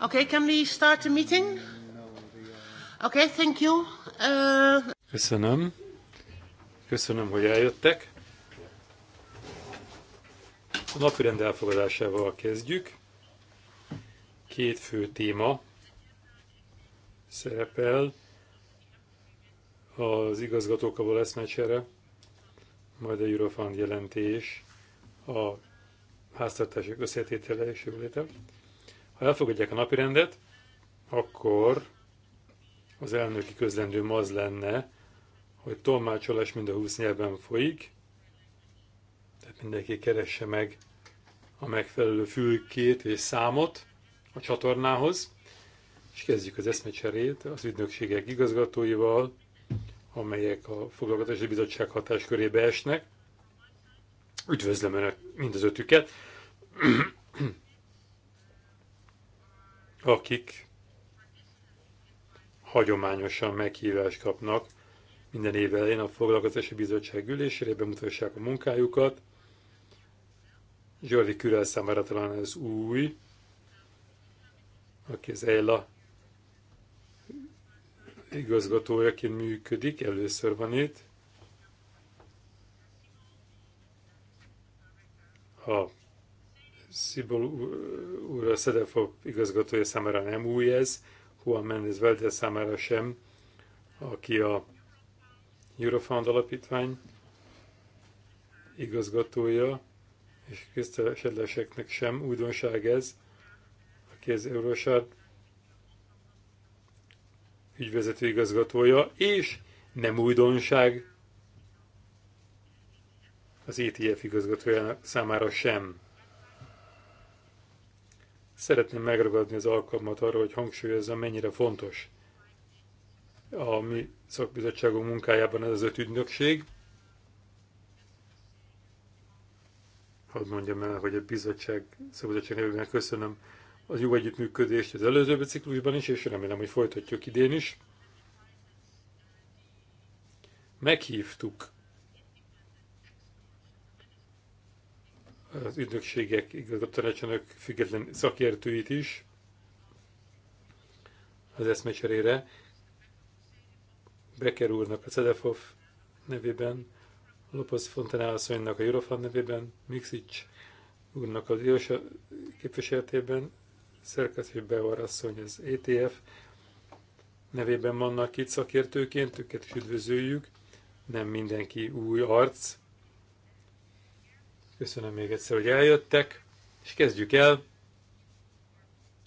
Okay, can we start the meeting? Okay, thank you. Uh... Köszönöm. Köszönöm, hogy eljöttek. A napirend elfogadásával kezdjük. Két fő téma szerepel az igazgatókkal a eszmecsere, majd a Eurofund jelentés, a háztartások összetétele és jövőléte. Ha elfogadják a napirendet, akkor az elnöki közlendőm az lenne, hogy tolmácsolás mind a 20 nyelven folyik, tehát mindenki keresse meg a megfelelő fülkét és számot a csatornához, és kezdjük az eszmecserét az ügynökségek igazgatóival, amelyek a Foglalkozási Bizottság hatáskörébe esnek. Üdvözlöm Önök mind az ötüket! akik hagyományosan meghívást kapnak minden év elején a Foglalkozási Bizottság ülésére, bemutassák a munkájukat. Zsordi Kürel számára talán ez új, aki az ELA igazgatójaként működik, először van itt. A Szibol úr, a SZEDEFOP igazgatója számára nem új ez, Juan Mendez Valdez számára sem, aki a Eurofound alapítvány igazgatója, és köztesedleseknek sem újdonság ez, aki az Eurosard ügyvezető igazgatója, és nem újdonság az ETF igazgatója számára sem Szeretném megragadni az alkalmat arra, hogy hangsúlyozzam, mennyire fontos a mi szakbizottságunk munkájában ez az öt ügynökség. Hadd mondjam el, hogy a bizottság, szakbizottság nevében köszönöm az jó együttműködést az előző ciklusban is, és remélem, hogy folytatjuk idén is. Meghívtuk az ügynökségek igazgatótanácsának független szakértőit is az eszmecserére. Becker úrnak a Cedefov nevében, Lopez Fontana asszonynak a Eurofan nevében, Mixic úrnak az Iosa képviseletében, Szerkesz és Beor asszony az ETF nevében vannak itt szakértőként, őket is üdvözöljük. Nem mindenki új arc, Köszönöm még egyszer, hogy eljöttek, és kezdjük el.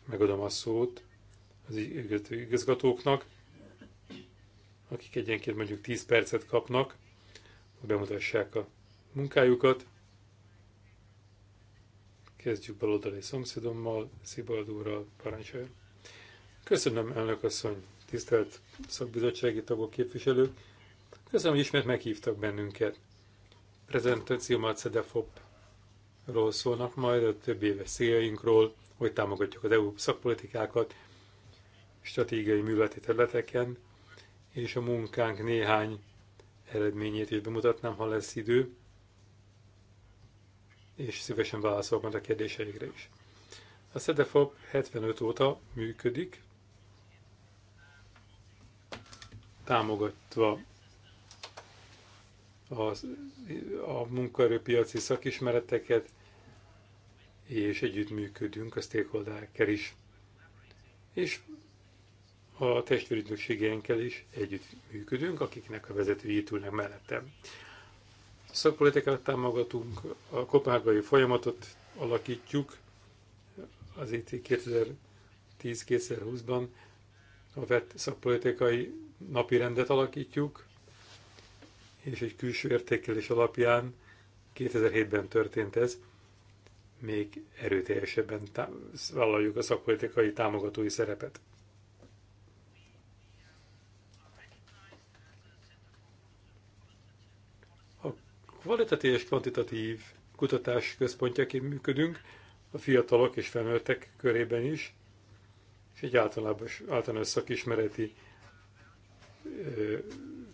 Megadom a szót az igazgatóknak, akik egyenként mondjuk 10 percet kapnak, hogy bemutassák a munkájukat. Kezdjük baloldali szomszédommal, Szibaldúrral, parancsoljon. Köszönöm, elnök asszony, tisztelt szakbizottsági tagok, képviselők. Köszönöm, hogy ismét meghívtak bennünket prezentációmat SZEDEFOP-ról szólnak majd, a több éves széljainkról, hogy támogatjuk az EU szakpolitikákat, stratégiai műveleti területeken, és a munkánk néhány eredményét is bemutatnám, ha lesz idő, és szívesen válaszolok majd a kérdéseikre is. A SZEDEFOP 75 óta működik, támogatva a, a munkaerőpiaci szakismereteket, és együttműködünk a stakeholderekkel is, és a testvérügynökségeinkkel is együttműködünk, akiknek a vezetői itt ülnek mellettem. Szakpolitikát támogatunk, a kopenhágai folyamatot alakítjuk az IT 2010-2020-ban, a vett szakpolitikai napi rendet alakítjuk, és egy külső értékelés alapján 2007-ben történt ez, még erőteljesebben vállaljuk a szakpolitikai támogatói szerepet. A kvalitatív és kvantitatív kutatás központjaként működünk, a fiatalok és felnőttek körében is, és egy általános, szakismereti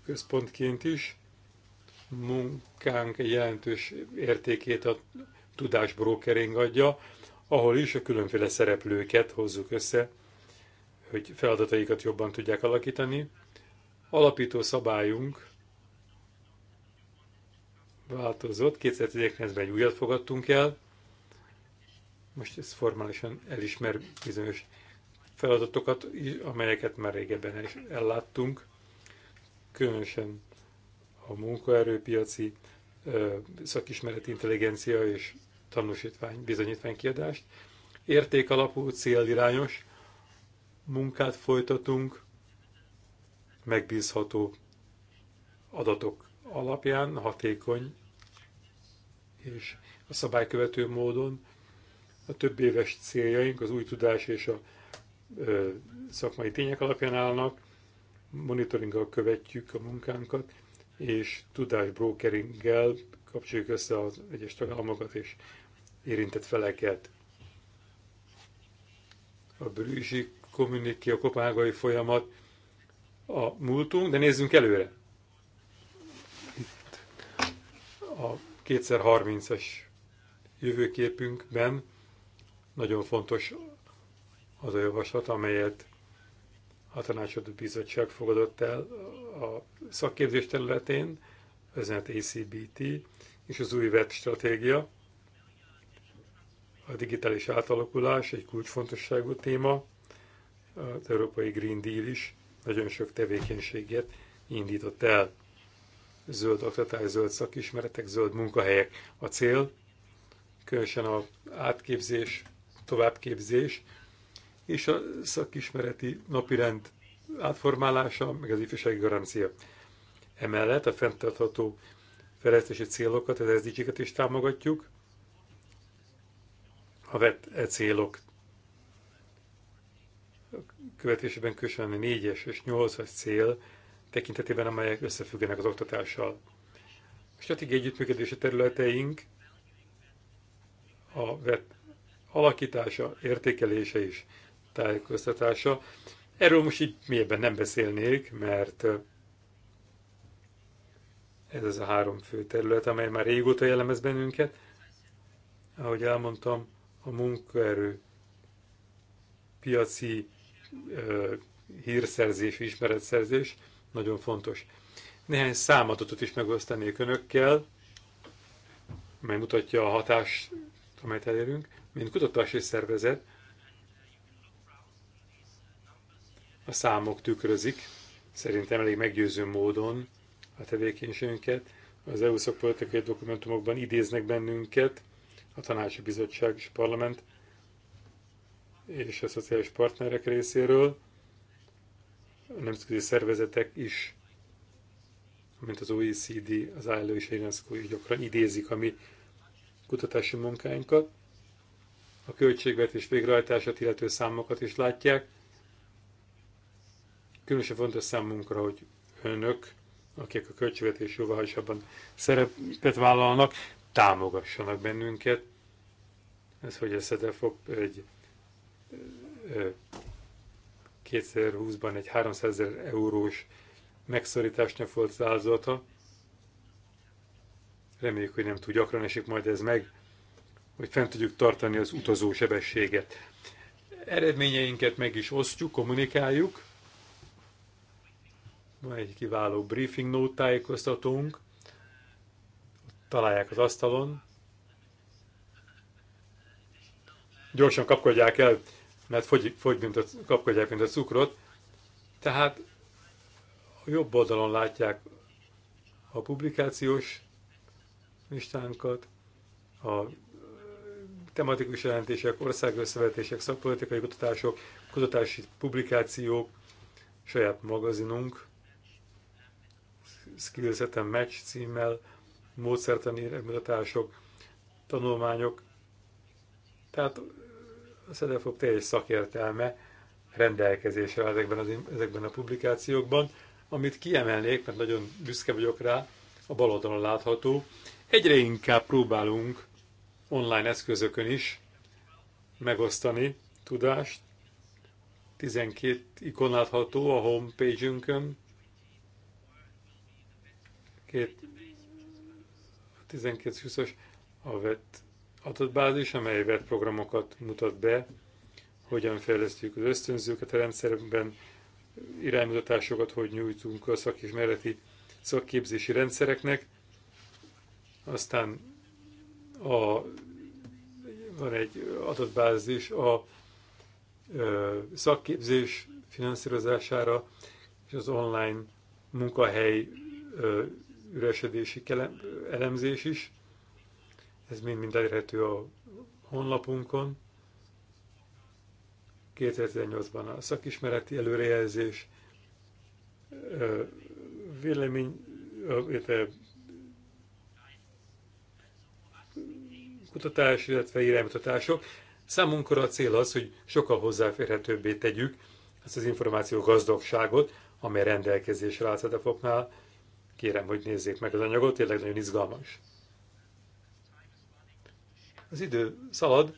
központként is munkánk egy jelentős értékét a brokering adja, ahol is a különféle szereplőket hozzuk össze, hogy feladataikat jobban tudják alakítani. Alapító szabályunk változott, 2019-ben egy újat fogadtunk el, most ez formálisan elismer bizonyos feladatokat, amelyeket már régebben is elláttunk, különösen a munkaerőpiaci szakismereti intelligencia és tanúsítvány, bizonyítványkiadást. alapú célirányos munkát folytatunk, megbízható adatok alapján, hatékony és a szabálykövető módon a több éves céljaink az új tudás és a ö, szakmai tények alapján állnak, monitoringgal követjük a munkánkat, és tudásbrokeringgel kapcsoljuk össze az egyes tagállamokat és érintett feleket. A brűzsi kommuniké, a kopágai folyamat a múltunk, de nézzünk előre. Itt a 2030-as jövőképünkben nagyon fontos az a javaslat, amelyet a tanácsadó bizottság fogadott el a szakképzés területén, az ACBT, és az új web stratégia, a digitális átalakulás egy kulcsfontosságú téma, az Európai Green Deal is nagyon sok tevékenységet indított el. Zöld oktatás, zöld szakismeretek, zöld munkahelyek a cél, különösen a átképzés, továbbképzés, és a szakismereti napirend átformálása, meg az ifjúsági garancia. Emellett a fenntartható fejlesztési célokat, az sdg is támogatjuk. A vett -e célok követésében különösen a 4-es és 8-as cél tekintetében, amelyek összefüggenek az oktatással. A stratégiai együttműködési területeink a vett alakítása, értékelése is tájékoztatása. Erről most így mélyebben nem beszélnék, mert ez az a három fő terület, amely már régóta jellemez bennünket. Ahogy elmondtam, a munkaerő piaci uh, hírszerzés, ismeretszerzés nagyon fontos. Néhány számadatot is megosztanék önökkel, mely mutatja a hatást, amelyet elérünk. Mint kutatási szervezet, a számok tükrözik, szerintem elég meggyőző módon a tevékenységünket. Az EU szakpolitikai dokumentumokban idéznek bennünket, a Tanácsi Bizottság és a Parlament és a szociális partnerek részéről, a nemzetközi szervezetek is, mint az OECD, az ILO és a UNESCO is gyakran idézik a mi kutatási munkáinkat. A költségvetés végrehajtását illető számokat is látják, Különösen fontos számunkra, hogy önök, akik a költségvetés jóváhagyásában szerepet vállalnak, támogassanak bennünket. Ez, hogy a fog egy 2020-ban egy 300 ezer eurós megszorításnak volt az áldozata. Reméljük, hogy nem túl gyakran esik majd ez meg, hogy fent tudjuk tartani az utazó sebességet. Eredményeinket meg is osztjuk, kommunikáljuk, van egy kiváló briefing note tájékoztatónk, találják az asztalon. Gyorsan kapkodják el, mert fogy, fogy mint a, kapkodják, mint a cukrot. Tehát a jobb oldalon látják a publikációs listánkat, a tematikus jelentések, országösszevetések, szakpolitikai kutatások, kutatási publikációk, saját magazinunk, skillsetem Match címmel, módszertani megmutatások, tanulmányok. Tehát a SEDEFOP teljes szakértelme rendelkezésre ezekben, az, ezekben a publikációkban. Amit kiemelnék, mert nagyon büszke vagyok rá, a bal oldalon látható, egyre inkább próbálunk online eszközökön is megosztani tudást. 12 ikon látható a homepage-ünkön, két 12 as a VET adatbázis, amely vett programokat mutat be, hogyan fejlesztjük az ösztönzőket a rendszerben, iránymutatásokat, hogy nyújtunk a szakismereti szakképzési rendszereknek. Aztán a, van egy adatbázis a ö, szakképzés finanszírozására és az online munkahely üresedési elemzés is. Ez mind-mind elérhető a honlapunkon. 2008-ban a szakismereti előrejelzés, vélemény, kutatás, illetve iránymutatások. Számunkra a cél az, hogy sokkal hozzáférhetőbbé tegyük ezt az információ gazdagságot, amely rendelkezésre állt a foknál, Kérem, hogy nézzék meg az anyagot, tényleg nagyon izgalmas. Az idő szalad,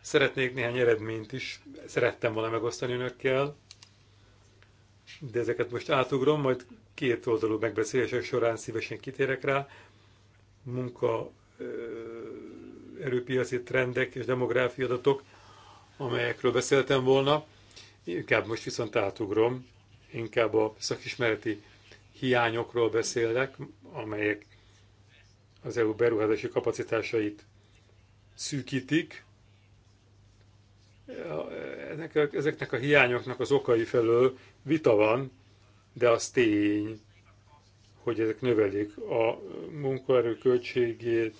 szeretnék néhány eredményt is, szerettem volna megosztani önökkel, de ezeket most átugrom, majd két oldalú megbeszélések során szívesen kitérek rá. Munka, erőpiaci trendek és demográfia adatok, amelyekről beszéltem volna. Inkább most viszont átugrom, inkább a szakismereti hiányokról beszélnek, amelyek az EU beruházási kapacitásait szűkítik. Ennek ezeknek a hiányoknak az okai felől vita van, de az tény, hogy ezek növelik a munkaerő költségét,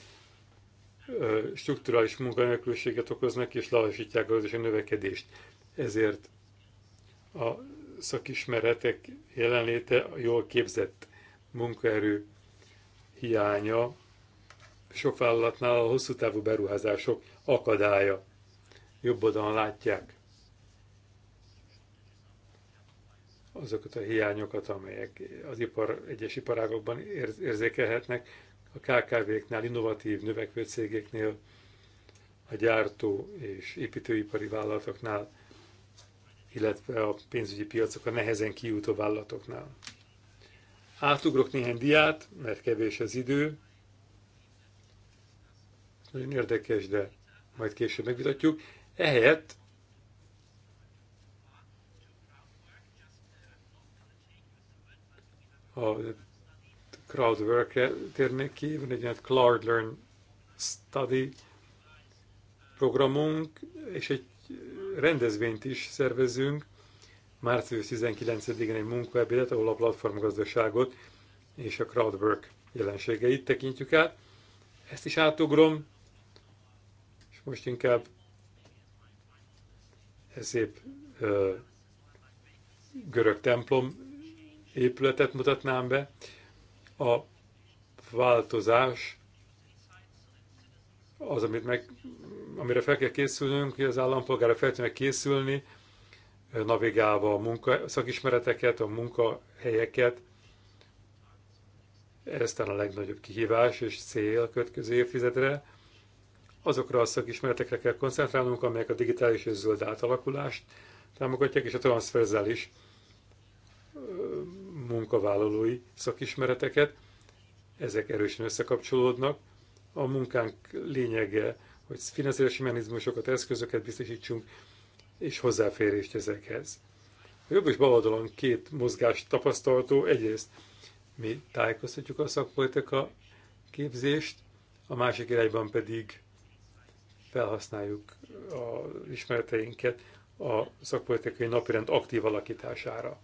strukturális munkanélküliséget okoznak és lassítják a növekedést. Ezért a szakismeretek jelenléte, a jól képzett munkaerő hiánya sok vállalatnál a hosszú távú beruházások akadálya. Jobb oldalon látják azokat a hiányokat, amelyek az ipar, egyes iparágokban érzékelhetnek, a KKV-knál, innovatív növekvő cégeknél, a gyártó és építőipari vállalatoknál illetve a pénzügyi piacok a nehezen kijutó vállalatoknál. Átugrok néhány diát, mert kevés az idő. Nagyon érdekes, de majd később megvitatjuk. Ehelyett a crowdwork-re térnék ki, van egy ilyen Cloud Learn Study programunk, és egy rendezvényt is szervezünk, március 19-én egy munkaebédet, ahol a platformgazdaságot és a crowdwork jelenségeit tekintjük át. Ezt is átugrom, és most inkább ez szép ö, görög templom épületet mutatnám be. A változás az, amit meg, amire fel kell készülnünk, hogy az állampolgára fel tudnak készülni, navigálva a munka, szakismereteket, a munkahelyeket. Ez talán a legnagyobb kihívás és cél a következő évtizedre. Azokra a szakismeretekre kell koncentrálnunk, amelyek a digitális és zöld átalakulást támogatják, és a transferzális munkavállalói szakismereteket. Ezek erősen összekapcsolódnak a munkánk lényege, hogy finanszírozási mechanizmusokat, eszközöket biztosítsunk, és hozzáférést ezekhez. A jobb és baloldalon két mozgás tapasztalható. Egyrészt mi tájékoztatjuk a szakpolitika képzést, a másik irányban pedig felhasználjuk az ismereteinket a szakpolitikai napirend aktív alakítására.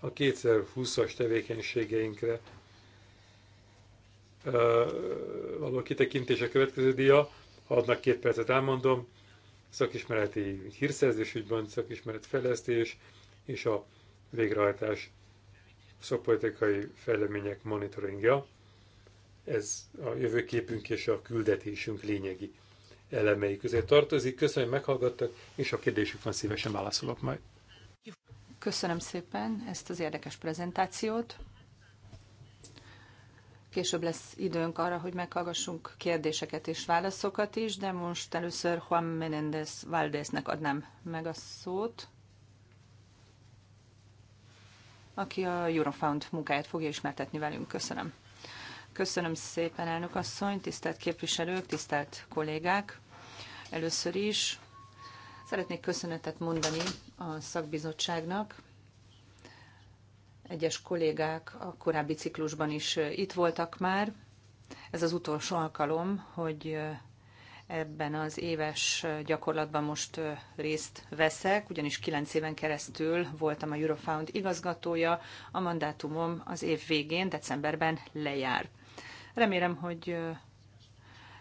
A 2020-as tevékenységeinkre való kitekintése következő dia, ha adnak két percet elmondom, szakismereti hírszerzés ügyben, fejlesztés és a végrehajtás szakpolitikai fejlemények monitoringja. Ez a jövőképünk és a küldetésünk lényegi elemei közé tartozik. Köszönöm, hogy meghallgattak, és a kérdésük van, szívesen válaszolok majd. Köszönöm szépen ezt az érdekes prezentációt. Később lesz időnk arra, hogy meghallgassunk kérdéseket és válaszokat is, de most először Juan Menéndez Valdésnek adnám meg a szót, aki a Eurofound munkáját fogja ismertetni velünk. Köszönöm. Köszönöm szépen, elnök asszony, tisztelt képviselők, tisztelt kollégák. Először is szeretnék köszönetet mondani a szakbizottságnak, egyes kollégák a korábbi ciklusban is itt voltak már. Ez az utolsó alkalom, hogy ebben az éves gyakorlatban most részt veszek, ugyanis kilenc éven keresztül voltam a Eurofound igazgatója, a mandátumom az év végén, decemberben lejár. Remélem, hogy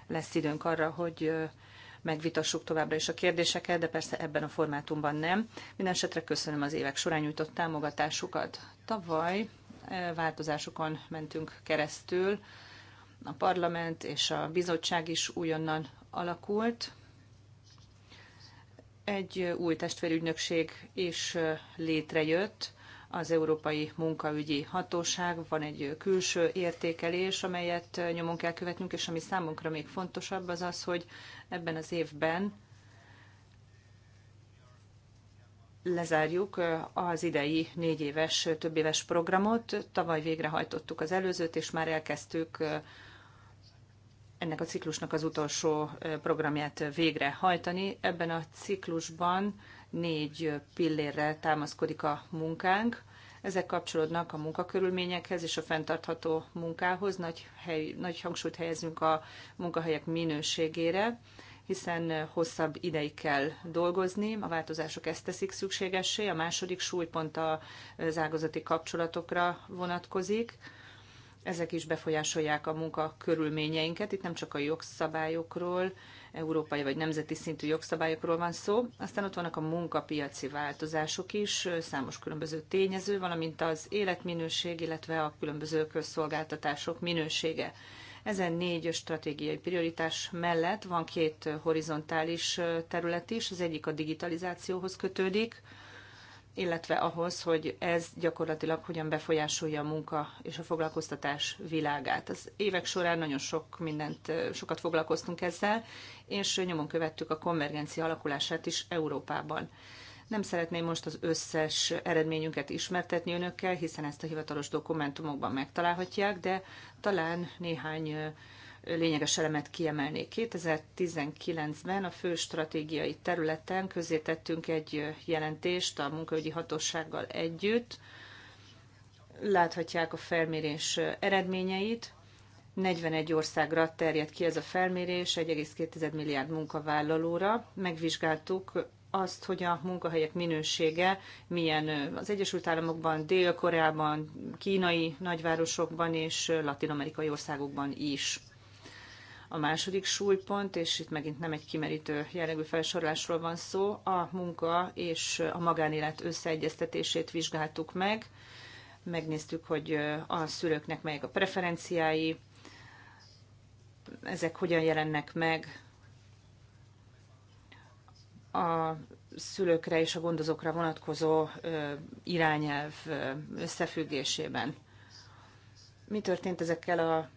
lesz időnk arra, hogy megvitassuk továbbra is a kérdéseket, de persze ebben a formátumban nem. Mindenesetre köszönöm az évek során nyújtott támogatásukat. Tavaly eh, változásokon mentünk keresztül, a parlament és a bizottság is újonnan alakult. Egy eh, új testvérügynökség is eh, létrejött, az Európai Munkaügyi Hatóság, van egy külső értékelés, amelyet nyomon kell követnünk, és ami számunkra még fontosabb az az, hogy ebben az évben lezárjuk az idei négy éves, több éves programot. Tavaly végrehajtottuk az előzőt, és már elkezdtük ennek a ciklusnak az utolsó programját végrehajtani. Ebben a ciklusban négy pillérrel támaszkodik a munkánk. Ezek kapcsolódnak a munkakörülményekhez és a fenntartható munkához. Nagy, hely, nagy hangsúlyt helyezünk a munkahelyek minőségére, hiszen hosszabb ideig kell dolgozni, a változások ezt teszik szükségessé. A második súlypont az ágazati kapcsolatokra vonatkozik ezek is befolyásolják a munka körülményeinket. Itt nem csak a jogszabályokról, európai vagy nemzeti szintű jogszabályokról van szó. Aztán ott vannak a munkapiaci változások is, számos különböző tényező, valamint az életminőség, illetve a különböző közszolgáltatások minősége. Ezen négy stratégiai prioritás mellett van két horizontális terület is, az egyik a digitalizációhoz kötődik, illetve ahhoz, hogy ez gyakorlatilag hogyan befolyásolja a munka és a foglalkoztatás világát. Az évek során nagyon sok mindent, sokat foglalkoztunk ezzel, és nyomon követtük a konvergencia alakulását is Európában. Nem szeretném most az összes eredményünket ismertetni önökkel, hiszen ezt a hivatalos dokumentumokban megtalálhatják, de talán néhány lényeges elemet kiemelnék. 2019-ben a fő stratégiai területen közé tettünk egy jelentést a munkaügyi hatósággal együtt. Láthatják a felmérés eredményeit. 41 országra terjed ki ez a felmérés, 1,2 milliárd munkavállalóra. Megvizsgáltuk azt, hogy a munkahelyek minősége milyen az Egyesült Államokban, Dél-Koreában, kínai nagyvárosokban és latin-amerikai országokban is. A második súlypont, és itt megint nem egy kimerítő jellegű felsorolásról van szó, a munka és a magánélet összeegyeztetését vizsgáltuk meg. Megnéztük, hogy a szülőknek melyek a preferenciái, ezek hogyan jelennek meg a szülőkre és a gondozókra vonatkozó irányelv összefüggésében. Mi történt ezekkel a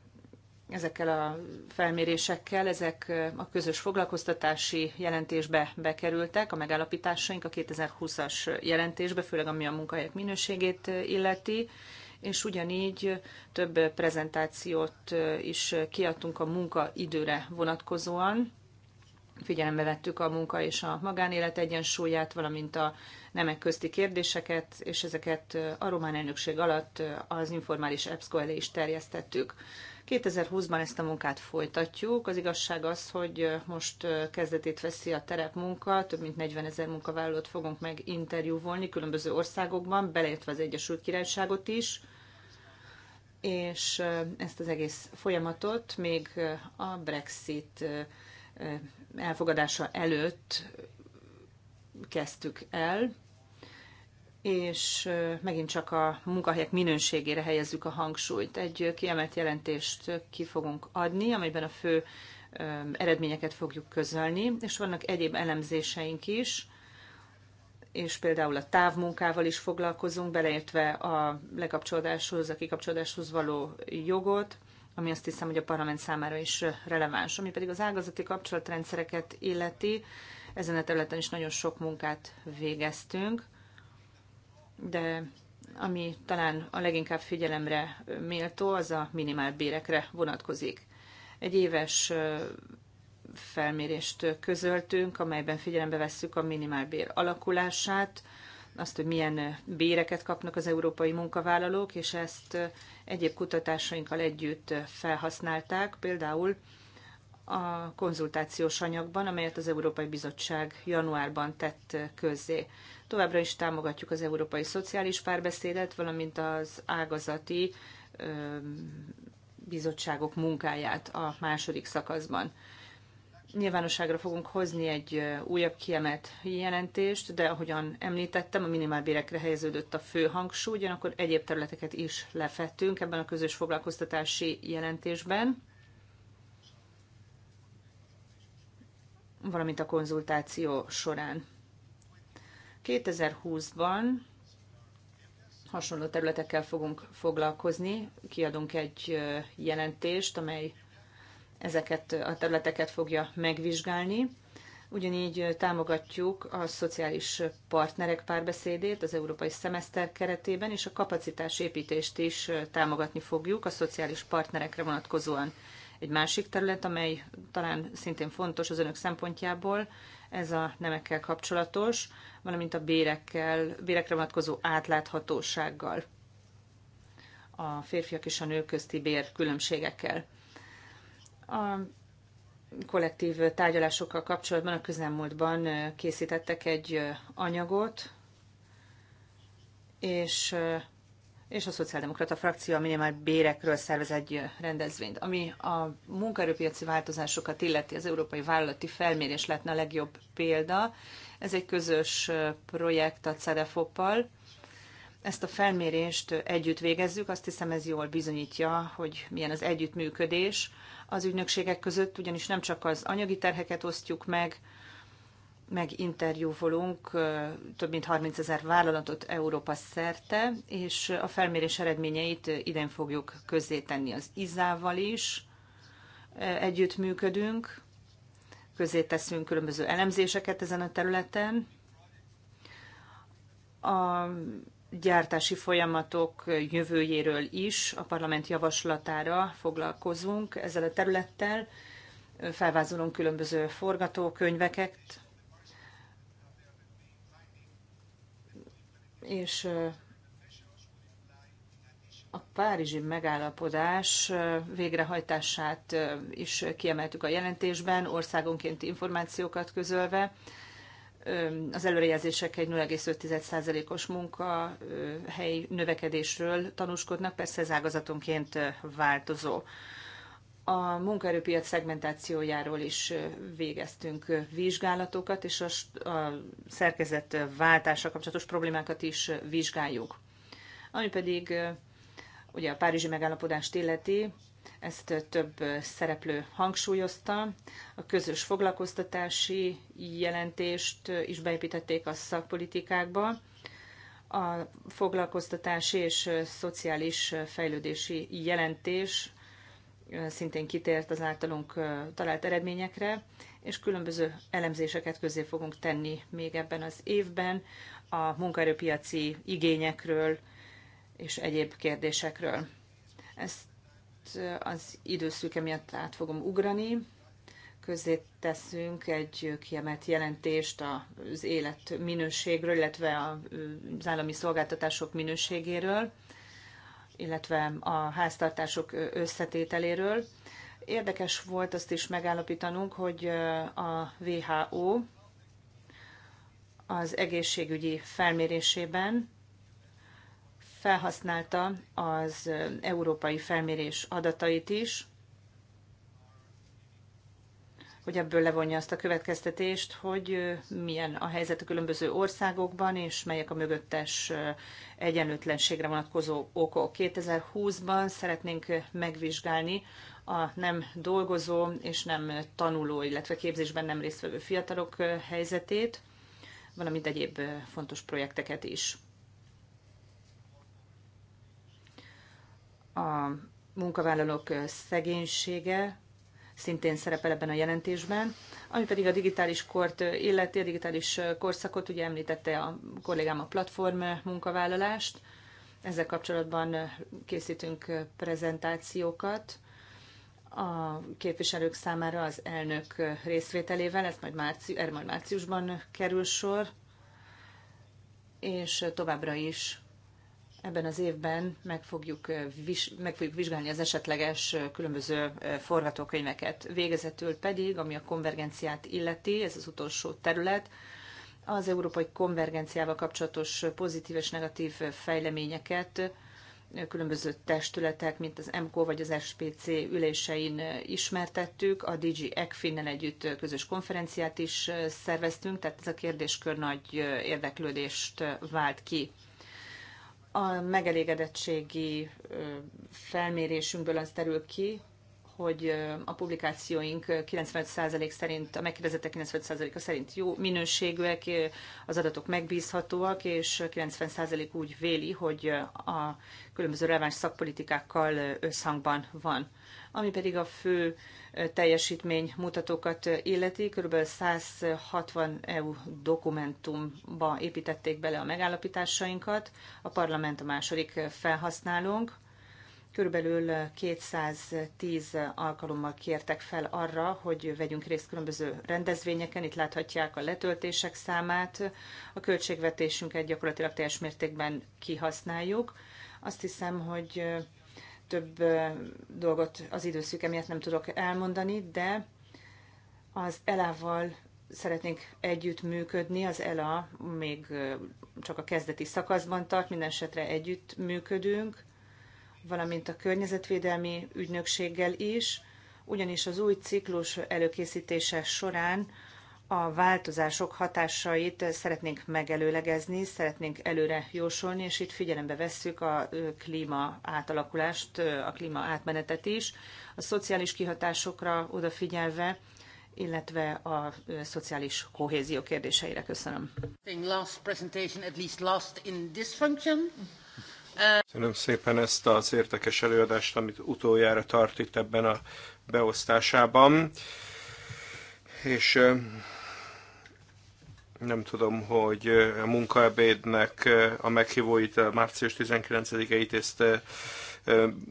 ezekkel a felmérésekkel, ezek a közös foglalkoztatási jelentésbe bekerültek, a megállapításaink a 2020-as jelentésbe, főleg ami a munkahelyek minőségét illeti, és ugyanígy több prezentációt is kiadtunk a munkaidőre vonatkozóan. Figyelembe vettük a munka és a magánélet egyensúlyát, valamint a nemek közti kérdéseket, és ezeket a román elnökség alatt az informális EBSCO elé is terjesztettük. 2020-ban ezt a munkát folytatjuk. Az igazság az, hogy most kezdetét veszi a terepmunka, több mint 40 ezer munkavállalót fogunk meg interjúvolni különböző országokban, beleértve az Egyesült Királyságot is és ezt az egész folyamatot még a Brexit elfogadása előtt kezdtük el és megint csak a munkahelyek minőségére helyezzük a hangsúlyt. Egy kiemelt jelentést ki fogunk adni, amelyben a fő eredményeket fogjuk közölni, és vannak egyéb elemzéseink is, és például a távmunkával is foglalkozunk, beleértve a lekapcsolódáshoz, a kikapcsolódáshoz való jogot, ami azt hiszem, hogy a parlament számára is releváns. Ami pedig az ágazati kapcsolatrendszereket illeti, ezen a területen is nagyon sok munkát végeztünk de ami talán a leginkább figyelemre méltó, az a bérekre vonatkozik. Egy éves felmérést közöltünk, amelyben figyelembe vesszük a minimálbér alakulását, azt, hogy milyen béreket kapnak az európai munkavállalók, és ezt egyéb kutatásainkkal együtt felhasználták, például a konzultációs anyagban, amelyet az Európai Bizottság januárban tett közzé. Továbbra is támogatjuk az európai szociális párbeszédet, valamint az ágazati bizottságok munkáját a második szakaszban. Nyilvánosságra fogunk hozni egy újabb kiemelt jelentést, de ahogyan említettem, a minimálbérekre helyeződött a fő hangsúly, ugyanakkor egyéb területeket is lefettünk ebben a közös foglalkoztatási jelentésben, valamint a konzultáció során. 2020-ban hasonló területekkel fogunk foglalkozni, kiadunk egy jelentést, amely ezeket a területeket fogja megvizsgálni. Ugyanígy támogatjuk a szociális partnerek párbeszédét az európai szemeszter keretében, és a kapacitásépítést is támogatni fogjuk a szociális partnerekre vonatkozóan. Egy másik terület, amely talán szintén fontos az önök szempontjából, ez a nemekkel kapcsolatos, valamint a bérekkel, bérekre vonatkozó átláthatósággal, a férfiak és a nők közti bér különbségekkel. A kollektív tárgyalásokkal kapcsolatban a közelmúltban készítettek egy anyagot, és és a Szociáldemokrata frakció a minimál bérekről szervez egy rendezvényt, ami a munkaerőpiaci változásokat illeti az európai vállalati felmérés lehetne a legjobb példa. Ez egy közös projekt a CEDEFOP-pal. Ezt a felmérést együtt végezzük, azt hiszem ez jól bizonyítja, hogy milyen az együttműködés az ügynökségek között, ugyanis nem csak az anyagi terheket osztjuk meg, meginterjúvolunk több mint 30 ezer vállalatot Európa szerte, és a felmérés eredményeit idén fogjuk közzétenni az izával is. Együttműködünk, közé teszünk különböző elemzéseket ezen a területen. A gyártási folyamatok jövőjéről is a parlament javaslatára foglalkozunk ezzel a területtel. Felvázolunk különböző forgatókönyveket, és a párizsi megállapodás végrehajtását is kiemeltük a jelentésben, országonként információkat közölve. Az előrejelzések egy 0,5%-os munkahelyi növekedésről tanúskodnak, persze ez ágazatonként változó a munkaerőpiac szegmentációjáról is végeztünk vizsgálatokat, és a, a szerkezet váltása kapcsolatos problémákat is vizsgáljuk. Ami pedig ugye a Párizsi megállapodást illeti, ezt több szereplő hangsúlyozta. A közös foglalkoztatási jelentést is beépítették a szakpolitikákba a foglalkoztatási és szociális fejlődési jelentés szintén kitért az általunk talált eredményekre, és különböző elemzéseket közé fogunk tenni még ebben az évben a munkaerőpiaci igényekről és egyéb kérdésekről. Ezt az időszűke miatt át fogom ugrani. Közé teszünk egy kiemelt jelentést az életminőségről, illetve az állami szolgáltatások minőségéről illetve a háztartások összetételéről. Érdekes volt azt is megállapítanunk, hogy a WHO az egészségügyi felmérésében felhasználta az európai felmérés adatait is, hogy ebből levonja azt a következtetést, hogy milyen a helyzet a különböző országokban, és melyek a mögöttes egyenlőtlenségre vonatkozó okok. 2020-ban szeretnénk megvizsgálni a nem dolgozó és nem tanuló, illetve képzésben nem résztvevő fiatalok helyzetét, valamint egyéb fontos projekteket is. A munkavállalók szegénysége szintén szerepel ebben a jelentésben. Ami pedig a digitális kort illeti, a digitális korszakot, ugye említette a kollégám a platform munkavállalást, ezzel kapcsolatban készítünk prezentációkat a képviselők számára az elnök részvételével, ez majd, márci, er majd márciusban kerül sor, és továbbra is ebben az évben meg fogjuk, meg fogjuk vizsgálni az esetleges különböző forgatókönyveket. Végezetül pedig, ami a konvergenciát illeti, ez az utolsó terület, az európai konvergenciával kapcsolatos pozitív és negatív fejleményeket különböző testületek, mint az MKO vagy az SPC ülésein ismertettük. A DG ECFIN-nel együtt közös konferenciát is szerveztünk, tehát ez a kérdéskör nagy érdeklődést vált ki. A megelégedettségi felmérésünkből az terül ki, hogy a publikációink 95% szerint, a megkérdezettek 95%-a szerint jó minőségűek, az adatok megbízhatóak, és 90% úgy véli, hogy a különböző releváns szakpolitikákkal összhangban van. Ami pedig a fő teljesítmény mutatókat illeti, kb. 160 EU dokumentumba építették bele a megállapításainkat. A parlament a második felhasználónk. Körülbelül 210 alkalommal kértek fel arra, hogy vegyünk részt különböző rendezvényeken. Itt láthatják a letöltések számát. A költségvetésünket gyakorlatilag teljes mértékben kihasználjuk. Azt hiszem, hogy több dolgot az időszüke miatt nem tudok elmondani, de az elával szeretnénk együttműködni, az ELA még csak a kezdeti szakaszban tart, minden esetre együttműködünk, valamint a környezetvédelmi ügynökséggel is, ugyanis az új ciklus előkészítése során a változások hatásait szeretnénk megelőlegezni, szeretnénk előre jósolni, és itt figyelembe vesszük a klíma átalakulást, a klíma átmenetet is, a szociális kihatásokra odafigyelve, illetve a szociális kohézió kérdéseire. Köszönöm. Uh, Köszönöm szépen ezt az értekes előadást, amit utoljára tart itt ebben a beosztásában. És nem tudom, hogy a munkaebédnek a meghívóit a március 19-eit ezt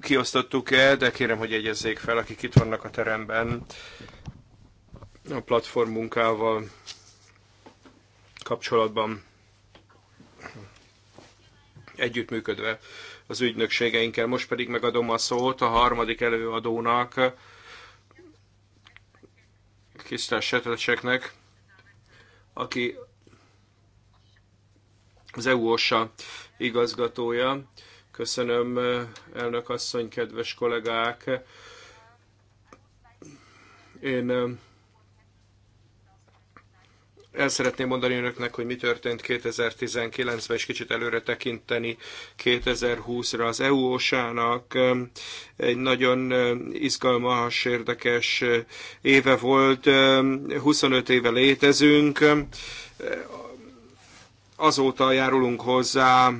kiosztottuk-e, de kérem, hogy egyezzék fel, akik itt vannak a teremben a platform munkával kapcsolatban együttműködve az ügynökségeinkkel. Most pedig megadom a szót a harmadik előadónak, Kisztás Setlecseknek, aki az EU-OSA igazgatója. Köszönöm, elnök asszony, kedves kollégák. Én el szeretném mondani önöknek, hogy mi történt 2019-ben, és kicsit előre tekinteni 2020-ra. Az EU osának egy nagyon izgalmas, érdekes éve volt. 25 éve létezünk azóta járulunk hozzá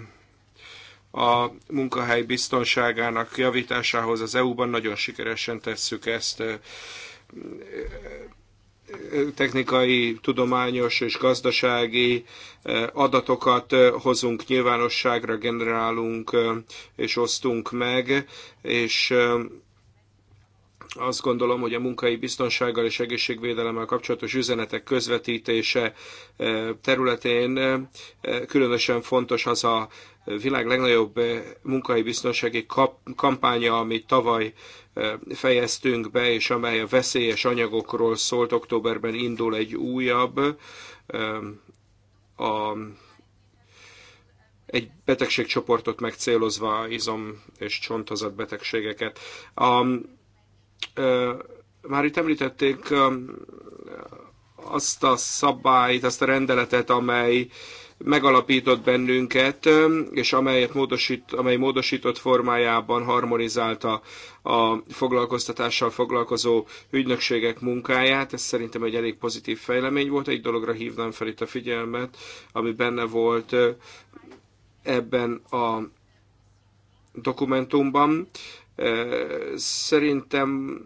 a munkahely biztonságának javításához az EU-ban, nagyon sikeresen tesszük ezt technikai, tudományos és gazdasági adatokat hozunk nyilvánosságra, generálunk és osztunk meg, és azt gondolom, hogy a munkai biztonsággal és egészségvédelemmel kapcsolatos üzenetek közvetítése eh, területén eh, eh, különösen fontos az a világ legnagyobb munkai biztonsági kampánya, amit tavaly fejeztünk be, és amely a veszélyes anyagokról szólt. Októberben indul egy újabb a egy betegségcsoportot megcélozva, izom- és csontozat betegségeket. A már itt említették azt a szabályt, azt a rendeletet, amely megalapított bennünket, és amelyet módosít, amely módosított formájában harmonizálta a foglalkoztatással foglalkozó ügynökségek munkáját. Ez szerintem egy elég pozitív fejlemény volt. Egy dologra hívnám fel itt a figyelmet, ami benne volt ebben a dokumentumban. Szerintem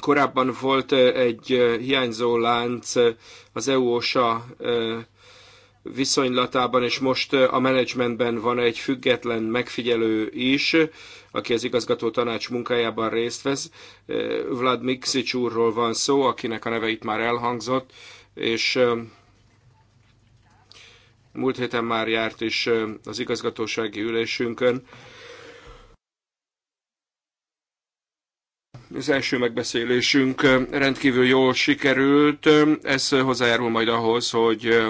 korábban volt egy hiányzó lánc az EU-osa viszonylatában, és most a menedzsmentben van egy független megfigyelő is, aki az igazgató tanács munkájában részt vesz. Vlad Miksic úrról van szó, akinek a neve itt már elhangzott, és múlt héten már járt is az igazgatósági ülésünkön. az első megbeszélésünk rendkívül jól sikerült. Ez hozzájárul majd ahhoz, hogy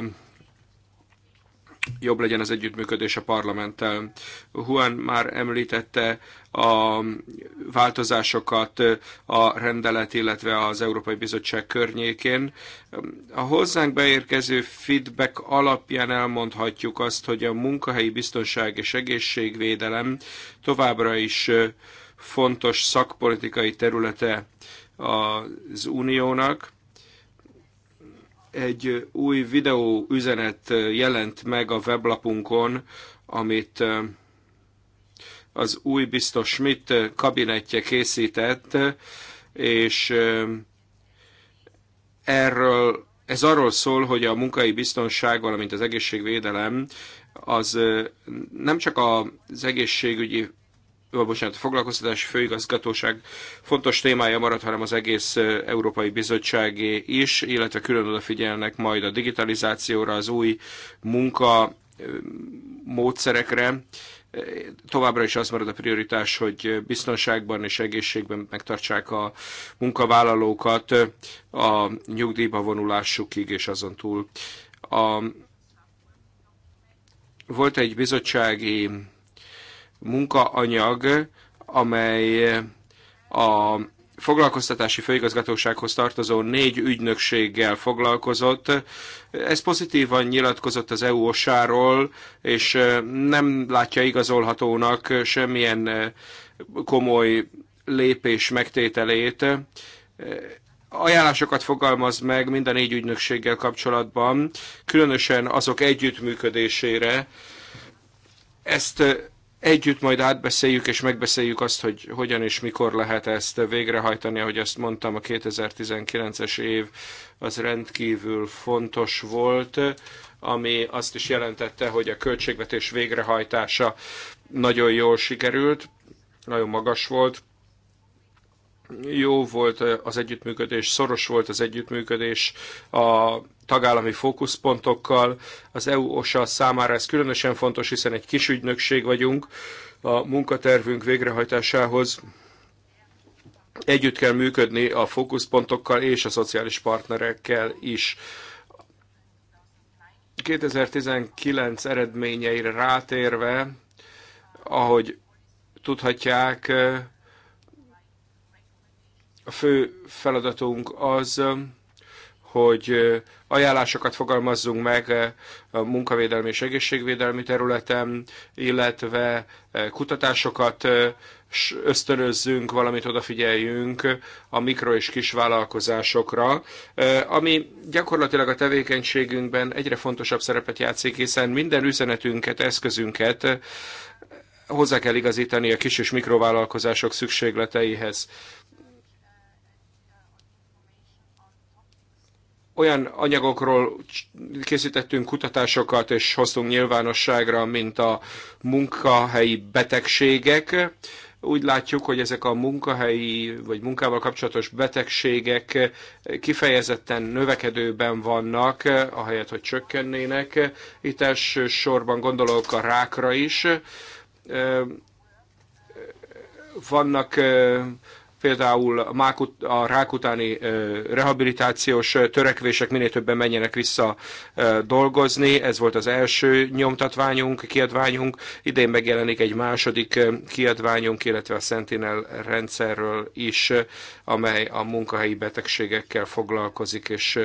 jobb legyen az együttműködés a parlamenttel. Juan már említette a változásokat a rendelet, illetve az Európai Bizottság környékén. A hozzánk beérkező feedback alapján elmondhatjuk azt, hogy a munkahelyi biztonság és egészségvédelem továbbra is fontos szakpolitikai területe az uniónak. Egy új videó üzenet jelent meg a weblapunkon, amit az új biztos Schmidt kabinetje készített, és erről, ez arról szól, hogy a munkai biztonság, valamint az egészségvédelem az nem csak az egészségügyi oh, bocsánat, a foglalkoztatási főigazgatóság fontos témája marad, hanem az egész Európai Bizottságé is, illetve külön odafigyelnek majd a digitalizációra, az új munka módszerekre. Továbbra is az marad a prioritás, hogy biztonságban és egészségben megtartsák a munkavállalókat a nyugdíjba vonulásukig és azon túl. A, volt egy bizottsági munkaanyag, amely a foglalkoztatási főigazgatósághoz tartozó négy ügynökséggel foglalkozott. Ez pozitívan nyilatkozott az EU osáról, és nem látja igazolhatónak semmilyen komoly lépés megtételét. Ajánlásokat fogalmaz meg mind a négy ügynökséggel kapcsolatban, különösen azok együttműködésére. Ezt Együtt majd átbeszéljük és megbeszéljük azt, hogy hogyan és mikor lehet ezt végrehajtani. Ahogy azt mondtam, a 2019-es év az rendkívül fontos volt, ami azt is jelentette, hogy a költségvetés végrehajtása nagyon jól sikerült, nagyon magas volt jó volt az együttműködés, szoros volt az együttműködés a tagállami fókuszpontokkal. Az EU-OSA számára ez különösen fontos, hiszen egy kis ügynökség vagyunk a munkatervünk végrehajtásához. Együtt kell működni a fókuszpontokkal és a szociális partnerekkel is. 2019 eredményeire rátérve, ahogy tudhatják, a fő feladatunk az, um, hogy uh, ajánlásokat fogalmazzunk meg uh, a munkavédelmi és egészségvédelmi területen, illetve uh, kutatásokat ösztönözzünk, valamit odafigyeljünk a mikro és kis vállalkozásokra, ami gyakorlatilag a tevékenységünkben egyre fontosabb szerepet játszik, hiszen minden üzenetünket, eszközünket hozzá kell igazítani a kis és mikrovállalkozások szükségleteihez. olyan anyagokról készítettünk kutatásokat és hoztunk nyilvánosságra, mint a munkahelyi betegségek. Úgy látjuk, hogy ezek a munkahelyi vagy munkával kapcsolatos betegségek kifejezetten növekedőben vannak, ahelyett, hogy csökkennének. Itt elsősorban gondolok a rákra is. Vannak például a, mákut, a rák utáni rehabilitációs törekvések minél többen menjenek vissza dolgozni. Ez volt az első nyomtatványunk, kiadványunk. Idén megjelenik egy második kiadványunk, illetve a Sentinel rendszerről is, amely a munkahelyi betegségekkel foglalkozik, és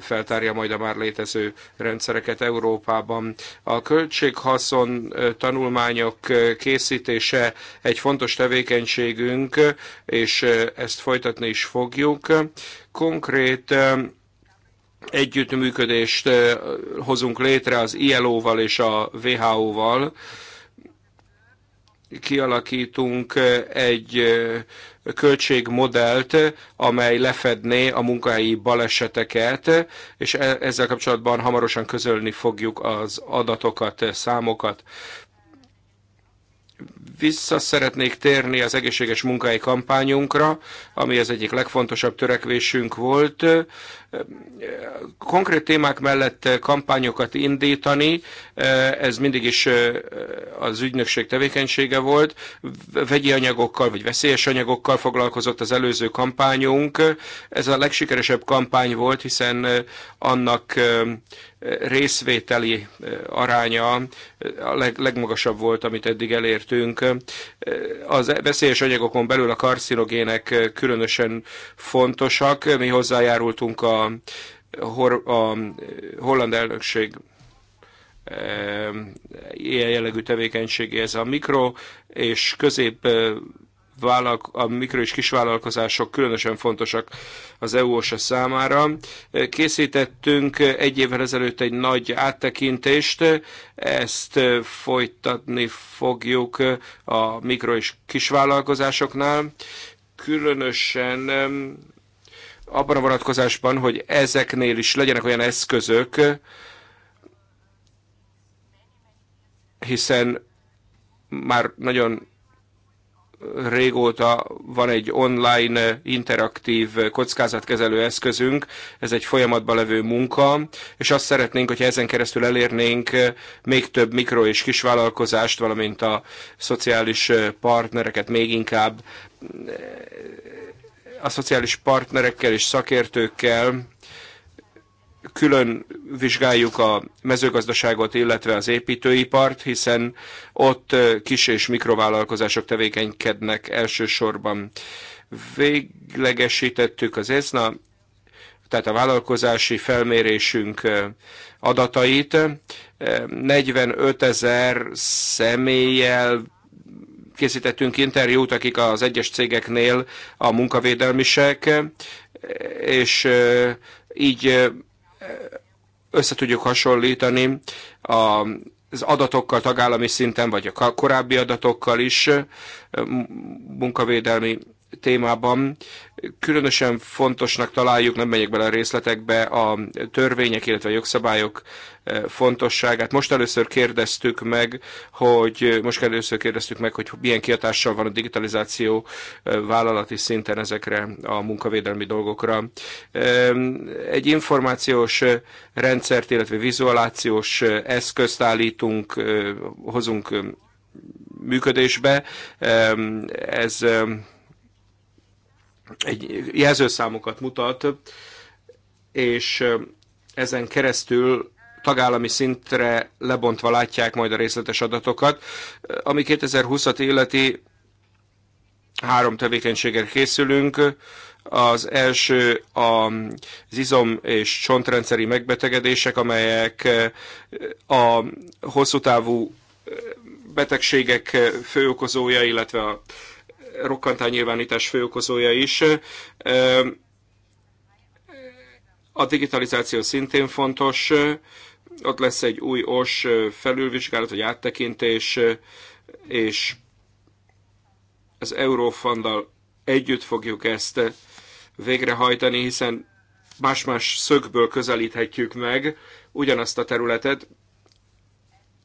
feltárja majd a már létező rendszereket Európában. A költséghaszon tanulmányok készítése egy fontos tevékenységünk, és ezt folytatni is fogjuk. Konkrét együttműködést hozunk létre az ILO-val és a WHO-val, kialakítunk eh, egy eh, költségmodellt, amely lefedné a munkahelyi baleseteket, és e, ezzel kapcsolatban hamarosan közölni fogjuk az adatokat, eh, számokat. Vissza szeretnék térni az egészséges munkai kampányunkra, ami az egyik legfontosabb törekvésünk volt. Konkrét témák mellett kampányokat indítani, ez mindig is az ügynökség tevékenysége volt. Vegyi anyagokkal vagy veszélyes anyagokkal foglalkozott az előző kampányunk. Ez a legsikeresebb kampány volt, hiszen annak részvételi aránya a legmagasabb volt, amit eddig elértünk beszélünk. Az veszélyes anyagokon belül a karcinogének különösen fontosak. Mi hozzájárultunk a, a holland elnökség ilyen jellegű tevékenységéhez a mikro és közép a mikro és kisvállalkozások különösen fontosak az EU-osa számára. Készítettünk egy évvel ezelőtt egy nagy áttekintést, ezt folytatni fogjuk a mikro és kisvállalkozásoknál. Különösen abban a vonatkozásban, hogy ezeknél is legyenek olyan eszközök, hiszen már nagyon régóta van egy online interaktív kockázatkezelő eszközünk, ez egy folyamatban levő munka, és azt szeretnénk, hogyha ezen keresztül elérnénk még több mikro és kisvállalkozást, valamint a szociális partnereket még inkább a szociális partnerekkel és szakértőkkel külön vizsgáljuk a mezőgazdaságot, illetve az építőipart, hiszen ott kis és mikrovállalkozások tevékenykednek elsősorban. Véglegesítettük az ESNA, tehát a vállalkozási felmérésünk adatait. 45 ezer személlyel készítettünk interjút, akik az egyes cégeknél a munkavédelmisek, és így össze tudjuk hasonlítani a az adatokkal tagállami szinten, vagy a korábbi adatokkal is munkavédelmi témában. Különösen fontosnak találjuk, nem megyek bele a részletekbe, a törvények, illetve a jogszabályok eh, fontosságát. Most először kérdeztük meg, hogy most először kérdeztük meg, hogy milyen kiatással van a digitalizáció eh, vállalati szinten ezekre a munkavédelmi dolgokra. Egy információs eh, rendszert, illetve vizualációs eszközt állítunk, hozunk működésbe. Ez egy jelzőszámokat mutat, és ezen keresztül tagállami szintre lebontva látják majd a részletes adatokat. Ami 2020-at életi három tevékenységgel készülünk, az első az izom- és csontrendszeri megbetegedések, amelyek a hosszú távú betegségek főokozója, illetve a nyilvánítás főokozója is. A digitalizáció szintén fontos, ott lesz egy új OS felülvizsgálat, vagy áttekintés, és az Eurofondal együtt fogjuk ezt végrehajtani, hiszen más-más szögből közelíthetjük meg ugyanazt a területet,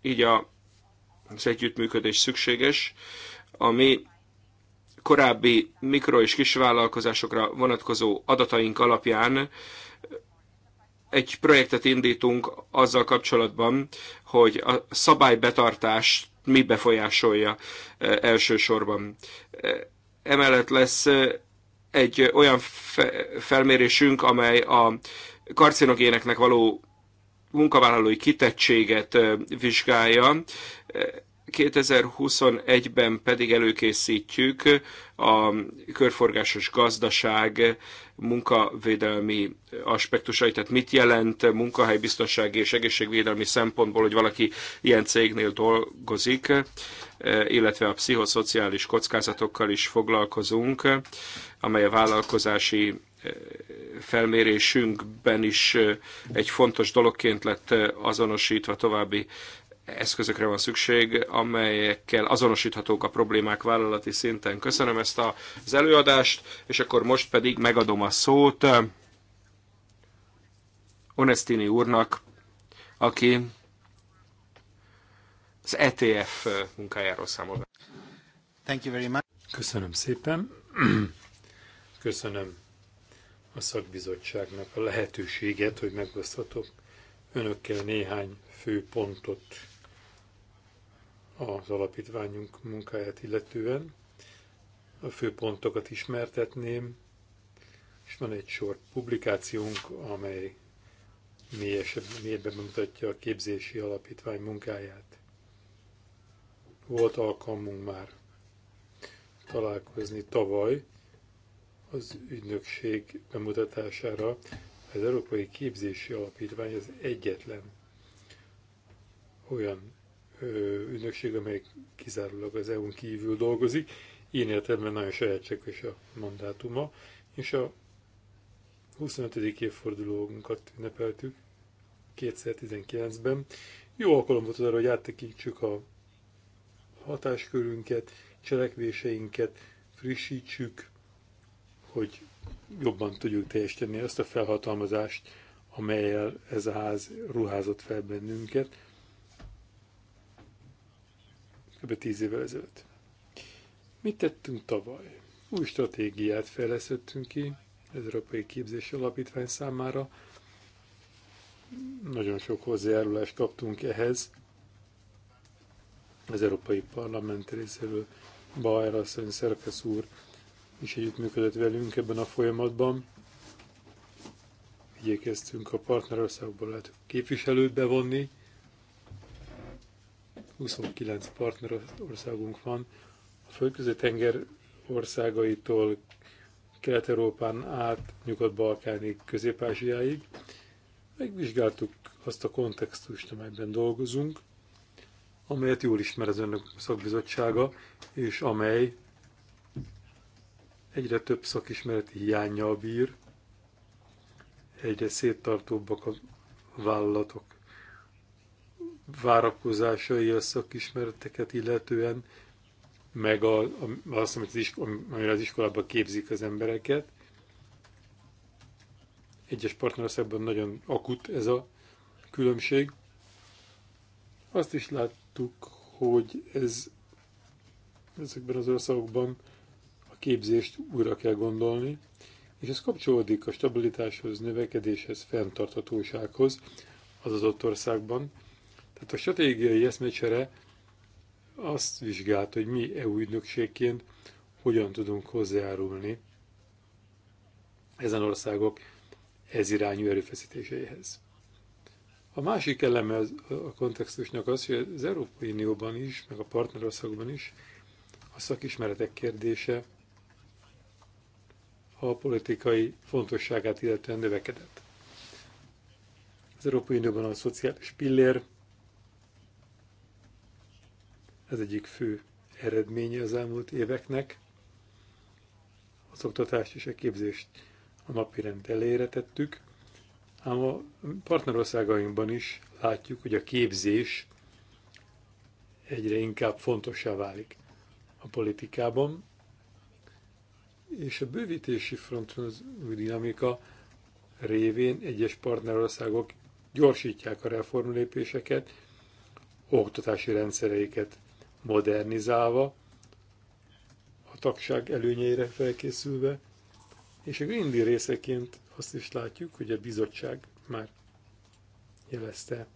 így a, az együttműködés szükséges. A mi korábbi mikro- és kisvállalkozásokra vonatkozó adataink alapján egy projektet indítunk azzal kapcsolatban, hogy a szabálybetartást mi befolyásolja e, elsősorban. E, emellett lesz e, egy olyan felmérésünk, amely a karcinogéneknek való munkavállalói kitettséget vizsgálja. 2021-ben pedig előkészítjük a körforgásos gazdaság munkavédelmi aspektusait, tehát mit jelent munkahelybiztonsági és egészségvédelmi szempontból, hogy valaki ilyen cégnél dolgozik, illetve a pszichoszociális kockázatokkal is foglalkozunk, amely a vállalkozási felmérésünkben is egy fontos dologként lett azonosítva további eszközökre van szükség, amelyekkel azonosíthatók a problémák vállalati szinten. Köszönöm ezt az előadást, és akkor most pedig megadom a szót Onestini úrnak, aki az ETF munkájáról számol. Thank you very much. Köszönöm szépen. Köszönöm a szakbizottságnak a lehetőséget, hogy megoszthatok önökkel néhány fő pontot az alapítványunk munkáját illetően. A fő pontokat ismertetném, és van egy sor publikációnk, amely mélyesebb, mélyebben bemutatja a képzési alapítvány munkáját. Volt alkalmunk már találkozni tavaly az ügynökség bemutatására. Az Európai Képzési Alapítvány az egyetlen olyan ügynökség, amely kizárólag az EU-n kívül dolgozik. Én értelemben nagyon sajátságos a mandátuma, és a 25. évfordulónkat ünnepeltük 2019-ben. Jó alkalom volt arra, hogy áttekintsük a hatáskörünket, cselekvéseinket, frissítsük, hogy jobban tudjuk teljesíteni azt a felhatalmazást, amelyel ez a ház ruházott fel bennünket kb. 10 évvel ezelőtt. Mit tettünk tavaly? Új stratégiát fejlesztettünk ki az Európai Képzési Alapítvány számára. Nagyon sok hozzájárulást kaptunk ehhez. Az Európai Parlament részéről Bajer asszony, Szerkesz úr is együttműködött velünk ebben a folyamatban. Igyekeztünk a partnerországból lehet képviselőt bevonni, 29 országunk van, a földközi tenger országaitól Kelet-Európán át nyugat balkáni Közép-Ázsiáig. Megvizsgáltuk azt a kontextust, amelyben dolgozunk, amelyet jól ismer az önök szakbizottsága, és amely egyre több szakismereti hiányjal bír, egyre széttartóbbak a vállalatok várakozásai a szakismereteket illetően, meg a, a, azt, amit az iskol, az iskolában képzik az embereket. Egyes partnerszakban nagyon akut ez a különbség. Azt is láttuk, hogy ez ezekben az országokban a képzést újra kell gondolni, és ez kapcsolódik a stabilitáshoz, növekedéshez, fenntarthatósághoz az adott országban, tehát a stratégiai eszmecsere azt vizsgálta, hogy mi EU ügynökségként hogyan tudunk hozzájárulni ezen országok ez irányú erőfeszítéseihez. A másik eleme a kontextusnak az, hogy az Európai Unióban is, meg a partnerországban is a szakismeretek kérdése a politikai fontosságát illetően növekedett. Az Európai Unióban a szociális pillér ez egyik fő eredménye az elmúlt éveknek. Az oktatást és a képzést a napirend elére tettük, ám a partnerországainkban is látjuk, hogy a képzés egyre inkább fontosá válik a politikában, és a bővítési fronton az új dinamika révén egyes partnerországok gyorsítják a reformlépéseket, oktatási rendszereiket modernizálva, a tagság előnyeire felkészülve, és a Green részeként azt is látjuk, hogy a bizottság már jelezte,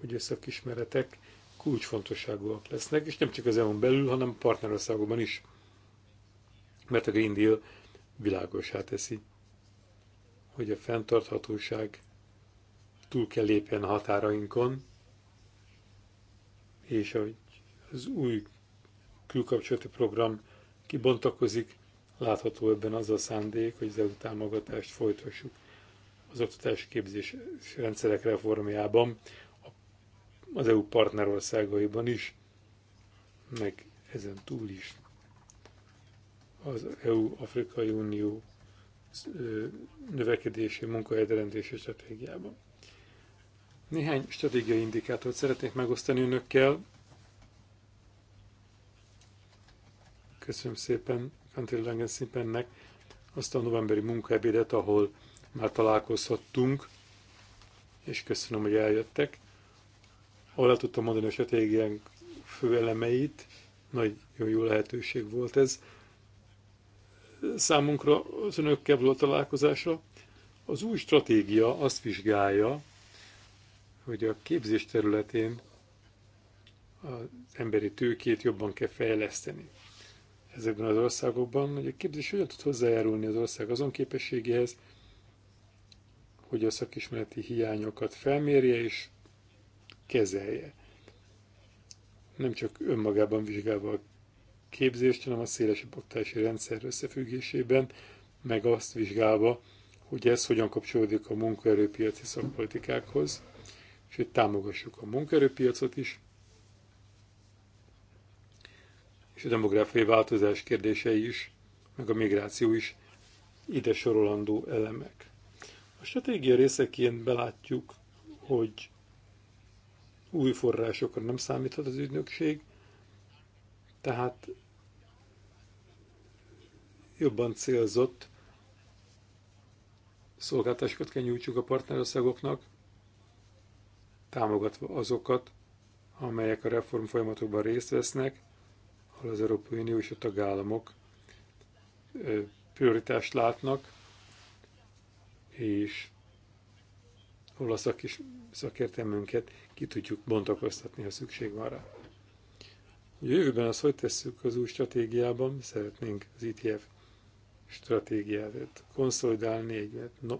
hogy a szakismeretek kulcsfontosságúak lesznek, és nem csak az EU-n belül, hanem a partnerországokban is, mert a Green Deal világosá teszi, hogy a fenntarthatóság túl kell lépjen a határainkon, és ahogy az új külkapcsolati program kibontakozik, látható ebben az a szándék, hogy az EU támogatást folytassuk az oktatási képzés rendszerek reformjában, az EU partnerországaiban is, meg ezen túl is. Az EU-Afrikai Unió növekedési munkahelyteremtési stratégiában. Néhány stratégiai indikátort szeretnék megosztani önökkel. Köszönöm szépen Kantér Langenszipennek azt a novemberi munkaebédet, ahol már találkozhattunk, és köszönöm, hogy eljöttek. Ahol el tudtam mondani a stratégiánk fő elemeit, jó, jó lehetőség volt ez. Számunkra az önökkel való találkozásra az új stratégia azt vizsgálja, hogy a képzés területén az emberi tőkét jobban kell fejleszteni. Ezekben az országokban, hogy a képzés hogyan tud hozzájárulni az ország azon képességéhez, hogy a szakismereti hiányokat felmérje és kezelje. Nem csak önmagában vizsgálva a képzést, hanem a szélesebb oktatási rendszer összefüggésében, meg azt vizsgálva, hogy ez hogyan kapcsolódik a munkaerőpiaci szakpolitikákhoz, és hogy támogassuk a munkaerőpiacot is, és a demográfiai változás kérdései is, meg a migráció is ide sorolandó elemek. A stratégia részeként belátjuk, hogy új forrásokra nem számíthat az ügynökség, tehát jobban célzott szolgáltásokat kell nyújtsuk a partnerországoknak, támogatva azokat, amelyek a reform folyamatokban részt vesznek, ahol az Európai Unió és a tagállamok prioritást látnak, és hol a szakértelmünket ki tudjuk bontakoztatni, ha szükség van rá. A jövőben azt hogy tesszük az új stratégiában? Szeretnénk az ITF e stratégiát konszolidálni egy no,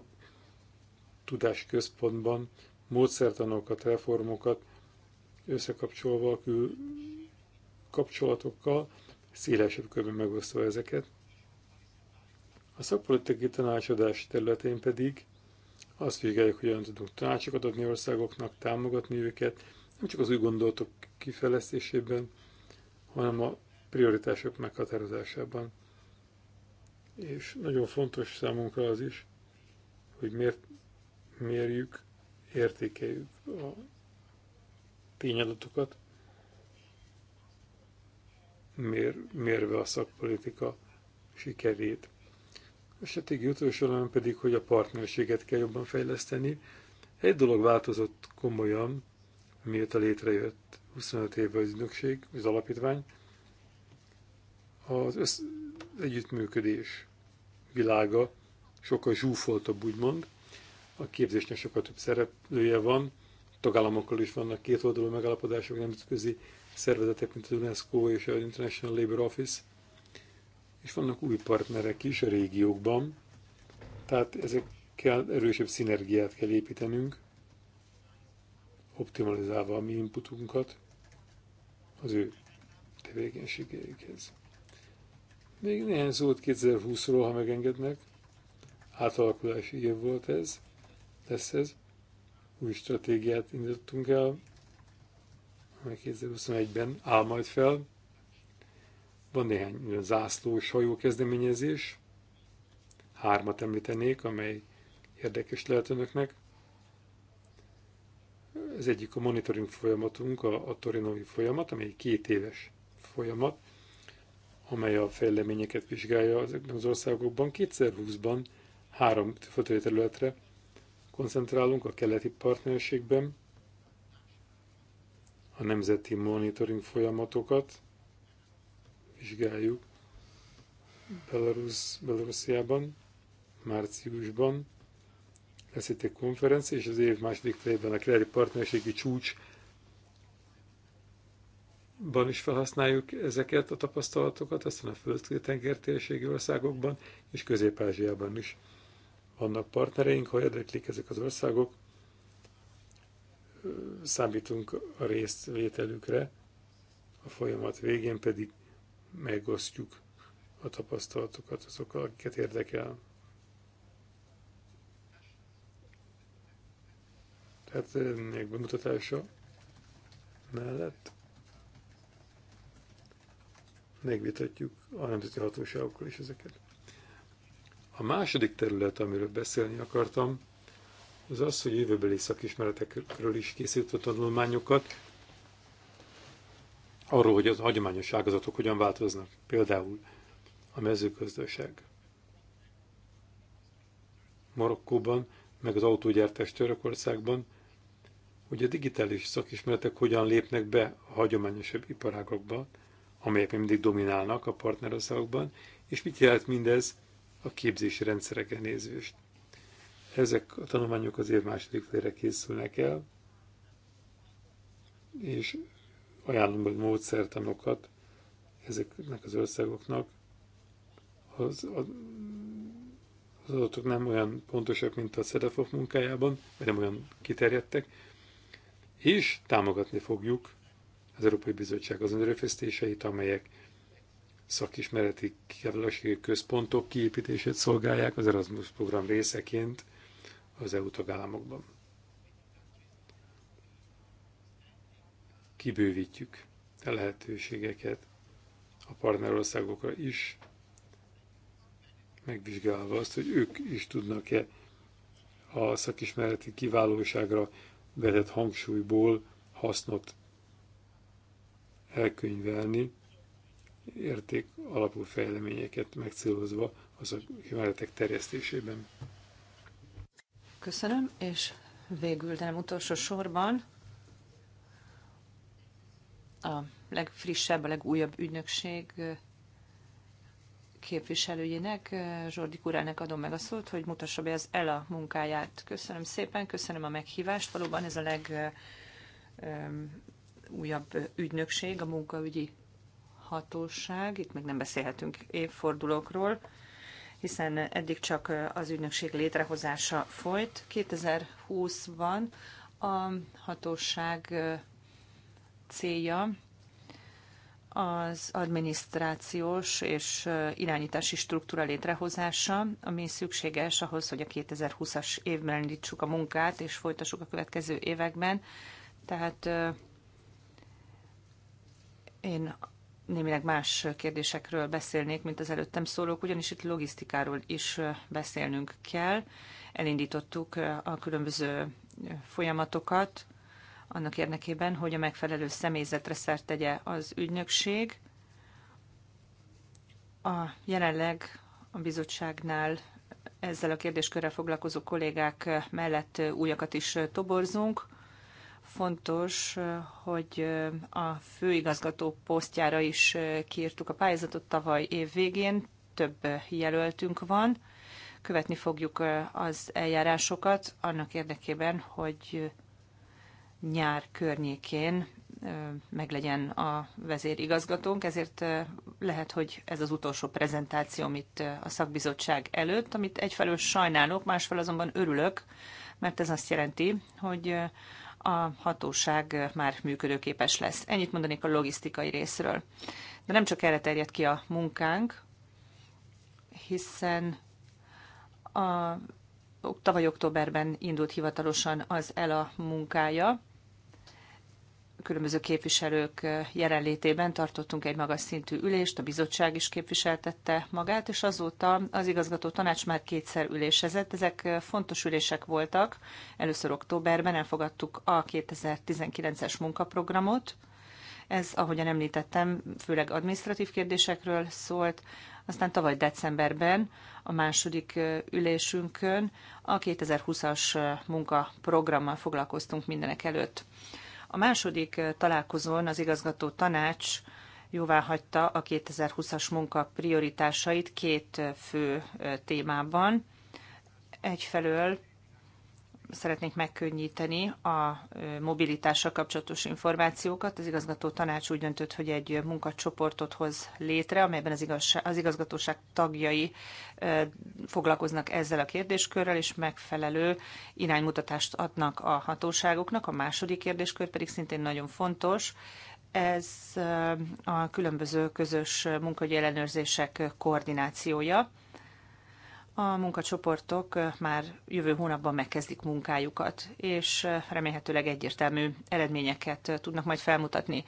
tudásközpontban, módszertanokat, reformokat összekapcsolva a kül kapcsolatokkal, szélesebb körben megosztva ezeket. A szakpolitikai tanácsadás területén pedig azt vizsgáljuk, olyan tudunk tanácsokat adni országoknak, támogatni őket, nem csak az új gondolatok kifejlesztésében, hanem a prioritások meghatározásában. És nagyon fontos számunkra az is, hogy miért mérjük értékeljük a tényadatokat, mér, mérve a szakpolitika sikerét. A stratégia hát utolsó pedig, hogy a partnerséget kell jobban fejleszteni. Egy dolog változott komolyan, mióta létrejött 25 évvel az ügynökség, az alapítvány, az össz, együttműködés világa sokkal zsúfoltabb, úgymond, a képzésnek sokkal több szereplője van, tagállamokkal is vannak két oldalú megállapodások, nemzetközi szervezetek, mint az UNESCO és az International Labour Office, és vannak új partnerek is a régiókban, tehát ezekkel erősebb szinergiát kell építenünk, optimalizálva a mi inputunkat az ő tevékenységeikhez. Még néhány szót 2020-ról, ha megengednek. Átalakulási év volt ez, lesz ez. Új stratégiát indítottunk el, amely 2021-ben áll majd fel. Van néhány zászlós hajó kezdeményezés, hármat említenék, amely érdekes lehet önöknek. Ez egyik a monitoring folyamatunk, a, a Torinovi folyamat, amely két éves folyamat, amely a fejleményeket vizsgálja ezekben az országokban. 2020-ban három területre koncentrálunk a keleti partnerségben, a nemzeti monitoring folyamatokat vizsgáljuk Belarus, Belarusiában, márciusban lesz itt egy konferencia, és az év második felében a keleti partnerségi csúcs ban is felhasználjuk ezeket a tapasztalatokat, aztán a földtenger országokban és Közép-Ázsiában is. Vannak partnereink, ha érdeklik ezek az országok, számítunk a résztvételükre, a folyamat végén pedig megosztjuk a tapasztalatokat azokkal, akiket érdekel. Tehát ennek bemutatása mellett megvitatjuk a nemzeti hatóságokkal is ezeket. A második terület, amiről beszélni akartam, az az, hogy jövőbeli szakismeretekről is készült a tanulmányokat, arról, hogy az hagyományos ágazatok hogyan változnak, például a mezőgazdaság. Marokkóban, meg az autógyártás Törökországban, hogy a digitális szakismeretek hogyan lépnek be a hagyományosabb iparágokba, amelyek mindig dominálnak a partnerországokban, és mit jelent mindez a képzési rendszereken nézvést. Ezek a tanulmányok az év második félre készülnek el, és ajánlom, hogy módszertanokat ezeknek az országoknak. Az, az adatok nem olyan pontosak, mint a SZEDEFOF munkájában, mert nem olyan kiterjedtek, és támogatni fogjuk az Európai Bizottság az erőfeszítéseit, amelyek szakismereti képességi központok kiépítését szolgálják az Erasmus program részeként az EU tagállamokban. Kibővítjük a lehetőségeket a partnerországokra is, megvizsgálva azt, hogy ők is tudnak-e a szakismereti kiválóságra vetett hangsúlyból hasznot elkönyvelni, érték alapú fejleményeket megcélozva azok kimenetek terjesztésében. Köszönöm, és végül, de nem utolsó sorban a legfrissebb, a legújabb ügynökség képviselőjének, Zsordi Kurának adom meg a szót, hogy mutassa be az ELA munkáját. Köszönöm szépen, köszönöm a meghívást. Valóban ez a legújabb um, ügynökség a munkaügyi hatóság, itt még nem beszélhetünk évfordulókról, hiszen eddig csak az ügynökség létrehozása folyt. 2020-ban a hatóság célja az adminisztrációs és irányítási struktúra létrehozása, ami szükséges ahhoz, hogy a 2020-as évben indítsuk a munkát és folytassuk a következő években. Tehát én némileg más kérdésekről beszélnék, mint az előttem szólók, ugyanis itt logisztikáról is beszélnünk kell. Elindítottuk a különböző folyamatokat annak érdekében, hogy a megfelelő személyzetre szert tegye az ügynökség. A jelenleg a bizottságnál ezzel a kérdéskörrel foglalkozó kollégák mellett újakat is toborzunk fontos, hogy a főigazgató posztjára is kiírtuk a pályázatot tavaly év végén, több jelöltünk van. Követni fogjuk az eljárásokat annak érdekében, hogy nyár környékén meglegyen a vezérigazgatónk, ezért lehet, hogy ez az utolsó prezentáció, amit a szakbizottság előtt, amit egyfelől sajnálok, másfelől azonban örülök, mert ez azt jelenti, hogy a hatóság már működőképes lesz. Ennyit mondanék a logisztikai részről. De nem csak erre terjed ki a munkánk, hiszen a tavaly októberben indult hivatalosan az ELA munkája, különböző képviselők jelenlétében tartottunk egy magas szintű ülést, a bizottság is képviseltette magát, és azóta az igazgató tanács már kétszer ülésezett. Ezek fontos ülések voltak. Először októberben elfogadtuk a 2019-es munkaprogramot. Ez, ahogyan említettem, főleg administratív kérdésekről szólt. Aztán tavaly decemberben a második ülésünkön a 2020-as munkaprogrammal foglalkoztunk mindenek előtt. A második találkozón az igazgató tanács jóvá hagyta a 2020-as munka prioritásait két fő témában. Egyfelől szeretnénk megkönnyíteni a mobilitással kapcsolatos információkat. Az igazgató tanács úgy döntött, hogy egy munkacsoportot hoz létre, amelyben az, igazság, az igazgatóság tagjai foglalkoznak ezzel a kérdéskörrel, és megfelelő iránymutatást adnak a hatóságoknak. A második kérdéskör pedig szintén nagyon fontos, ez a különböző közös munkagyi ellenőrzések koordinációja a munkacsoportok már jövő hónapban megkezdik munkájukat, és remélhetőleg egyértelmű eredményeket tudnak majd felmutatni.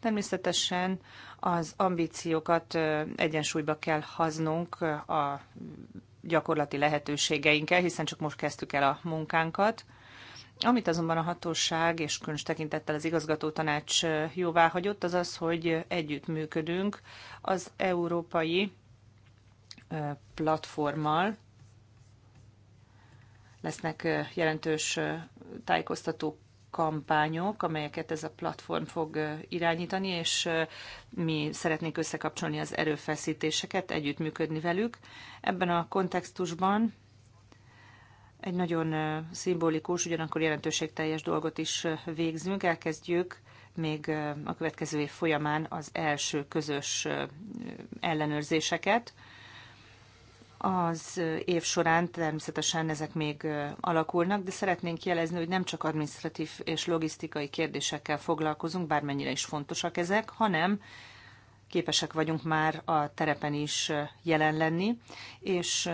Természetesen az ambíciókat egyensúlyba kell haznunk a gyakorlati lehetőségeinkkel, hiszen csak most kezdtük el a munkánkat. Amit azonban a hatóság és különös tekintettel az igazgató tanács jóvá hagyott, az az, hogy együttműködünk az európai platformmal. Lesznek jelentős tájékoztató kampányok, amelyeket ez a platform fog irányítani, és mi szeretnénk összekapcsolni az erőfeszítéseket, együttműködni velük. Ebben a kontextusban egy nagyon szimbolikus, ugyanakkor jelentőségteljes dolgot is végzünk. Elkezdjük még a következő év folyamán az első közös ellenőrzéseket. Az év során természetesen ezek még alakulnak, de szeretnénk jelezni, hogy nem csak administratív és logisztikai kérdésekkel foglalkozunk, bármennyire is fontosak ezek, hanem képesek vagyunk már a terepen is jelen lenni, és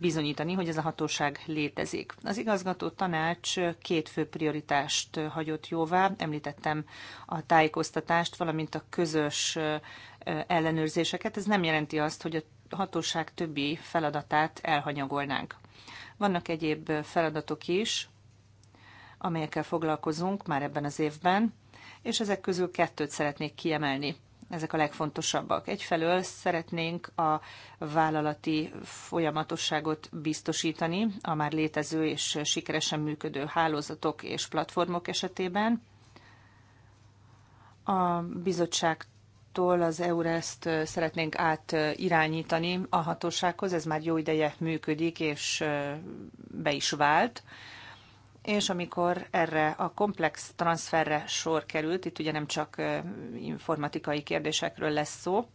bizonyítani, hogy ez a hatóság létezik. Az igazgató tanács két fő prioritást hagyott jóvá, említettem a tájékoztatást, valamint a közös ellenőrzéseket. Ez nem jelenti azt, hogy a hatóság többi feladatát elhanyagolnánk. Vannak egyéb feladatok is, amelyekkel foglalkozunk már ebben az évben, és ezek közül kettőt szeretnék kiemelni. Ezek a legfontosabbak. Egyfelől szeretnénk a vállalati folyamatosságot biztosítani a már létező és sikeresen működő hálózatok és platformok esetében. A bizottság tól az Eurest szeretnénk átirányítani a hatósághoz, ez már jó ideje működik, és be is vált. És amikor erre a komplex transferre sor került, itt ugye nem csak informatikai kérdésekről lesz szó,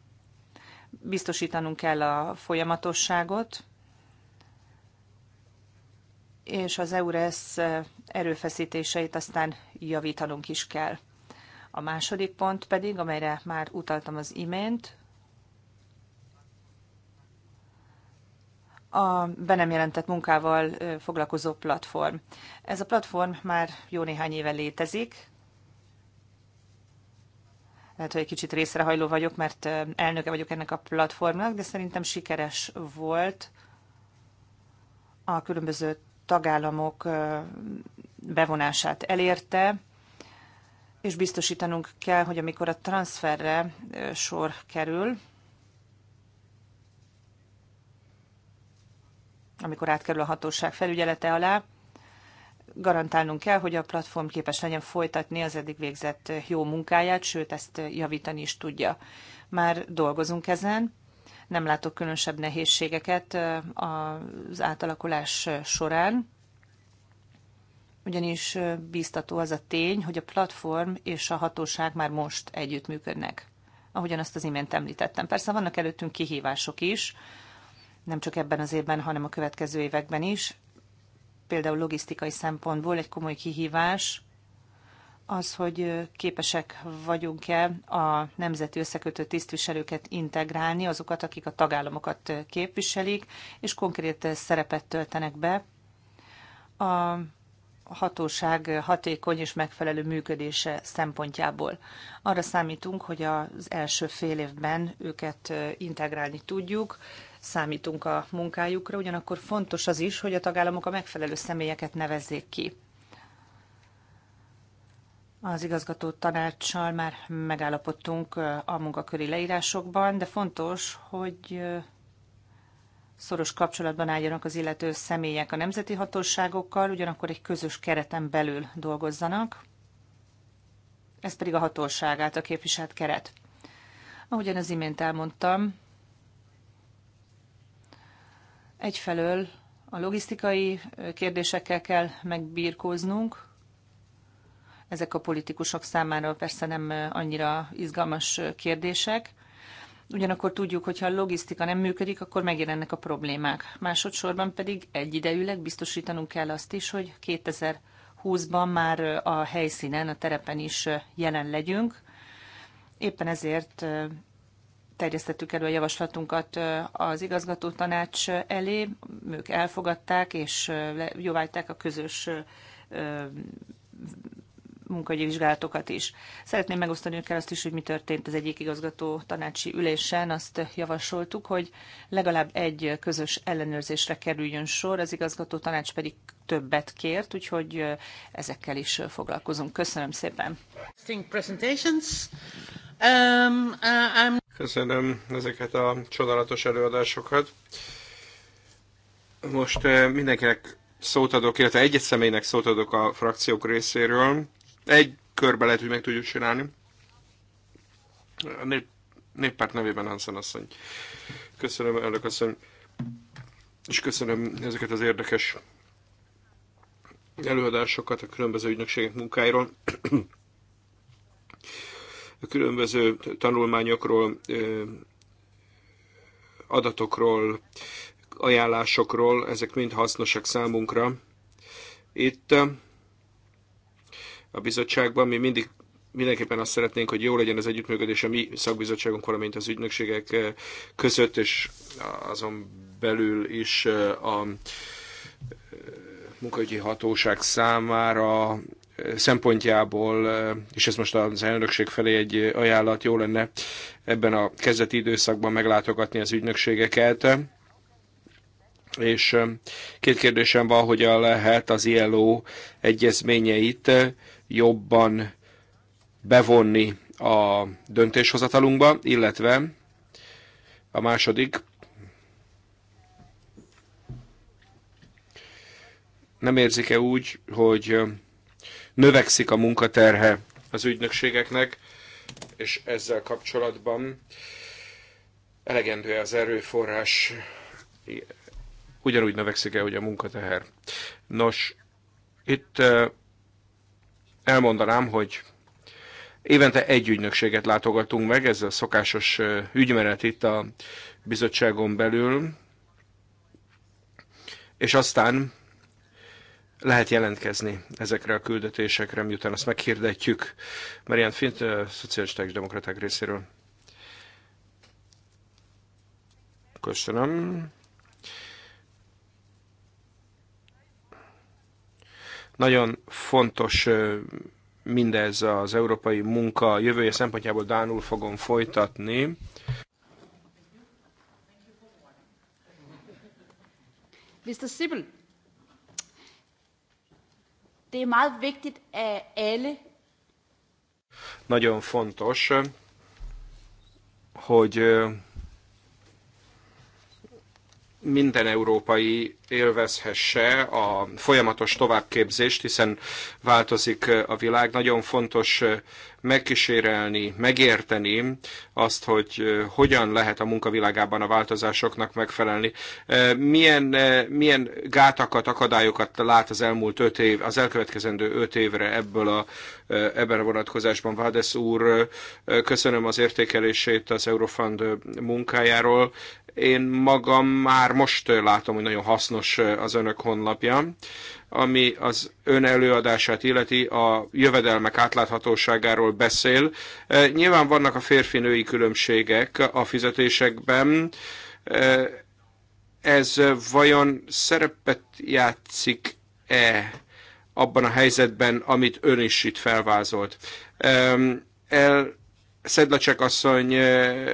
biztosítanunk kell a folyamatosságot, és az EURES erőfeszítéseit aztán javítanunk is kell. A második pont pedig, amelyre már utaltam az imént, a be nem jelentett munkával foglalkozó platform. Ez a platform már jó néhány éve létezik. Lehet, hogy egy kicsit részrehajló vagyok, mert elnöke vagyok ennek a platformnak, de szerintem sikeres volt a különböző tagállamok bevonását elérte és biztosítanunk kell, hogy amikor a transferre sor kerül, amikor átkerül a hatóság felügyelete alá, garantálnunk kell, hogy a platform képes legyen folytatni az eddig végzett jó munkáját, sőt, ezt javítani is tudja. Már dolgozunk ezen, nem látok különösebb nehézségeket az átalakulás során ugyanis bíztató az a tény, hogy a platform és a hatóság már most együttműködnek, ahogyan azt az imént említettem. Persze vannak előttünk kihívások is, nem csak ebben az évben, hanem a következő években is. Például logisztikai szempontból egy komoly kihívás az, hogy képesek vagyunk-e a nemzeti összekötő tisztviselőket integrálni, azokat, akik a tagállamokat képviselik, és konkrét szerepet töltenek be a hatóság hatékony és megfelelő működése szempontjából. Arra számítunk, hogy az első fél évben őket integrálni tudjuk, számítunk a munkájukra, ugyanakkor fontos az is, hogy a tagállamok a megfelelő személyeket nevezzék ki. Az igazgató tanácssal már megállapodtunk a munkaköri leírásokban, de fontos, hogy szoros kapcsolatban álljanak az illető személyek a nemzeti hatóságokkal, ugyanakkor egy közös kereten belül dolgozzanak, ez pedig a hatóság a képviselt keret. Ahogyan az imént elmondtam, egyfelől a logisztikai kérdésekkel kell megbírkóznunk, ezek a politikusok számára persze nem annyira izgalmas kérdések, Ugyanakkor tudjuk, hogy ha a logisztika nem működik, akkor megjelennek a problémák. Másodszorban pedig egyidejűleg biztosítanunk kell azt is, hogy 2020-ban már a helyszínen, a terepen is jelen legyünk. Éppen ezért terjesztettük elő a javaslatunkat az igazgató tanács elé, ők elfogadták és jóvágyták a közös munkahogyi vizsgálatokat is. Szeretném megosztani őkkel azt is, hogy mi történt az egyik igazgató tanácsi ülésen. Azt javasoltuk, hogy legalább egy közös ellenőrzésre kerüljön sor, az igazgató tanács pedig többet kért, úgyhogy ezekkel is foglalkozunk. Köszönöm szépen! Um, uh, Köszönöm ezeket a csodálatos előadásokat. Most mindenkinek szót adok, illetve egyet személynek szót adok a frakciók részéről. Egy körbe lehet, hogy meg tudjuk csinálni. A nép, néppárt nevében Hansen asszony. Köszönöm, elnök asszony. És köszönöm ezeket az érdekes előadásokat a különböző ügynökségek munkáiról, a különböző tanulmányokról, adatokról, ajánlásokról, ezek mind hasznosak számunkra. Itt a bizottságban. Mi mindig mindenképpen azt szeretnénk, hogy jó legyen az együttműködés a mi szakbizottságunk, valamint az ügynökségek eh, között, és azon belül is eh, a eh, munkaügyi hatóság számára szempontjából, és ez most az elnökség felé egy ajánlat, jó lenne ebben a kezdeti időszakban meglátogatni az ügynökségeket. És két kérdésem van, hogyan lehet az ILO egyezményeit jobban bevonni a döntéshozatalunkba, illetve a második, nem érzik-e úgy, hogy növekszik a munkaterhe az ügynökségeknek, és ezzel kapcsolatban elegendő az erőforrás, ugyanúgy növekszik-e, hogy a munkateher. Nos, itt elmondanám, hogy évente egy ügynökséget látogatunk meg, ez a szokásos ügymenet itt a bizottságon belül, és aztán lehet jelentkezni ezekre a küldetésekre, miután azt meghirdetjük Marian Fint, szocialisták és demokraták részéről. Köszönöm. Nagyon fontos mindez az európai munka jövője szempontjából Dánul fogom folytatni. Mr. Sibyl, det er meget vigtigt, at alle nagyon fontos, hogy minden európai élvezhesse a folyamatos továbbképzést, hiszen változik a világ. Nagyon fontos megkísérelni, megérteni azt, hogy hogyan lehet a munkavilágában a változásoknak megfelelni. Milyen, milyen gátakat, akadályokat lát az elmúlt öt év, az elkövetkezendő öt évre ebből a, ebben a vonatkozásban. Vádes úr, köszönöm az értékelését az Eurofund munkájáról. Én magam már most látom, hogy nagyon hasznos az önök honlapja, ami az ön előadását illeti, a jövedelmek átláthatóságáról beszél. Nyilván vannak a férfi-női különbségek a fizetésekben. Ez vajon szerepet játszik-e abban a helyzetben, amit ön is itt felvázolt? El Szedlacsek asszony eh,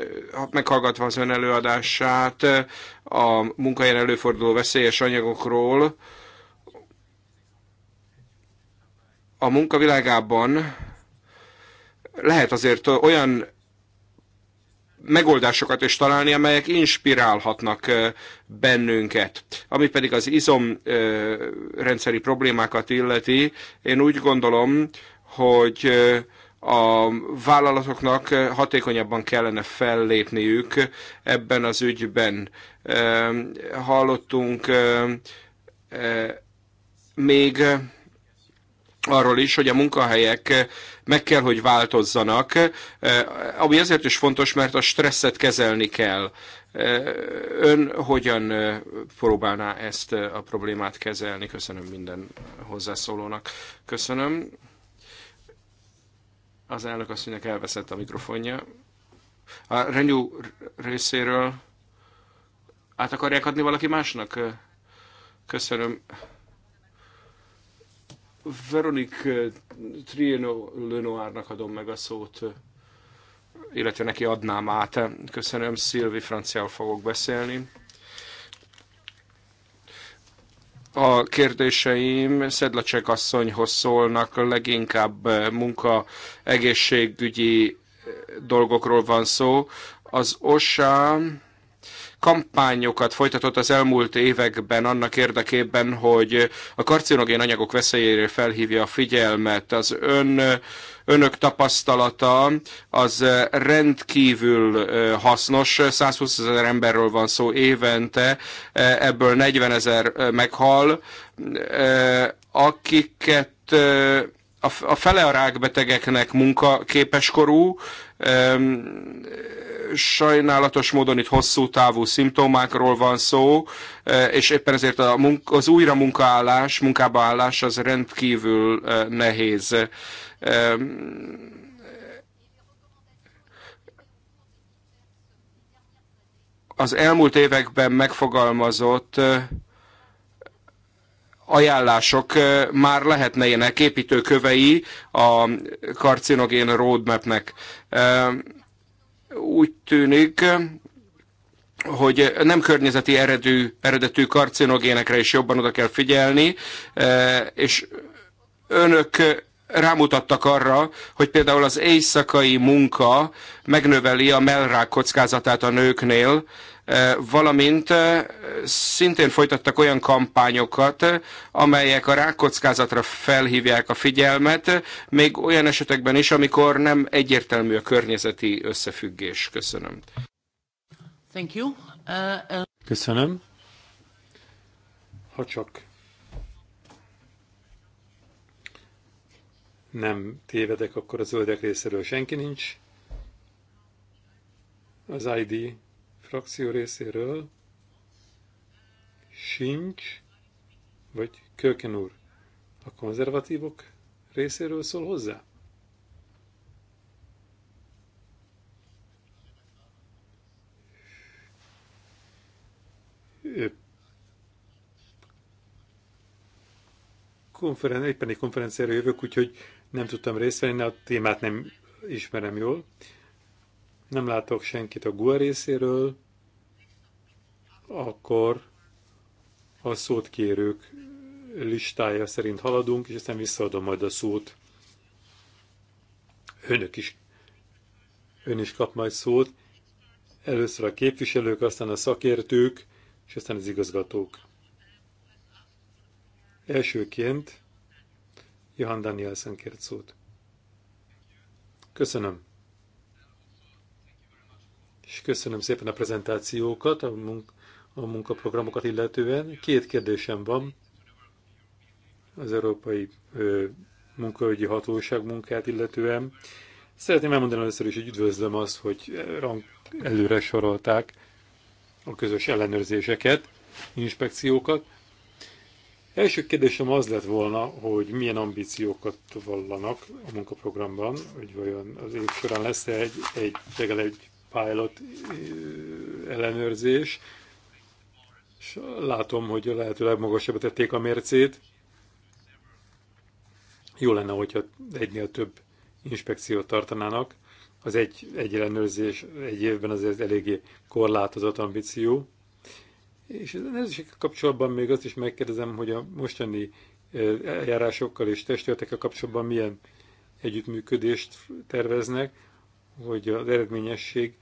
meghallgatva az ön előadását eh, a munkahelyen előforduló veszélyes anyagokról, a munkavilágában lehet azért olyan megoldásokat is találni, amelyek inspirálhatnak eh, bennünket. Ami pedig az izomrendszeri problémákat illeti, én úgy gondolom, hogy a vállalatoknak eh, hatékonyabban kellene fellépniük ebben az ügyben. Hallottunk eh, még arról is, hogy a munkahelyek meg kell, hogy változzanak, eh, ami azért is fontos, mert a stresszet kezelni kell. Ön hogyan próbálná ezt a problémát kezelni? Köszönöm minden hozzászólónak. Köszönöm. Az elnök asszonynak elveszett a mikrofonja. A Renew részéről át akarják adni valaki másnak? Köszönöm. Veronik Trieno Lenoirnak adom meg a szót, illetve neki adnám át. Köszönöm, Szilvi, franciául fogok beszélni. a kérdéseim Szedlacsek asszonyhoz szólnak, leginkább munka egészségügyi dolgokról van szó. Az OSA kampányokat folytatott az elmúlt években annak érdekében, hogy a karcinogén anyagok veszélyére felhívja a figyelmet. Az ön önök tapasztalata az rendkívül hasznos. 120 ezer emberről van szó évente, ebből 40 ezer meghal, akiket a fele a rákbetegeknek munkaképeskorú, sajnálatos módon itt hosszú távú szimptomákról van szó, e, és éppen ezért a munka, az újra munkaállás, munkába állás az rendkívül e, nehéz. Az elmúlt években megfogalmazott ajánlások már lehetnének építőkövei a karcinogén roadmapnek. Úgy tűnik, hogy nem környezeti eredű, eredetű karcinogénekre is jobban oda kell figyelni, és önök rámutattak arra, hogy például az éjszakai munka megnöveli a mellrák kockázatát a nőknél, Eh, valamint eh, szintén folytattak olyan kampányokat, amelyek a rákockázatra felhívják a figyelmet, még olyan esetekben is, amikor nem egyértelmű a környezeti összefüggés. Köszönöm. Thank you. Uh, uh... Köszönöm. Ha csak nem tévedek, akkor a zöldek részéről senki nincs. Az ID frakció részéről sincs, vagy Kölken úr a konzervatívok részéről szól hozzá? Konferen éppen egy konferenciára jövök, úgyhogy nem tudtam részt venni, a témát nem ismerem jól nem látok senkit a GUA e részéről, akkor a szót kérők listája szerint haladunk, és aztán visszaadom majd a szót. Önök is, ön is kap majd szót. Először a képviselők, aztán a szakértők, és aztán az igazgatók. Elsőként Johan Danielsen kért szót. Köszönöm és köszönöm szépen a prezentációkat, a, munk a munkaprogramokat illetően. Két kérdésem van az Európai ö, Munkaügyi Hatóság munkát illetően. Szeretném elmondani először is, hogy üdvözlöm azt, hogy rang előre sorolták a közös ellenőrzéseket, inspekciókat. Első kérdésem az lett volna, hogy milyen ambíciókat vallanak a munkaprogramban, hogy vajon az év során lesz-e egy, egy legalább egy pilot ellenőrzés, és látom, hogy a lehető legmagasabbra tették a mércét. Jó lenne, hogyha egynél több inspekciót tartanának. Az egy, egy ellenőrzés egy évben azért eléggé korlátozott ambíció. És az ellenőrzések kapcsolatban még azt is megkérdezem, hogy a mostani eljárásokkal és testületekkel kapcsolatban milyen együttműködést terveznek, hogy az eredményesség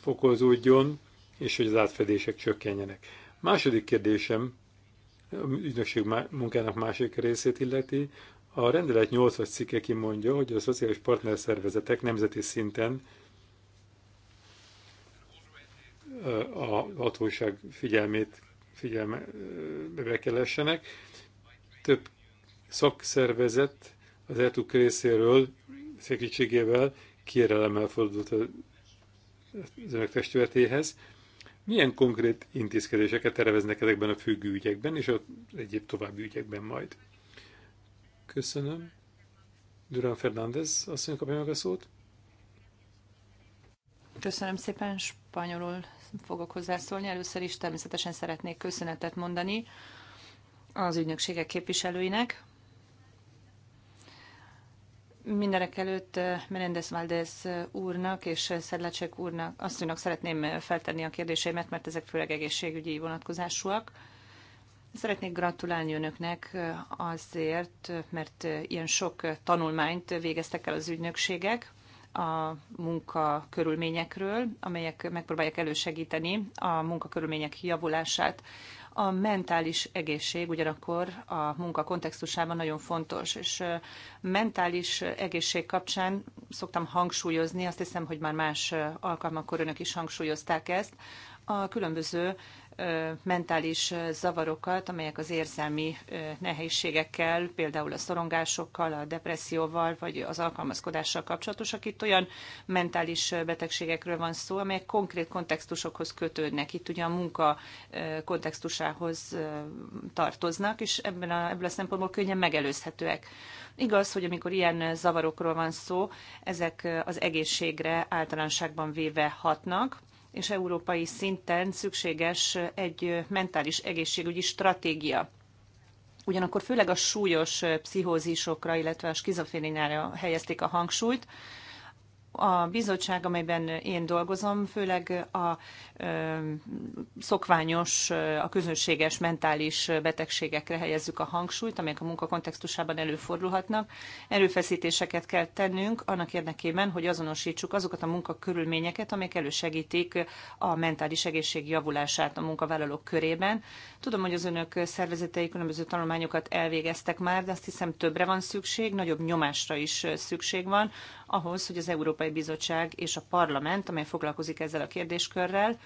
fokozódjon, és hogy az átfedések csökkenjenek. Második kérdésem, ügynökség munkának másik részét illeti, a rendelet 8-as cikke kimondja, hogy a szociális partnerszervezetek nemzeti szinten a hatóság figyelmét figyelmebe kelessenek. Több szakszervezet az ETUK részéről segítségével kérelemmel fordult az önök testületéhez. Milyen konkrét intézkedéseket terveznek ezekben a függő ügyekben, és az egyéb további ügyekben majd? Köszönöm. Durán Fernández, asszony kapja meg a szót. Köszönöm szépen, spanyolul fogok hozzászólni. Először is természetesen szeretnék köszönetet mondani az ügynökségek képviselőinek. Mindenek előtt eh, Menendez Valdez eh, úrnak és eh, Szedlacsek úrnak, asszonynak szeretném feltenni a kérdéseimet, mert ezek főleg egészségügyi vonatkozásúak. Szeretnék gratulálni önöknek azért, mert ilyen sok tanulmányt végeztek el az ügynökségek a munkakörülményekről, amelyek megpróbálják elősegíteni a munkakörülmények javulását a mentális egészség ugyanakkor a munka kontextusában nagyon fontos, és mentális egészség kapcsán szoktam hangsúlyozni, azt hiszem, hogy már más alkalmakkor önök is hangsúlyozták ezt, a különböző mentális zavarokat, amelyek az érzelmi nehézségekkel, például a szorongásokkal, a depresszióval, vagy az alkalmazkodással kapcsolatosak. Itt olyan mentális betegségekről van szó, amelyek konkrét kontextusokhoz kötődnek. Itt ugye a munka kontextusához tartoznak, és ebben a, ebből a szempontból könnyen megelőzhetőek. Igaz, hogy amikor ilyen zavarokról van szó, ezek az egészségre általánosságban véve hatnak, és európai szinten szükséges egy mentális egészségügyi stratégia. Ugyanakkor főleg a súlyos pszichózisokra, illetve a skizofréniára helyezték a hangsúlyt, a bizottság, amelyben én dolgozom, főleg a ö, szokványos, a közönséges mentális betegségekre helyezzük a hangsúlyt, amelyek a munka kontextusában előfordulhatnak. Erőfeszítéseket kell tennünk annak érdekében, hogy azonosítsuk azokat a munkakörülményeket, amelyek elősegítik a mentális egészség javulását a munkavállalók körében. Tudom, hogy az önök szervezetei különböző tanulmányokat elvégeztek már, de azt hiszem többre van szükség, nagyobb nyomásra is szükség van ahhoz, hogy az Európai Bizottság és a Parlament, amely foglalkozik ezzel a kérdéskörrel,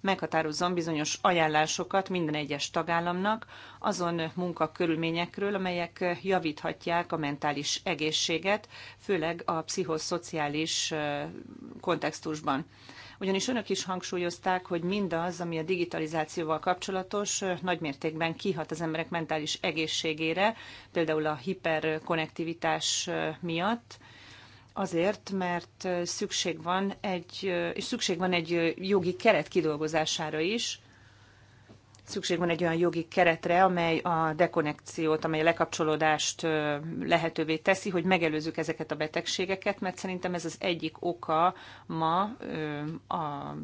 meghatározzon bizonyos ajánlásokat minden egyes tagállamnak azon munkakörülményekről, amelyek javíthatják a mentális egészséget, főleg a pszichoszociális kontextusban ugyanis önök is hangsúlyozták, hogy mindaz, ami a digitalizációval kapcsolatos, nagymértékben kihat az emberek mentális egészségére, például a hiperkonnektivitás miatt, Azért, mert szükség van egy, és szükség van egy jogi keret kidolgozására is, szükség van egy olyan jogi keretre, amely a dekonekciót, amely a lekapcsolódást lehetővé teszi, hogy megelőzzük ezeket a betegségeket, mert szerintem ez az egyik oka ma a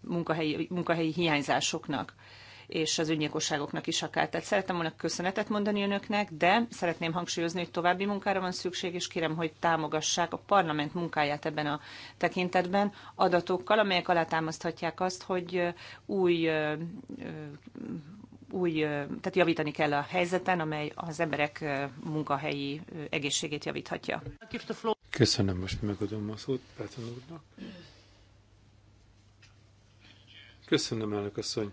munkahelyi, munkahelyi hiányzásoknak és az ügynyilkosságoknak is akár. Tehát szerettem volna köszönetet mondani önöknek, de szeretném hangsúlyozni, hogy további munkára van szükség, és kérem, hogy támogassák a parlament munkáját ebben a tekintetben adatokkal, amelyek alátámaszthatják azt, hogy új új, tehát javítani kell a helyzeten, amely az emberek munkahelyi egészségét javíthatja. Köszönöm, most megadom a szót Petron úrnak. Köszönöm, elnök asszony.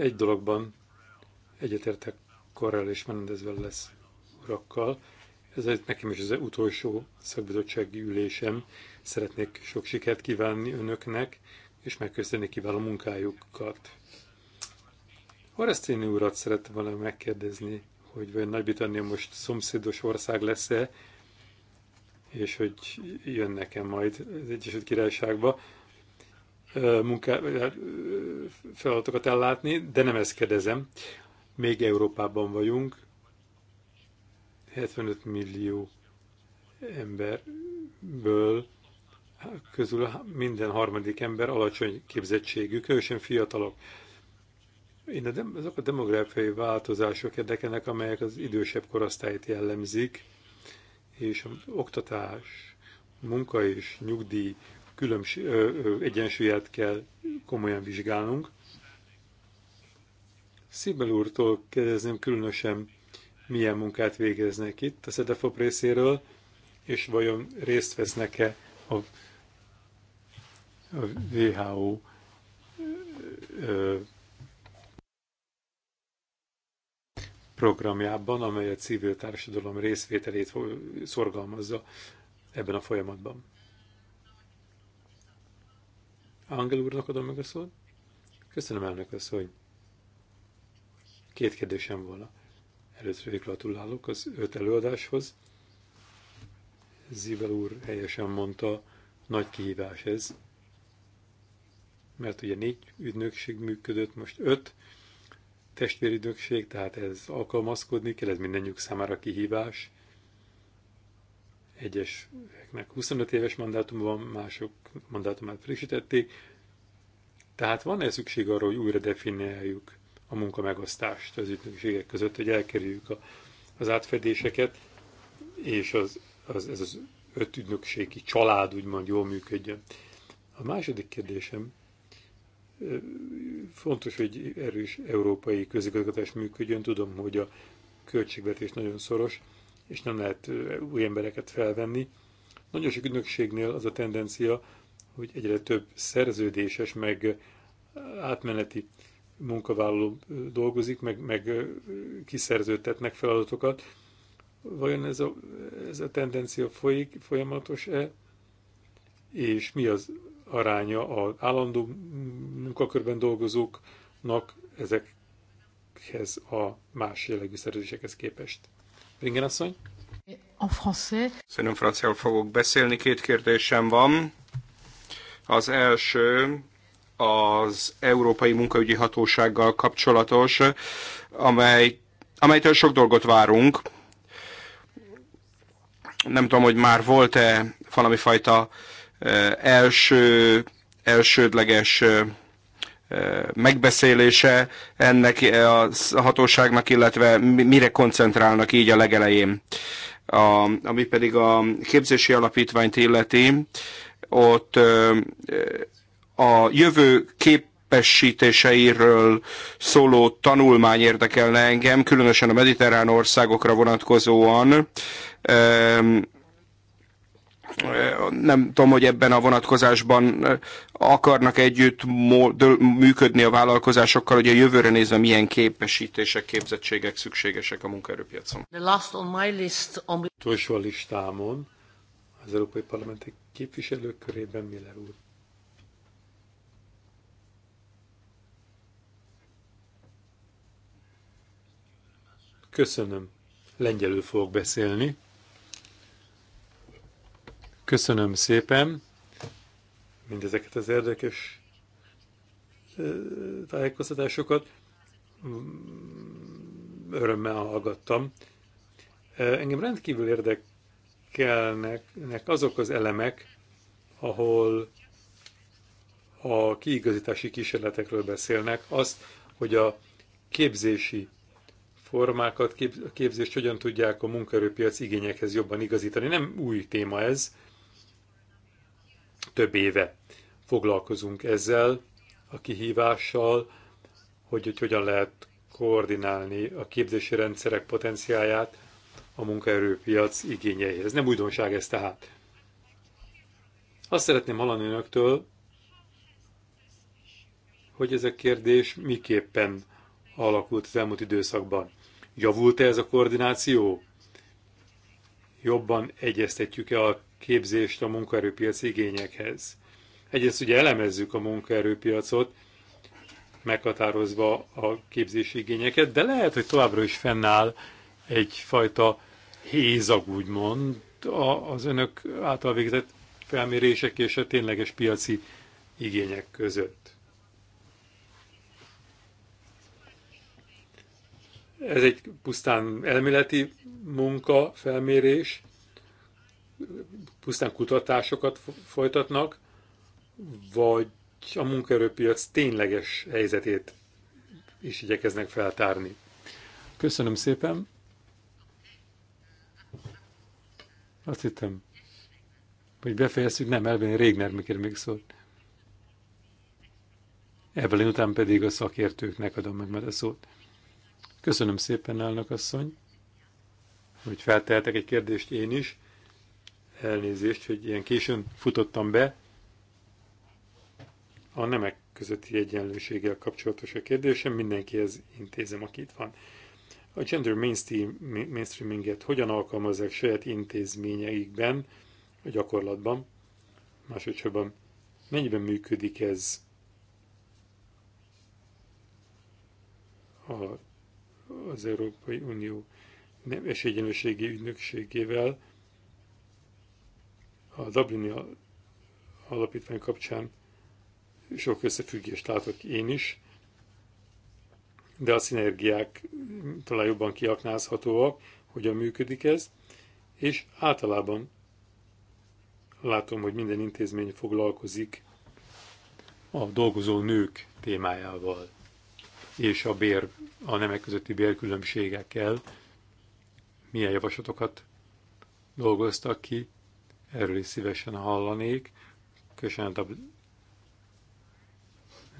Egy dologban egyetértek Karel és Menendezvel lesz urakkal. Ez nekem is az utolsó szakbizottsági ülésem. Szeretnék sok sikert kívánni önöknek, és megköszönni kiváló munkájukat. Horesztini urat szerettem volna megkérdezni, hogy vajon Nagy-Britannia most szomszédos ország lesz-e, és hogy jön nekem majd az Egyesült Királyságba munká, feladatokat ellátni, de nem ezt kérdezem. Még Európában vagyunk, 75 millió emberből közül minden harmadik ember alacsony képzettségű, különösen fiatalok. Én a azok a demográfiai változások érdekelnek, amelyek az idősebb korosztályt jellemzik, és az oktatás, munka és nyugdíj különbs, egyensúlyát kell komolyan vizsgálnunk. Szibel úrtól kérdezném különösen, milyen munkát végeznek itt a SZEDEFOP részéről, és vajon részt vesznek-e a, a WHO ö, programjában, amely a civil társadalom részvételét szorgalmazza ebben a folyamatban. Angel úrnak adom meg a szót. Köszönöm elnök az, hogy két kérdésem volna. Először gratulálok az öt előadáshoz. Zivel úr helyesen mondta, nagy kihívás ez, mert ugye négy ügynökség működött, most öt testvéri ügynökség, tehát ez alkalmazkodni kell, ez mindennyiuk számára kihívás egyeseknek 25 éves mandátum van, mások mandátumát frissítették. Tehát van-e szükség arra, hogy újra definiáljuk a munkamegosztást az ügynökségek között, hogy elkerüljük a, az átfedéseket, és az, az, ez az öt ügynökségi család úgymond jól működjön. A második kérdésem, fontos, hogy erős európai közigazgatás működjön. Tudom, hogy a költségvetés nagyon szoros, és nem lehet új embereket felvenni. Nagyon sok ügynökségnél az a tendencia, hogy egyre több szerződéses, meg átmeneti munkavállaló dolgozik, meg, meg kiszerződtetnek feladatokat. Vajon ez a, ez a tendencia folyik, folyamatos-e? És mi az aránya az állandó munkakörben dolgozóknak ezekhez a más jellegű szerződésekhez képest? Ringer asszony? En français. Szerintem franciául fogok beszélni. Két kérdésem van. Az első az Európai Munkaügyi Hatósággal kapcsolatos, amely, amelytől sok dolgot várunk. Nem tudom, hogy már volt-e valami fajta eh, első, elsődleges eh, megbeszélése ennek a hatóságnak, illetve mire koncentrálnak így a legelején. A, ami pedig a képzési alapítványt illeti, ott a jövő kép képesítéseiről szóló tanulmány érdekelne engem, különösen a mediterrán országokra vonatkozóan nem tudom, hogy ebben a vonatkozásban akarnak együtt működni a vállalkozásokkal, hogy a jövőre nézve milyen képesítések, képzettségek szükségesek a munkaerőpiacon. The last on my list on... Utolsó a listámon az Európai Parlamenti képviselők körében Miller úr. Köszönöm. Lengyelül fogok beszélni. Köszönöm szépen mindezeket az érdekes tájékoztatásokat. Örömmel hallgattam. Engem rendkívül érdekelnek azok az elemek, ahol a kiigazítási kísérletekről beszélnek, azt, hogy a képzési formákat, a képzést hogyan tudják a munkaerőpiac igényekhez jobban igazítani. Nem új téma ez, több éve foglalkozunk ezzel a kihívással, hogy, hogy hogyan lehet koordinálni a képzési rendszerek potenciáját a munkaerőpiac igényeihez. Nem újdonság ez tehát. Azt szeretném hallani önöktől, hogy ez a kérdés miképpen alakult az elmúlt időszakban. Javult-e ez a koordináció? Jobban egyeztetjük-e a képzést a munkaerőpiac igényekhez. Egyrészt ugye elemezzük a munkaerőpiacot, meghatározva a képzési igényeket, de lehet, hogy továbbra is fennáll egyfajta hézag, úgymond, az önök által végzett felmérések és a tényleges piaci igények között. Ez egy pusztán elméleti munka, felmérés, pusztán kutatásokat folytatnak, vagy a munkaerőpiac tényleges helyzetét is igyekeznek feltárni. Köszönöm szépen. Azt hittem, hogy befejeztük, nem, Elvin Régner mikor még szólt. Evelyn után pedig a szakértőknek adom meg majd a szót. Köszönöm szépen, elnök asszony, hogy feltehetek egy kérdést én is. Elnézést, hogy ilyen későn futottam be. A nemek közötti egyenlőséggel kapcsolatos a kérdésem, mindenkihez intézem, aki itt van. A gender mainstream, mainstreaminget hogyan alkalmazzák saját intézményeikben, a gyakorlatban? Másodszorban, mennyiben működik ez a, az Európai Unió nem egyenlőségi ügynökségével, a Dublini alapítvány kapcsán sok összefüggést látok én is, de a szinergiák talán jobban kiaknázhatóak, hogyan működik ez, és általában látom, hogy minden intézmény foglalkozik a dolgozó nők témájával és a bér, a nemek közötti bérkülönbségekkel milyen javaslatokat dolgoztak ki, Erről is szívesen hallanék. Köszönet a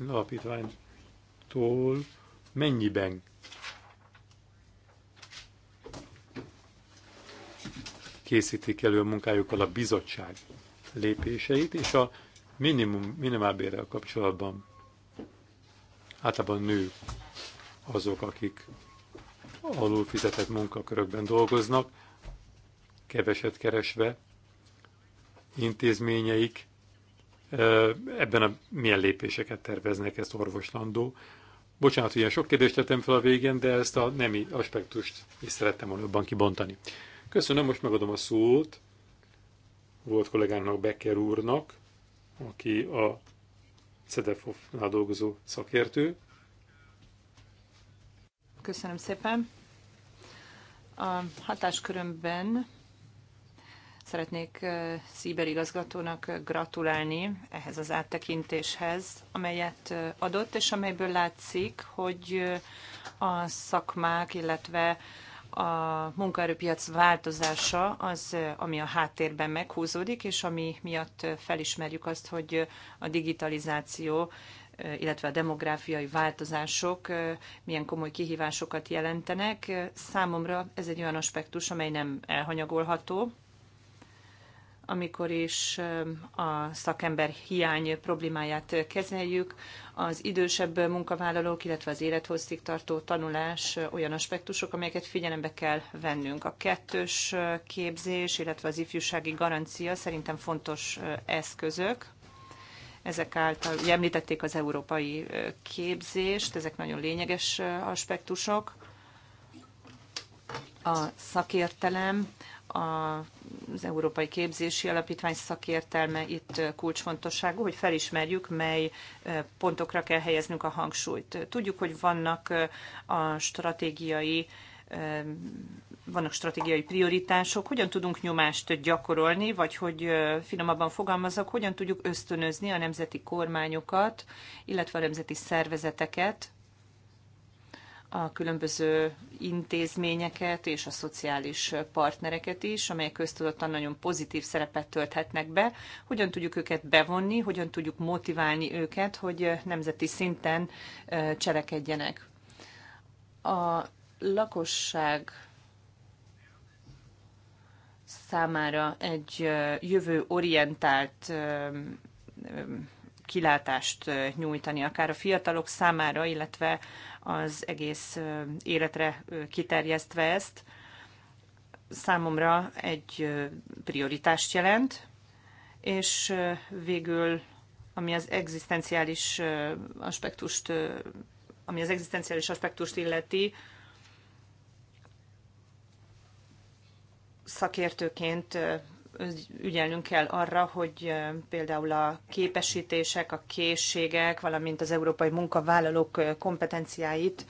alapítványtól. Mennyiben készítik elő a munkájukkal a bizottság lépéseit, és a minimum, minimálbérrel kapcsolatban általában nők azok, akik alul fizetett munkakörökben dolgoznak, keveset keresve, intézményeik ebben a milyen lépéseket terveznek, ezt orvoslandó. Bocsánat, hogy ilyen sok kérdést tettem fel a végén, de ezt a nemi aspektust is szerettem volna jobban kibontani. Köszönöm, most megadom a szót volt kollégának, Becker úrnak, aki a CEDEFOF-nál dolgozó szakértő. Köszönöm szépen. A hatáskörömben Szeretnék Szíber igazgatónak gratulálni ehhez az áttekintéshez, amelyet adott, és amelyből látszik, hogy a szakmák, illetve a munkaerőpiac változása az, ami a háttérben meghúzódik, és ami miatt felismerjük azt, hogy a digitalizáció, illetve a demográfiai változások milyen komoly kihívásokat jelentenek. Számomra ez egy olyan aspektus, amely nem elhanyagolható, amikor is a szakember hiány problémáját kezeljük, az idősebb munkavállalók, illetve az élethosszig tartó tanulás olyan aspektusok, amelyeket figyelembe kell vennünk. A kettős képzés, illetve az ifjúsági garancia szerintem fontos eszközök. Ezek által említették az európai képzést, ezek nagyon lényeges aspektusok. A szakértelem, a az Európai Képzési Alapítvány szakértelme itt kulcsfontosságú, hogy felismerjük, mely pontokra kell helyeznünk a hangsúlyt. Tudjuk, hogy vannak a stratégiai vannak stratégiai prioritások, hogyan tudunk nyomást gyakorolni, vagy hogy finomabban fogalmazok, hogyan tudjuk ösztönözni a nemzeti kormányokat, illetve a nemzeti szervezeteket a különböző intézményeket és a szociális partnereket is, amelyek köztudottan nagyon pozitív szerepet tölthetnek be. Hogyan tudjuk őket bevonni, hogyan tudjuk motiválni őket, hogy nemzeti szinten cselekedjenek. A lakosság számára egy jövőorientált kilátást nyújtani, akár a fiatalok számára, illetve az egész életre kiterjesztve ezt, számomra egy prioritást jelent, és végül, ami az egzisztenciális aspektust, ami az egzisztenciális aspektust illeti, szakértőként ügyelnünk kell arra, hogy például a képesítések, a készségek, valamint az európai munkavállalók kompetenciáit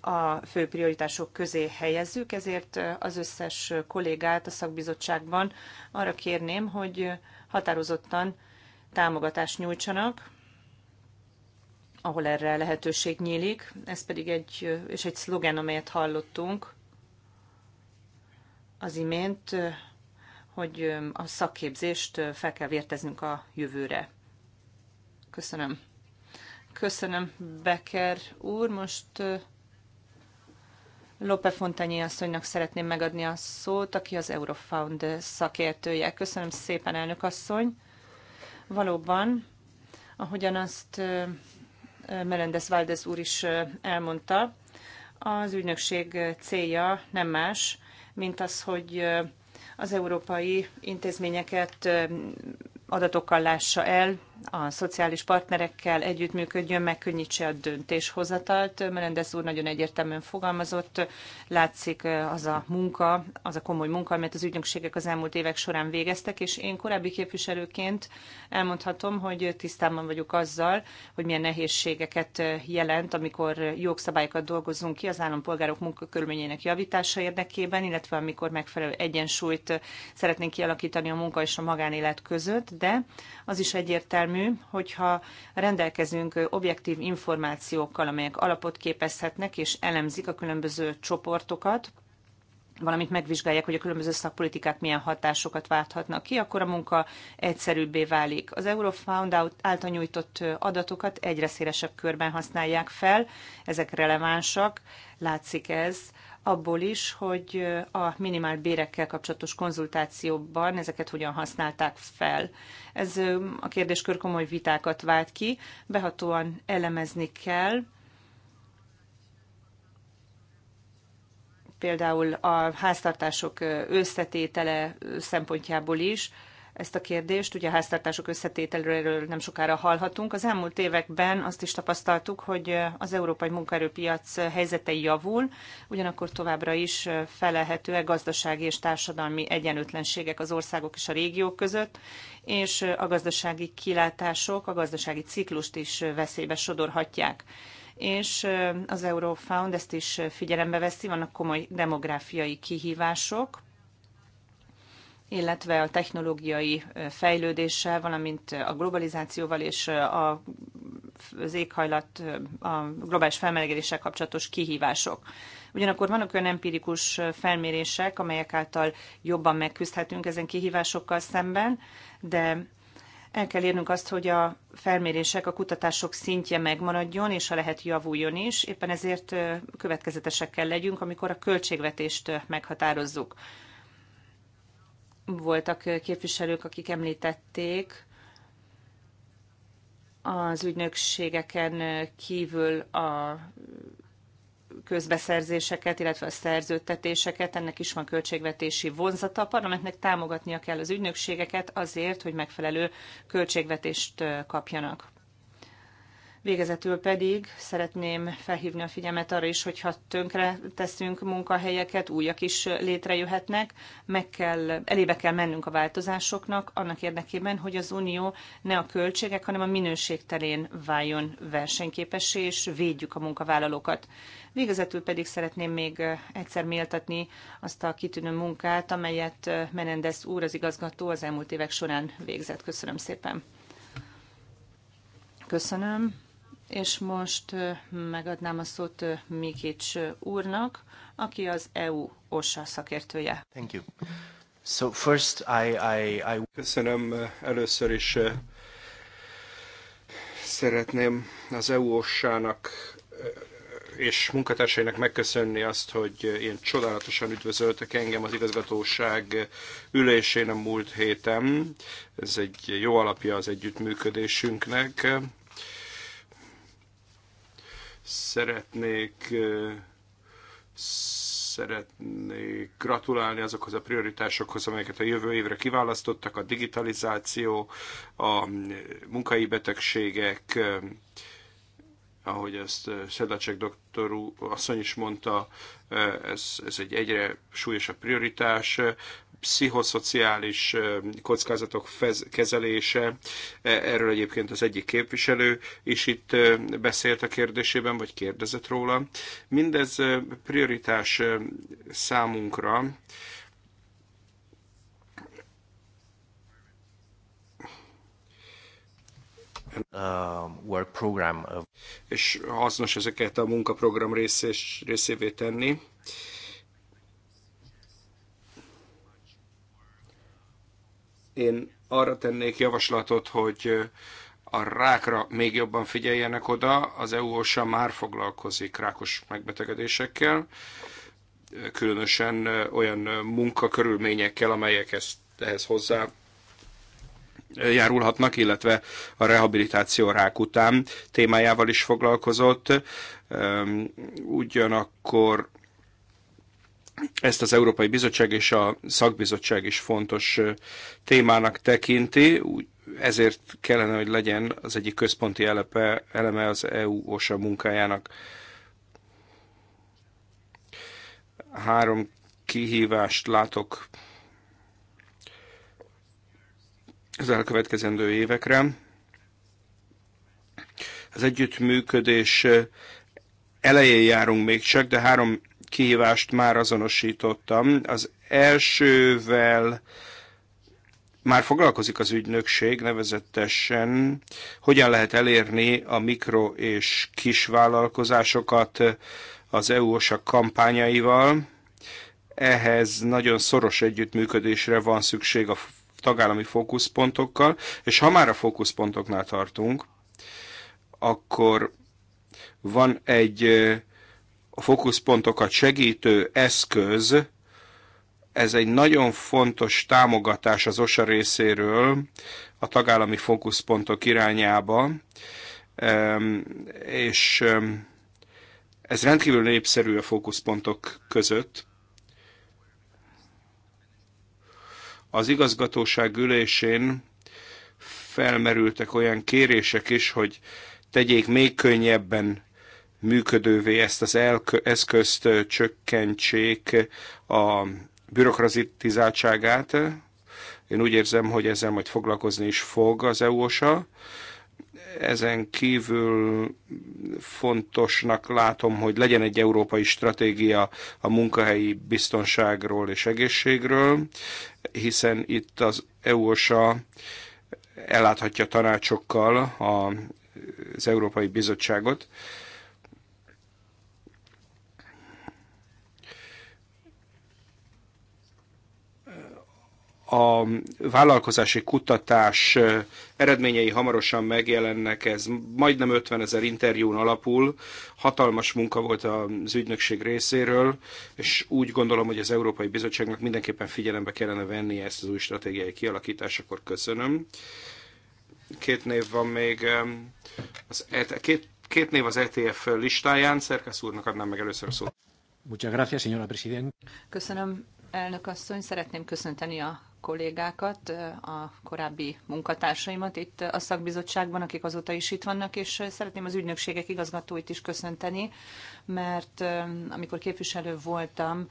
a fő prioritások közé helyezzük, ezért az összes kollégát a szakbizottságban arra kérném, hogy határozottan támogatást nyújtsanak, ahol erre lehetőség nyílik. Ez pedig egy, és egy szlogen, amelyet hallottunk az imént, hogy a szakképzést fel kell vérteznünk a jövőre. Köszönöm. Köszönöm, Becker úr. Most Lope Fontanyi asszonynak szeretném megadni a szót, aki az Eurofound szakértője. Köszönöm szépen, elnök asszony. Valóban, ahogyan azt Melendez Valdez úr is elmondta, az ügynökség célja nem más, mint az, hogy az európai intézményeket adatokkal lássa el, a szociális partnerekkel együttműködjön, megkönnyítse a döntéshozatalt. Melendez úr nagyon egyértelműen fogalmazott, látszik az a munka, az a komoly munka, amit az ügynökségek az elmúlt évek során végeztek, és én korábbi képviselőként elmondhatom, hogy tisztában vagyok azzal, hogy milyen nehézségeket jelent, amikor jogszabályokat dolgozunk ki az állampolgárok munkakörülményének javítása érdekében, illetve amikor megfelelő egyensúlyt szeretnénk kialakítani a munka és a magánélet között, de az is egyértelmű, egyértelmű, hogyha rendelkezünk objektív információkkal, amelyek alapot képezhetnek és elemzik a különböző csoportokat, valamint megvizsgálják, hogy a különböző szakpolitikák milyen hatásokat válthatnak ki, akkor a munka egyszerűbbé válik. Az Eurofound által nyújtott adatokat egyre szélesebb körben használják fel, ezek relevánsak, látszik ez abból is, hogy a minimál bérekkel kapcsolatos konzultációban ezeket hogyan használták fel. Ez a kérdéskör komoly vitákat vált ki, behatóan elemezni kell, például a háztartások összetétele szempontjából is, ezt a kérdést. Ugye a háztartások összetételről nem sokára hallhatunk. Az elmúlt években azt is tapasztaltuk, hogy az európai munkaerőpiac helyzete javul, ugyanakkor továbbra is felelhetőek gazdasági és társadalmi egyenlőtlenségek az országok és a régiók között, és a gazdasági kilátások a gazdasági ciklust is veszélybe sodorhatják és az Eurofound ezt is figyelembe veszi, vannak komoly demográfiai kihívások, illetve a technológiai fejlődéssel, valamint a globalizációval és a, az éghajlat, a globális felmelegedéssel kapcsolatos kihívások. Ugyanakkor vannak olyan empirikus felmérések, amelyek által jobban megküzdhetünk ezen kihívásokkal szemben, de el kell érnünk azt, hogy a felmérések, a kutatások szintje megmaradjon, és ha lehet javuljon is. Éppen ezért következetesek kell legyünk, amikor a költségvetést meghatározzuk voltak képviselők, akik említették az ügynökségeken kívül a közbeszerzéseket, illetve a szerződtetéseket, ennek is van költségvetési vonzata. A parlamentnek támogatnia kell az ügynökségeket azért, hogy megfelelő költségvetést kapjanak. Végezetül pedig szeretném felhívni a figyelmet arra is, hogyha tönkre teszünk munkahelyeket, újak is létrejöhetnek, meg kell, elébe kell mennünk a változásoknak, annak érdekében, hogy az Unió ne a költségek, hanem a minőség terén váljon versenyképessé, és védjük a munkavállalókat. Végezetül pedig szeretném még egyszer méltatni azt a kitűnő munkát, amelyet Menendez úr, az igazgató az elmúlt évek során végzett. Köszönöm szépen. Köszönöm és most megadnám a szót Mikics úrnak, aki az EU OSA szakértője. Thank you. So first I, I, I... Köszönöm először is szeretném az EU OSA-nak és munkatársainak megköszönni azt, hogy ilyen csodálatosan üdvözöltek engem az igazgatóság ülésén a múlt héten. Ez egy jó alapja az együttműködésünknek. Szeretnék szeretnék gratulálni azokhoz a prioritásokhoz, amelyeket a jövő évre kiválasztottak, a digitalizáció, a munkai betegségek, ahogy ezt Szedlacsek doktor asszony is mondta, ez, ez egy egyre súlyosabb prioritás pszichoszociális kockázatok kezelése, e, erről egyébként az egyik képviselő is itt beszélt a kérdésében, vagy kérdezett róla. Mindez prioritás számunkra, um, work program. És hasznos ezeket a munkaprogram részés, részévé tenni. Én arra tennék javaslatot, hogy a rákra még jobban figyeljenek oda. Az EU-osa már foglalkozik rákos megbetegedésekkel, különösen olyan munkakörülményekkel, amelyek ezt, ehhez hozzá járulhatnak, illetve a rehabilitáció rák után témájával is foglalkozott. Ugyanakkor ezt az Európai Bizottság és a szakbizottság is fontos témának tekinti, úgy, ezért kellene, hogy legyen az egyik központi elepe, eleme az EU-OSA munkájának. Három kihívást látok az elkövetkezendő évekre. Az együttműködés elején járunk még csak, de három kihívást már azonosítottam. Az elsővel már foglalkozik az ügynökség nevezetesen, hogyan lehet elérni a mikro és kisvállalkozásokat az EU-osak kampányaival. Ehhez nagyon szoros együttműködésre van szükség a tagállami fókuszpontokkal, és ha már a fókuszpontoknál tartunk, akkor van egy a fókuszpontokat segítő eszköz, ez egy nagyon fontos támogatás az OSA részéről a tagállami fókuszpontok irányába, és ez rendkívül népszerű a fókuszpontok között. Az igazgatóság ülésén felmerültek olyan kérések is, hogy tegyék még könnyebben működővé ezt az eszközt csökkentsék a bürokratizáltságát. Én úgy érzem, hogy ezzel majd foglalkozni is fog az EU-osa. Ezen kívül fontosnak látom, hogy legyen egy európai stratégia a munkahelyi biztonságról és egészségről, hiszen itt az EU-osa elláthatja tanácsokkal az Európai Bizottságot a vállalkozási kutatás eredményei hamarosan megjelennek, ez majdnem 50 ezer interjún alapul, hatalmas munka volt az ügynökség részéről, és úgy gondolom, hogy az Európai Bizottságnak mindenképpen figyelembe kellene venni ezt az új stratégiai kialakításakor. Köszönöm. Két név van még, az ET, két, két név az ETF listáján, Szerkesz úrnak adnám meg először a szót. Muchas gracias, señora Köszönöm, elnök asszony. Szeretném köszönteni a kollégákat, a korábbi munkatársaimat itt a szakbizottságban, akik azóta is itt vannak, és szeretném az ügynökségek igazgatóit is köszönteni, mert amikor képviselő voltam,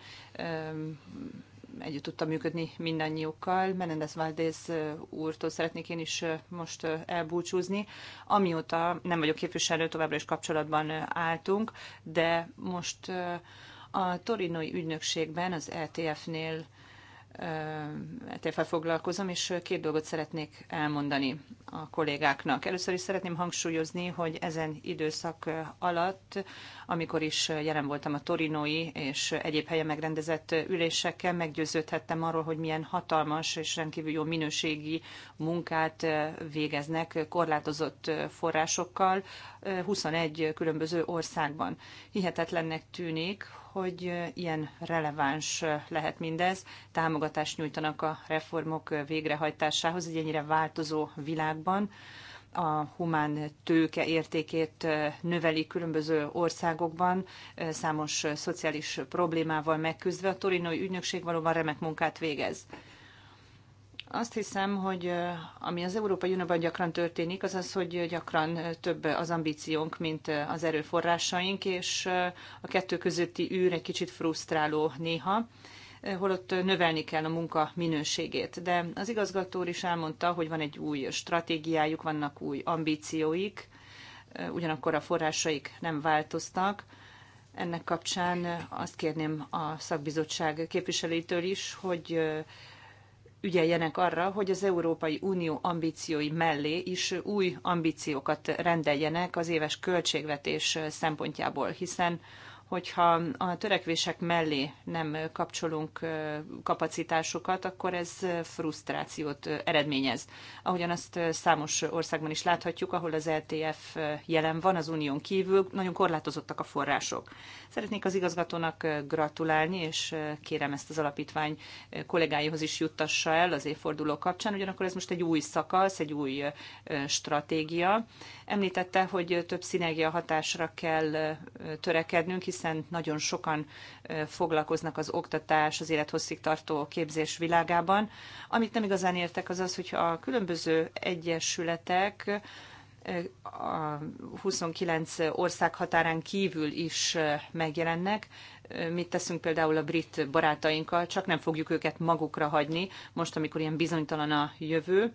együtt tudtam működni mindannyiukkal. Menendez Valdez úrtól szeretnék én is most elbúcsúzni. Amióta nem vagyok képviselő, továbbra is kapcsolatban álltunk, de most a Torinoi ügynökségben, az ETF-nél etf el foglalkozom, és két dolgot szeretnék elmondani a kollégáknak. Először is szeretném hangsúlyozni, hogy ezen időszak alatt, amikor is jelen voltam a torinói és egyéb helyen megrendezett ülésekkel, meggyőződhettem arról, hogy milyen hatalmas és rendkívül jó minőségi munkát végeznek korlátozott forrásokkal 21 különböző országban. Hihetetlennek tűnik, hogy ilyen releváns lehet mindez. Támogatást nyújtanak a reformok végrehajtásához egy ennyire változó világban. A humán tőke értékét növeli különböző országokban, számos szociális problémával megküzdve. A torinói ügynökség valóban remek munkát végez. Azt hiszem, hogy ami az Európai Unióban gyakran történik, az az, hogy gyakran több az ambíciónk, mint az erőforrásaink, és a kettő közötti űr egy kicsit frusztráló néha holott növelni kell a munka minőségét. De az igazgató is elmondta, hogy van egy új stratégiájuk, vannak új ambícióik, ugyanakkor a forrásaik nem változtak. Ennek kapcsán azt kérném a szakbizottság képviselőitől is, hogy ügyeljenek arra, hogy az Európai Unió ambíciói mellé is új ambíciókat rendeljenek az éves költségvetés szempontjából, hiszen hogyha a törekvések mellé nem kapcsolunk kapacitásokat, akkor ez frusztrációt eredményez. Ahogyan azt számos országban is láthatjuk, ahol az LTF e jelen van az unión kívül, nagyon korlátozottak a források. Szeretnék az igazgatónak gratulálni, és kérem ezt az alapítvány kollégáihoz is juttassa el az évforduló kapcsán, ugyanakkor ez most egy új szakasz, egy új stratégia, Említette, hogy több szinergia hatásra kell törekednünk, hiszen nagyon sokan foglalkoznak az oktatás, az élethosszig tartó képzés világában. Amit nem igazán értek, az az, hogy a különböző egyesületek a 29 ország határán kívül is megjelennek. Mit teszünk például a brit barátainkkal, csak nem fogjuk őket magukra hagyni, most, amikor ilyen bizonytalan a jövő.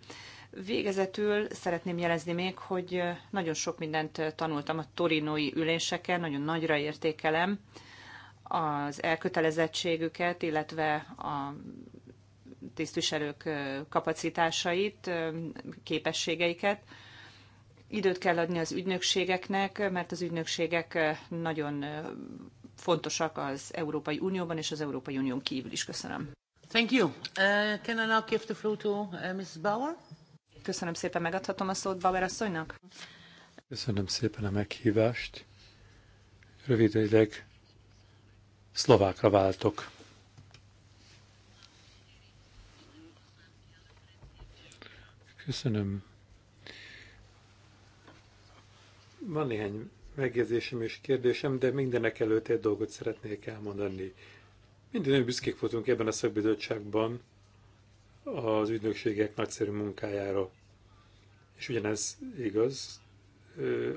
Végezetül szeretném jelezni még, hogy nagyon sok mindent tanultam a torinói üléseken, nagyon nagyra értékelem az elkötelezettségüket, illetve a tisztviselők kapacitásait, képességeiket. Időt kell adni az ügynökségeknek, mert az ügynökségek nagyon fontosak az Európai Unióban és az Európai Unión kívül is. Köszönöm. Thank you. Uh, can I now give the floor to uh, Mrs. Bauer? Köszönöm szépen, megadhatom a szót Bauer asszonynak? Köszönöm szépen a meghívást. Rövidileg szlovákra váltok. Köszönöm. Van néhány megjegyzésem és kérdésem, de mindenek előtt egy dolgot szeretnék elmondani. Mindenütt büszkék voltunk ebben a szakbizottságban az ügynökségek nagyszerű munkájára és ugyanez igaz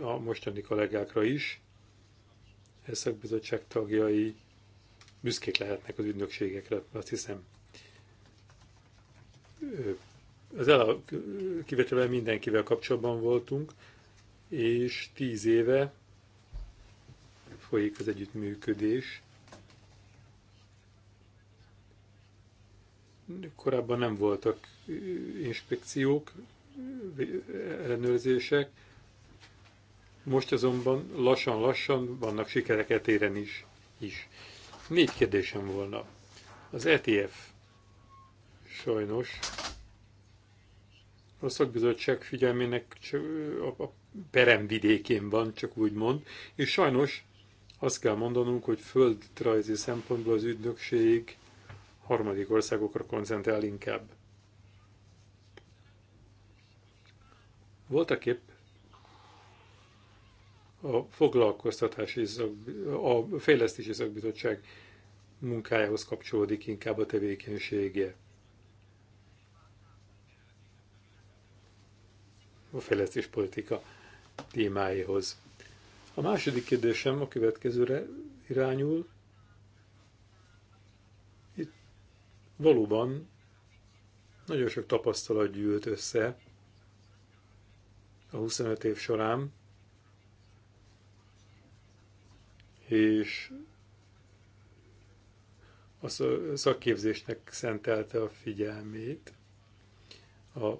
a mostani kollégákra is, a e szakbizottság tagjai büszkék lehetnek az ügynökségekre, azt hiszem. Az el kivetővel mindenkivel kapcsolatban voltunk, és tíz éve folyik az együttműködés. Korábban nem voltak inspekciók, ellenőrzések. Most azonban lassan-lassan vannak sikerek etéren is. is. Négy kérdésem volna. Az ETF sajnos a szakbizottság figyelmének a peremvidékén van, csak úgy mond, és sajnos azt kell mondanunk, hogy földrajzi szempontból az ügynökség harmadik országokra koncentrál inkább. Voltak épp a foglalkoztatási, szak, a fejlesztési szakbizottság munkájához kapcsolódik inkább a tevékenysége. A fejlesztés politika témáihoz. A második kérdésem a következőre irányul. Itt valóban nagyon sok tapasztalat gyűlt össze a 25 év során, és a szakképzésnek szentelte a figyelmét a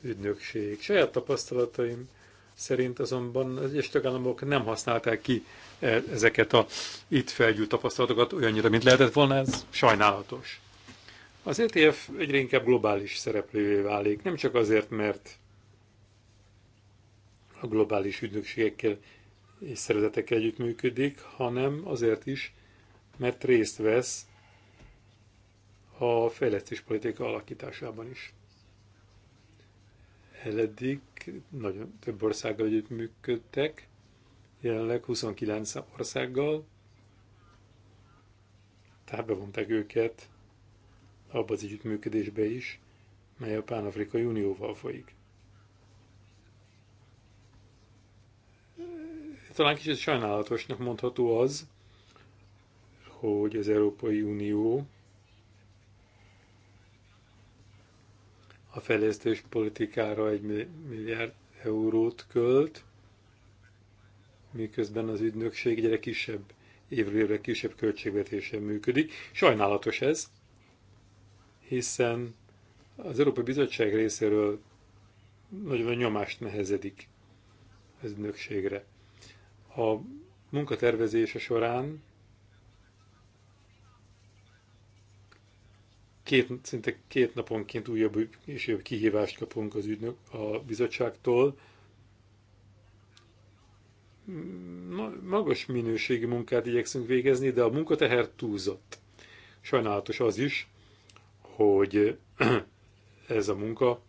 ügynökség. Saját tapasztalataim szerint azonban az egyes tagállamok nem használták ki e-, ezeket a itt felgyűlt tapasztalatokat olyannyira, mint lehetett volna, ez sajnálatos. Az ETF egyre inkább globális szereplővé válik, nem csak azért, mert a globális ügynökségekkel és szervezetekkel együttműködik, hanem azért is, mert részt vesz a fejlesztés politika alakításában is. Eddig nagyon több országgal együttműködtek, jelenleg 29 országgal, tehát bevonták őket abba az együttműködésbe is, mely a Pán-Afrikai Unióval folyik. Talán kicsit sajnálatosnak mondható az, hogy az Európai Unió a fejlesztés politikára egy milliárd eurót költ, miközben az ügynökség egyre kisebb, évről évre kisebb költségvetésen működik. Sajnálatos ez, hiszen az Európai Bizottság részéről nagyon nyomást nehezedik az ügynökségre. A munkatervezése során két, szinte két naponként újabb és újabb kihívást kapunk az ügynök a bizottságtól. Magas minőségi munkát igyekszünk végezni, de a munkateher túlzott. Sajnálatos az is, hogy ez a munka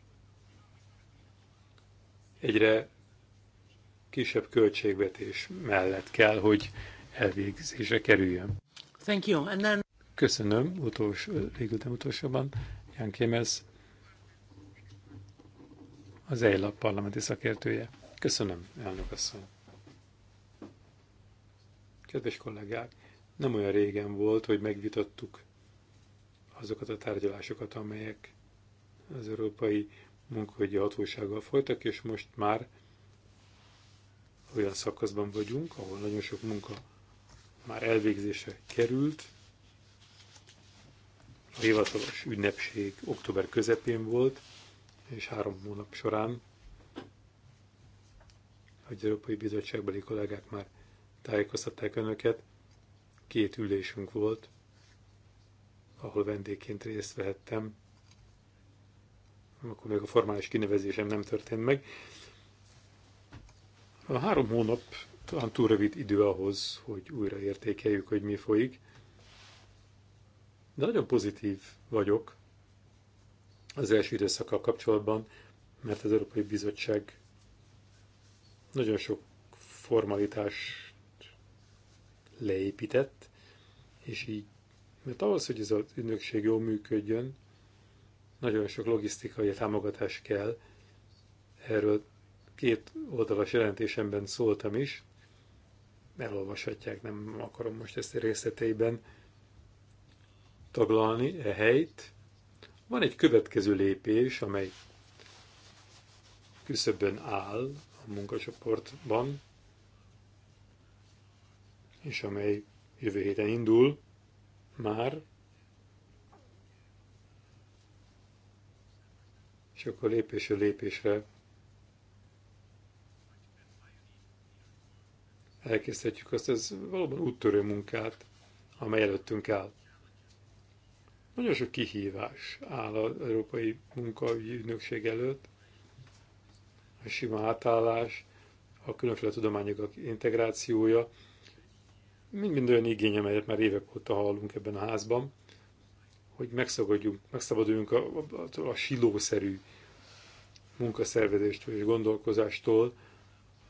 egyre kisebb költségvetés mellett kell, hogy elvégzésre kerüljön. Thank you. And then... Köszönöm, utolsó, végül nem utolsóban, Jan Kémez, az EILAP parlamenti szakértője. Köszönöm, elnök asszony. Kedves kollégák, nem olyan régen volt, hogy megvitattuk azokat a tárgyalásokat, amelyek az Európai Munkahogyi Hatósággal folytak, és most már olyan szakaszban vagyunk, ahol nagyon sok munka már elvégzése került. A hivatalos ünnepség október közepén volt, és három hónap során, az Európai Bizottságbeli kollégák már tájékoztatták önöket, két ülésünk volt, ahol vendégként részt vehettem, akkor még a formális kinevezésem nem történt meg, a három hónap talán túl rövid idő ahhoz, hogy újra értékeljük, hogy mi folyik. De nagyon pozitív vagyok az első időszakkal kapcsolatban, mert az Európai Bizottság nagyon sok formalitást leépített, és így, mert ahhoz, hogy ez az ügynökség jól működjön, nagyon sok logisztikai támogatás kell, erről két oldalas jelentésemben szóltam is, elolvashatják, nem akarom most ezt részleteiben taglalni e helyt. Van egy következő lépés, amely küszöbön áll a munkacsoportban, és amely jövő héten indul már, és akkor lépésről lépésre elkészíthetjük azt, ez valóban úttörő munkát, amely előttünk áll. Nagyon sok kihívás áll az Európai Munkaügyi Ügynökség előtt, a sima átállás, a különféle tudományok integrációja, mind-mind olyan igény, amelyet már évek óta hallunk ebben a házban, hogy megszabaduljunk, megszabaduljunk a, a, a silószerű munkaszervezéstől és gondolkozástól,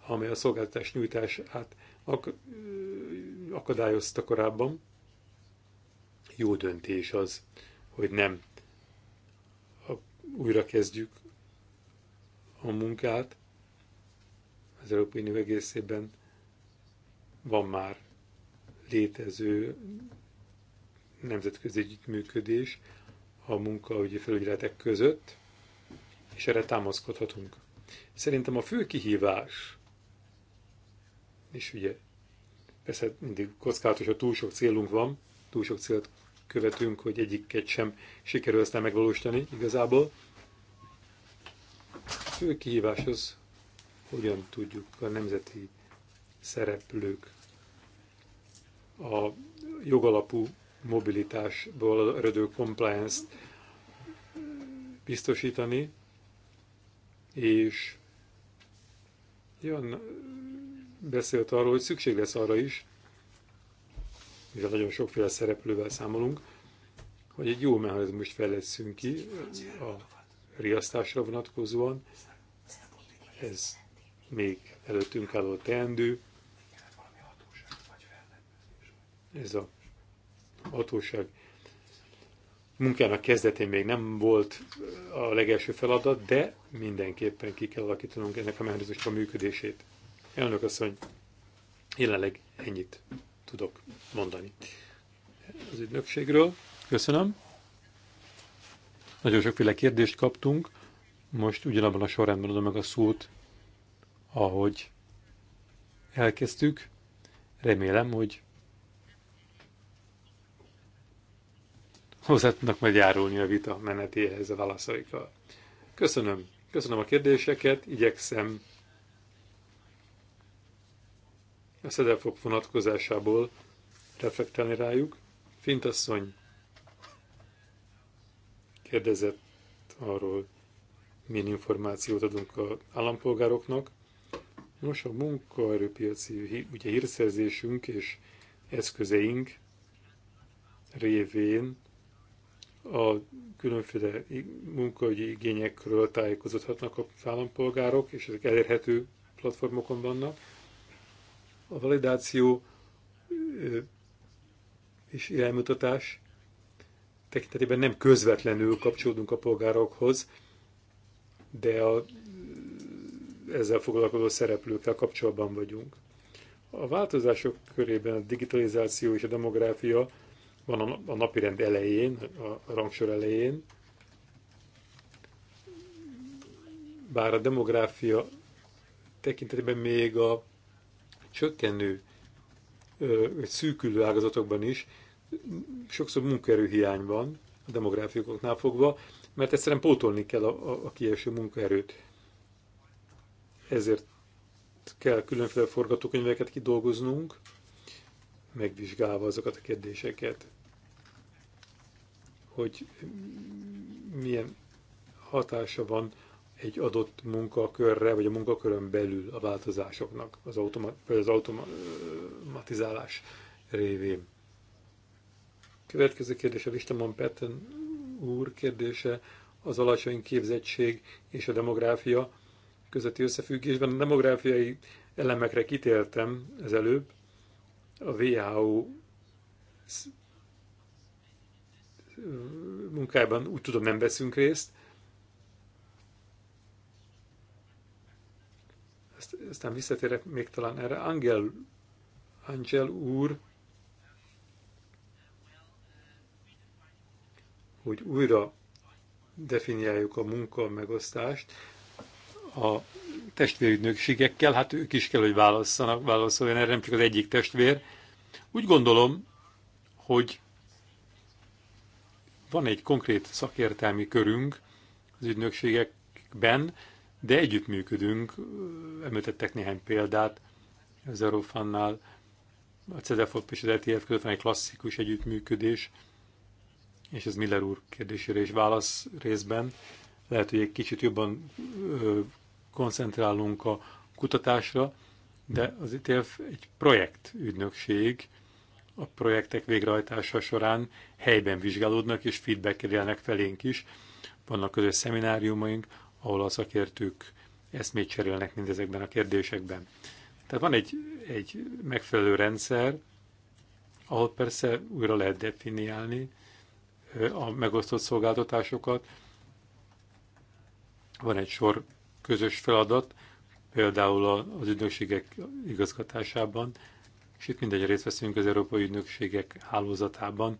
amely a szolgáltatás nyújtását ak- akadályozta korábban. Jó döntés az, hogy nem újra kezdjük a munkát. Az Európai Unió egészében van már létező nemzetközi együttműködés a munkaügyi felügyeletek között, és erre támaszkodhatunk. Szerintem a fő kihívás és ugye persze mindig kockázatos, hogyha túl sok célunk van, túl sok célt követünk, hogy egyiket sem sikerül aztán megvalósítani igazából. A fő kihívás az, hogyan tudjuk a nemzeti szereplők a jogalapú mobilitásból eredő compliance-t biztosítani, és olyan beszélt arról, hogy szükség lesz arra is, mivel nagyon sokféle szereplővel számolunk, hogy egy jó mechanizmust fejleszünk ki a riasztásra vonatkozóan. Ez még előttünk álló teendő. Ez a hatóság munkának kezdetén még nem volt a legelső feladat, de mindenképpen ki kell alakítanunk ennek a mechanizmusnak a működését. Elnök asszony, jelenleg ennyit tudok mondani az ügynökségről. Köszönöm. Nagyon sokféle kérdést kaptunk. Most ugyanabban a sorrendben adom meg a szót, ahogy elkezdtük. Remélem, hogy hozzá tudnak majd járulni a vita menetéhez a válaszaikkal. Köszönöm. Köszönöm a kérdéseket, igyekszem a szedefok vonatkozásából reflektálni rájuk. Fintasszony kérdezett arról, milyen információt adunk az állampolgároknak. Nos, a munkaerőpiaci ugye hírszerzésünk és eszközeink révén a különféle munkaügyi igényekről tájékozódhatnak a állampolgárok, és ezek elérhető platformokon vannak a validáció és iránymutatás tekintetében nem közvetlenül kapcsolódunk a polgárokhoz, de a ezzel foglalkozó szereplőkkel kapcsolatban vagyunk. A változások körében a digitalizáció és a demográfia van a napirend elején, a rangsor elején, bár a demográfia tekintetében még a csökkenő, vagy szűkülő ágazatokban is sokszor munkaerőhiány van, a demográfiaknál fogva, mert egyszerűen pótolni kell a, a, a kieső munkaerőt. Ezért kell különféle forgatókönyveket kidolgoznunk, megvizsgálva azokat a kérdéseket, hogy milyen hatása van egy adott munkakörre, vagy a munkakörön belül a változásoknak, az, automa, vagy az automatizálás révén. Következő kérdés a Vistamon Petten úr kérdése az alacsony képzettség és a demográfia közötti összefüggésben. A demográfiai elemekre kitértem az előbb. A WHO munkájában úgy tudom nem veszünk részt, aztán visszatérek még talán erre. Angel, Angel úr, hogy újra definiáljuk a munka megosztást a testvérügynökségekkel, hát ők is kell, hogy válasszanak, válaszoljon erre, nem csak az egyik testvér. Úgy gondolom, hogy van egy konkrét szakértelmi körünk az ügynökségekben, de együttműködünk, említettek néhány példát az Eurofannál, a CEDEFOP és az ETF között van egy klasszikus együttműködés, és ez Miller úr kérdésére is válasz részben. Lehet, hogy egy kicsit jobban ö, koncentrálunk a kutatásra, de az ETF egy projekt ügynökség, a projektek végrehajtása során helyben vizsgálódnak és feedback élnek felénk is. Vannak közös szemináriumaink, ahol a szakértők eszmét cserélnek mindezekben a kérdésekben. Tehát van egy, egy megfelelő rendszer, ahol persze újra lehet definiálni a megosztott szolgáltatásokat. Van egy sor közös feladat, például az ügynökségek igazgatásában, és itt mindegy részt veszünk az Európai Ügynökségek hálózatában,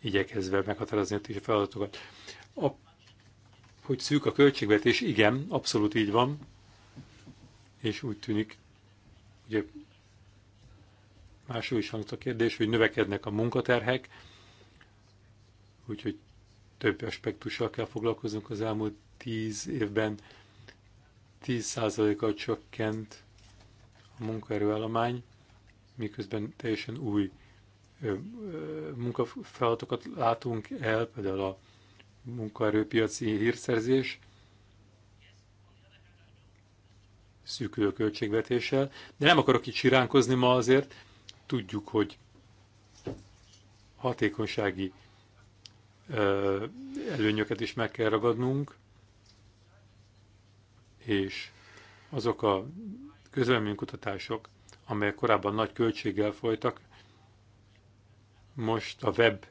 igyekezve meghatározni a feladatokat. A hogy szűk a költségvetés, igen, abszolút így van, és úgy tűnik, ugye máshol is hangzott a kérdés, hogy növekednek a munkaterhek, úgyhogy több aspektussal kell foglalkoznunk az elmúlt tíz évben. 10%-kal csökkent a munkaerőállomány, miközben teljesen új munkafeladatokat látunk el, például a munkaerőpiaci hírszerzés, szűkülő költségvetéssel, de nem akarok itt siránkozni ma azért, tudjuk, hogy hatékonysági előnyöket is meg kell ragadnunk, és azok a közleménykutatások, amelyek korábban nagy költséggel folytak, most a web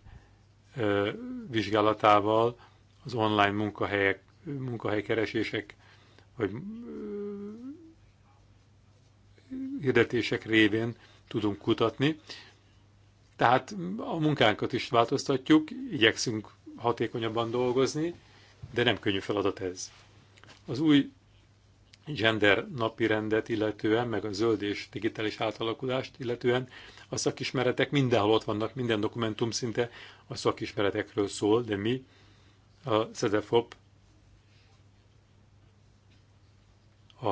vizsgálatával az online munkahelyek, munkahelykeresések vagy hirdetések révén tudunk kutatni. Tehát a munkánkat is változtatjuk, igyekszünk hatékonyabban dolgozni, de nem könnyű feladat ez. Az új gender napirendet illetően, meg a zöld és digitális átalakulást illetően, a szakismeretek mindenhol ott vannak, minden dokumentum szinte a szakismeretekről szól, de mi a SZEDEFOP a,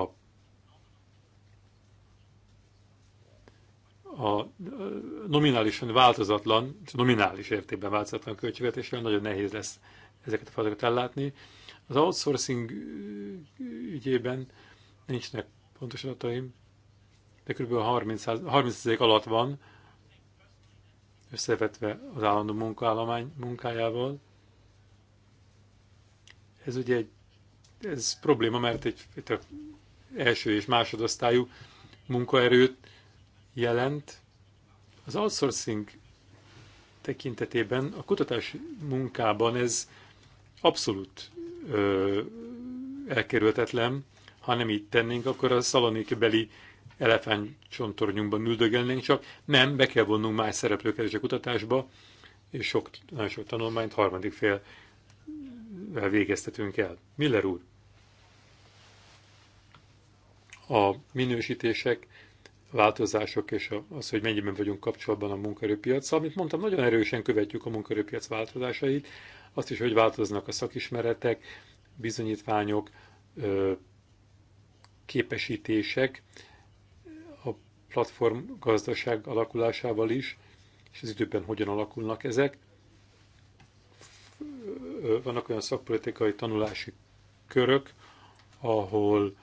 a nominálisan változatlan, nominális értékben változatlan költségvetéssel nagyon nehéz lesz ezeket a feladatokat ellátni. Az outsourcing ügyében Nincsnek pontos adataim, de kb. 30, 30 alatt van, összevetve az állandó munkaállomány munkájával. Ez ugye egy ez probléma, mert egy, egy első és másodosztályú munkaerőt jelent. Az outsourcing tekintetében a kutatási munkában ez abszolút ö, elkerülhetetlen, ha nem így tennénk, akkor a szalonéki beli elefántcsontornyunkban üldögelnénk csak. Nem, be kell vonnunk más szereplőket is a kutatásba, és sok, nagyon sok tanulmányt harmadik fél végeztetünk el. Miller úr, a minősítések, változások és az, hogy mennyiben vagyunk kapcsolatban a munkaerőpiacsal. Amit mondtam, nagyon erősen követjük a munkaerőpiac változásait, azt is, hogy változnak a szakismeretek, bizonyítványok, képesítések a platform gazdaság alakulásával is, és az időben hogyan alakulnak ezek. Vannak olyan szakpolitikai tanulási körök, ahol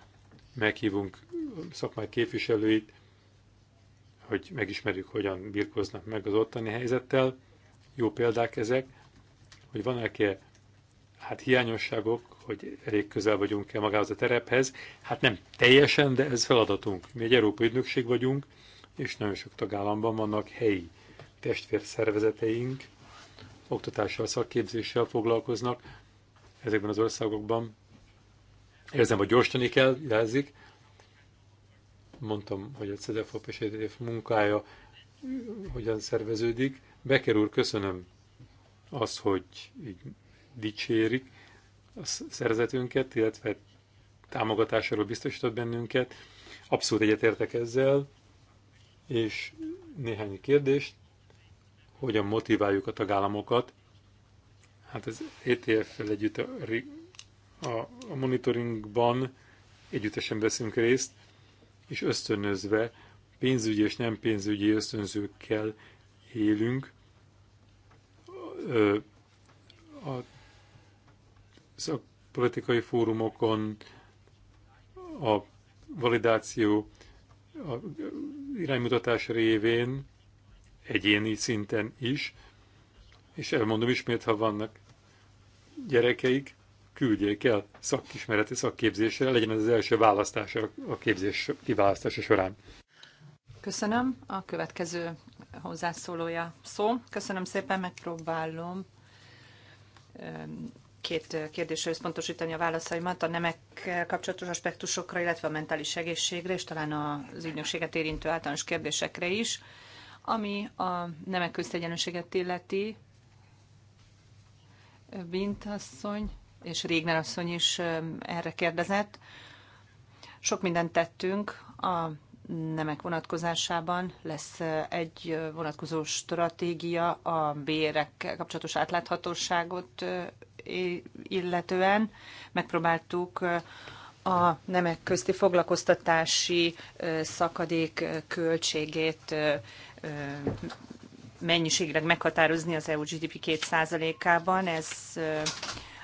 meghívunk szakmai képviselőit, hogy megismerjük, hogyan birkoznak meg az ottani helyzettel. Jó példák ezek, hogy van-e hát hiányosságok, hogy elég közel vagyunk-e magához a terephez. Hát nem teljesen, de ez feladatunk. Mi egy Európai Ügynökség vagyunk, és nagyon sok tagállamban vannak helyi testvérszervezeteink, oktatással, szakképzéssel foglalkoznak ezekben az országokban. Érzem, hogy gyorsítani kell, jelzik. Mondtam, hogy a CDFOP és EDF munkája hogyan szerveződik. Beker úr, köszönöm az, hogy így dicsérik a szerzetünket, illetve támogatásáról biztosított bennünket. Abszolút egyetértek ezzel, és néhány kérdést, hogyan motiváljuk a tagállamokat. Hát az ETF-fel együtt a, a, a monitoringban együttesen veszünk részt, és ösztönözve pénzügyi és nem pénzügyi ösztönzőkkel élünk. A szakpolitikai fórumokon a validáció a iránymutatás révén, egyéni szinten is, és elmondom ismét, ha vannak gyerekeik, küldjék el szakismereti szakképzésre, legyen ez az első választás a képzés kiválasztása során. Köszönöm. A következő hozzászólója szó. Köszönöm szépen, megpróbálom két kérdésre összpontosítani a válaszaimat, a nemek kapcsolatos aspektusokra, illetve a mentális egészségre, és talán az ügynökséget érintő általános kérdésekre is. Ami a nemek közt illeti, Bint asszony és Régner asszony is erre kérdezett. Sok mindent tettünk a nemek vonatkozásában lesz egy vonatkozó stratégia a bérek kapcsolatos átláthatóságot illetően megpróbáltuk a nemek közti foglalkoztatási szakadék költségét mennyiségileg meghatározni az EU GDP 2%-ában. Ez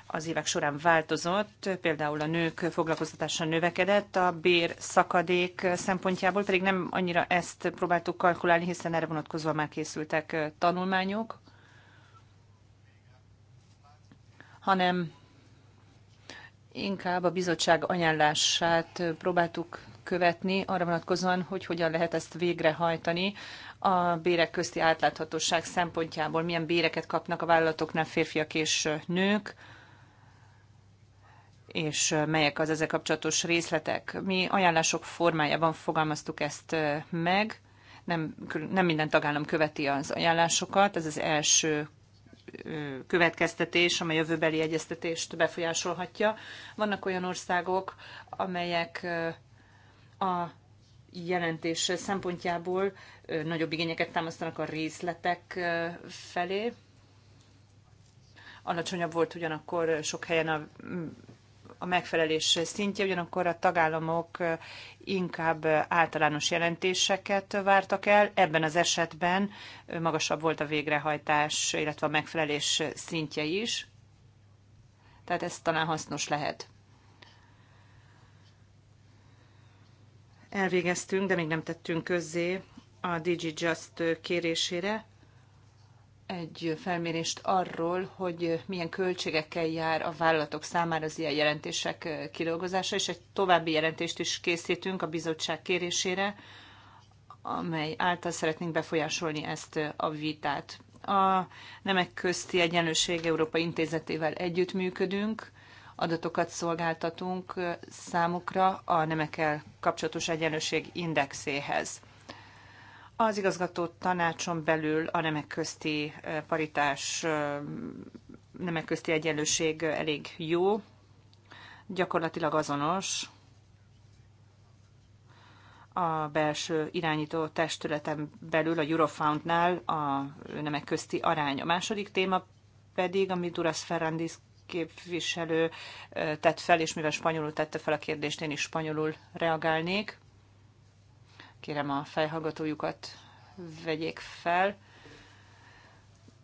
az évek során változott, például a nők foglalkoztatása növekedett, a bér szakadék szempontjából pedig nem annyira ezt próbáltuk kalkulálni, hiszen erre vonatkozóan már készültek tanulmányok. hanem inkább a bizottság ajánlását próbáltuk követni arra vonatkozóan, hogy hogyan lehet ezt végrehajtani a bérek közti átláthatóság szempontjából, milyen béreket kapnak a vállalatoknál férfiak és nők, és melyek az ezzel kapcsolatos részletek. Mi ajánlások formájában fogalmaztuk ezt meg, nem, nem minden tagállam követi az ajánlásokat, ez az első következtetés, amely a jövőbeli egyeztetést befolyásolhatja. Vannak olyan országok, amelyek a jelentés szempontjából nagyobb igényeket támasztanak a részletek felé. Alacsonyabb volt ugyanakkor sok helyen a a megfelelés szintje, ugyanakkor a tagállamok inkább általános jelentéseket vártak el. Ebben az esetben magasabb volt a végrehajtás, illetve a megfelelés szintje is. Tehát ez talán hasznos lehet. Elvégeztünk, de még nem tettünk közzé a DigiJust kérésére egy felmérést arról, hogy milyen költségekkel jár a vállalatok számára az ilyen jelentések kidolgozása, és egy további jelentést is készítünk a bizottság kérésére, amely által szeretnénk befolyásolni ezt a vitát. A Nemek Közti Egyenlőség Európa Intézetével együttműködünk, adatokat szolgáltatunk számukra a nemekkel kapcsolatos egyenlőség indexéhez az igazgató tanácson belül a nemek közti eh, paritás, eh, nemek közti egyenlőség elég jó, gyakorlatilag azonos a belső irányító testületen belül, a Eurofoundnál a nemek közti arány. A második téma pedig, amit Duras Ferrandis képviselő eh, tett fel, és mivel spanyolul tette fel a kérdést, én is spanyolul reagálnék. Kérem a fejhallgatójukat vegyék fel.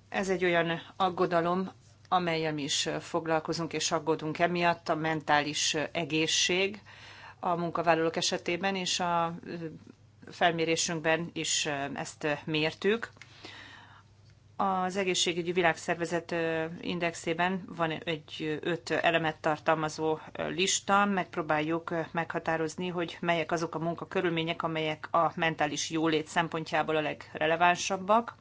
Ez egy olyan aggodalom, amelyel mi is foglalkozunk és aggódunk emiatt, a mentális egészség a munkavállalók esetében, és a felmérésünkben is ezt mértük. Az egészségügyi világszervezet indexében van egy öt elemet tartalmazó lista, megpróbáljuk meghatározni, hogy melyek azok a munkakörülmények, amelyek a mentális jólét szempontjából a legrelevánsabbak.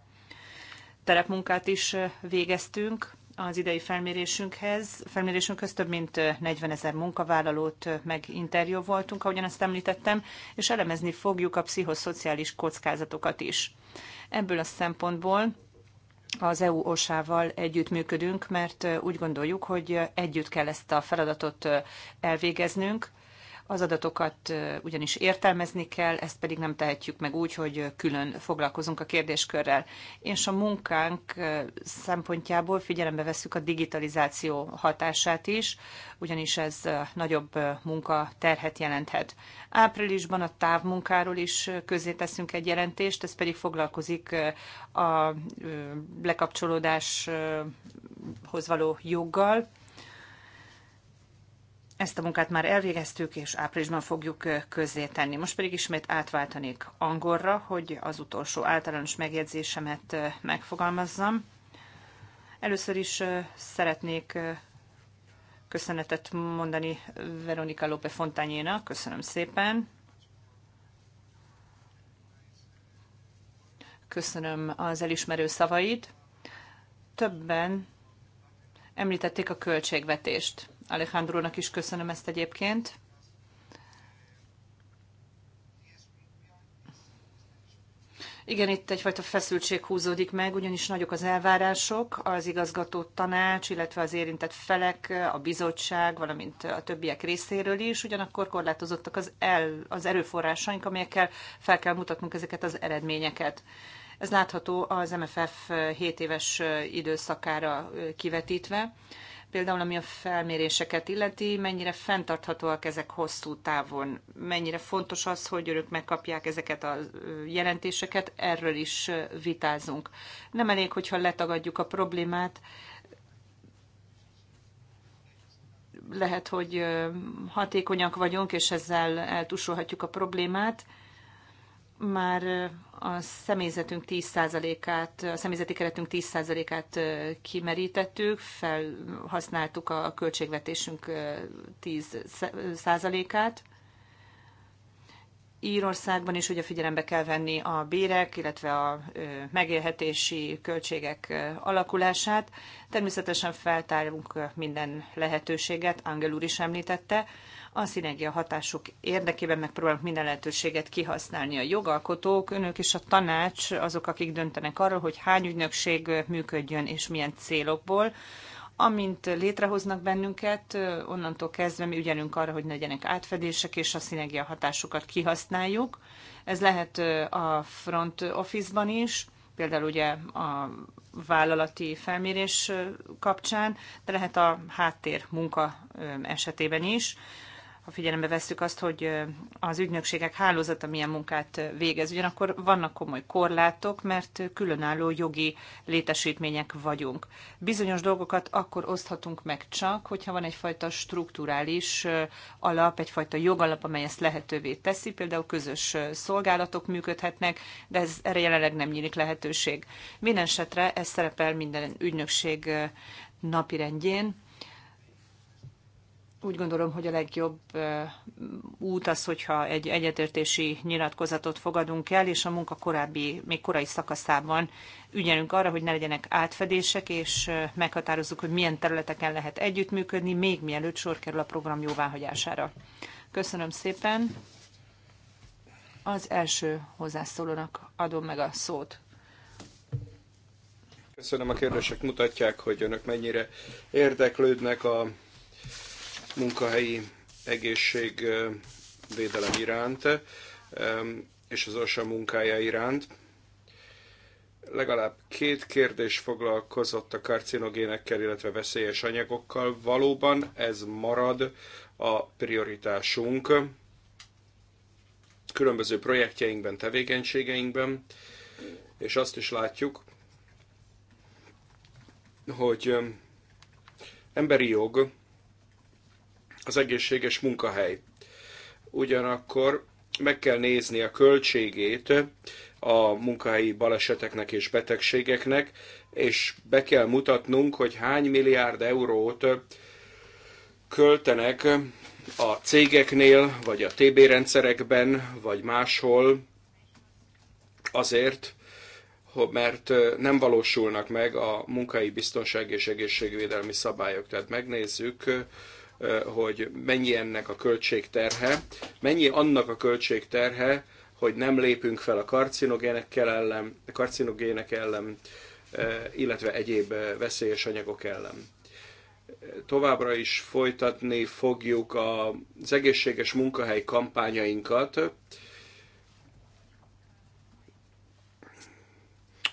Terepmunkát is végeztünk az idei felmérésünkhez. Felmérésünkhöz több mint 40 ezer munkavállalót meginterjú voltunk, ahogyan azt említettem, és elemezni fogjuk a pszichoszociális kockázatokat is. Ebből a szempontból az EU osával együttműködünk, mert úgy gondoljuk, hogy együtt kell ezt a feladatot elvégeznünk, az adatokat ugyanis értelmezni kell, ezt pedig nem tehetjük meg úgy, hogy külön foglalkozunk a kérdéskörrel. És a munkánk szempontjából figyelembe vesszük a digitalizáció hatását is, ugyanis ez nagyobb munka terhet jelenthet. Áprilisban a távmunkáról is közé teszünk egy jelentést, ez pedig foglalkozik a lekapcsolódáshoz való joggal, ezt a munkát már elvégeztük, és áprilisban fogjuk közzétenni. Most pedig ismét átváltanék angolra, hogy az utolsó általános megjegyzésemet megfogalmazzam. Először is szeretnék köszönetet mondani Veronika Lope Fontányéna. Köszönöm szépen. Köszönöm az elismerő szavait. Többen említették a költségvetést Alejandrónak is köszönöm ezt egyébként. Igen, itt egyfajta feszültség húzódik meg, ugyanis nagyok az elvárások, az igazgató tanács, illetve az érintett felek, a bizottság, valamint a többiek részéről is, ugyanakkor korlátozottak az, el, az erőforrásaink, amelyekkel fel kell mutatnunk ezeket az eredményeket. Ez látható az MFF 7 éves időszakára kivetítve például ami a felméréseket illeti, mennyire fenntarthatóak ezek hosszú távon, mennyire fontos az, hogy örök megkapják ezeket a jelentéseket, erről is vitázunk. Nem elég, hogyha letagadjuk a problémát, lehet, hogy hatékonyak vagyunk, és ezzel eltusolhatjuk a problémát, már a személyzetünk 10%-át, a személyzeti keretünk 10%-át kimerítettük, felhasználtuk a költségvetésünk 10%-át. Írországban is ugye figyelembe kell venni a bérek, illetve a megélhetési költségek alakulását. Természetesen feltárunk minden lehetőséget, Angel úr is említette a szinergia hatások érdekében megpróbálunk minden lehetőséget kihasználni. A jogalkotók, önök és a tanács azok, akik döntenek arról, hogy hány ügynökség működjön és milyen célokból. Amint létrehoznak bennünket, onnantól kezdve mi ügyelünk arra, hogy ne legyenek átfedések, és a szinergia hatásokat kihasználjuk. Ez lehet a front office-ban is, például ugye a vállalati felmérés kapcsán, de lehet a háttér munka esetében is ha figyelembe vesszük azt, hogy az ügynökségek hálózata milyen munkát végez. Ugyanakkor vannak komoly korlátok, mert különálló jogi létesítmények vagyunk. Bizonyos dolgokat akkor oszthatunk meg csak, hogyha van egyfajta strukturális alap, egyfajta jogalap, amely ezt lehetővé teszi. Például közös szolgálatok működhetnek, de ez erre jelenleg nem nyílik lehetőség. Mindenesetre ez szerepel minden ügynökség napirendjén úgy gondolom, hogy a legjobb út az, hogyha egy egyetértési nyilatkozatot fogadunk el, és a munka korábbi, még korai szakaszában ügyelünk arra, hogy ne legyenek átfedések, és meghatározzuk, hogy milyen területeken lehet együttműködni, még mielőtt sor kerül a program jóváhagyására. Köszönöm szépen. Az első hozzászólónak adom meg a szót. Köszönöm, a kérdések mutatják, hogy önök mennyire érdeklődnek a munkahelyi egészségvédelem iránt és az OSA munkája iránt. Legalább két kérdés foglalkozott a karcinogénekkel, illetve veszélyes anyagokkal. Valóban ez marad a prioritásunk különböző projektjeinkben, tevékenységeinkben, és azt is látjuk, hogy emberi jog az egészséges munkahely. Ugyanakkor meg kell nézni a költségét a munkahelyi baleseteknek és betegségeknek, és be kell mutatnunk, hogy hány milliárd eurót költenek a cégeknél, vagy a TB rendszerekben, vagy máshol azért, mert nem valósulnak meg a munkai biztonság és egészségvédelmi szabályok. Tehát megnézzük hogy mennyi ennek a költségterhe, mennyi annak a költségterhe, hogy nem lépünk fel a karcinogénekkel ellen, a karcinogének ellen, illetve egyéb veszélyes anyagok ellen. Továbbra is folytatni fogjuk az egészséges munkahely kampányainkat.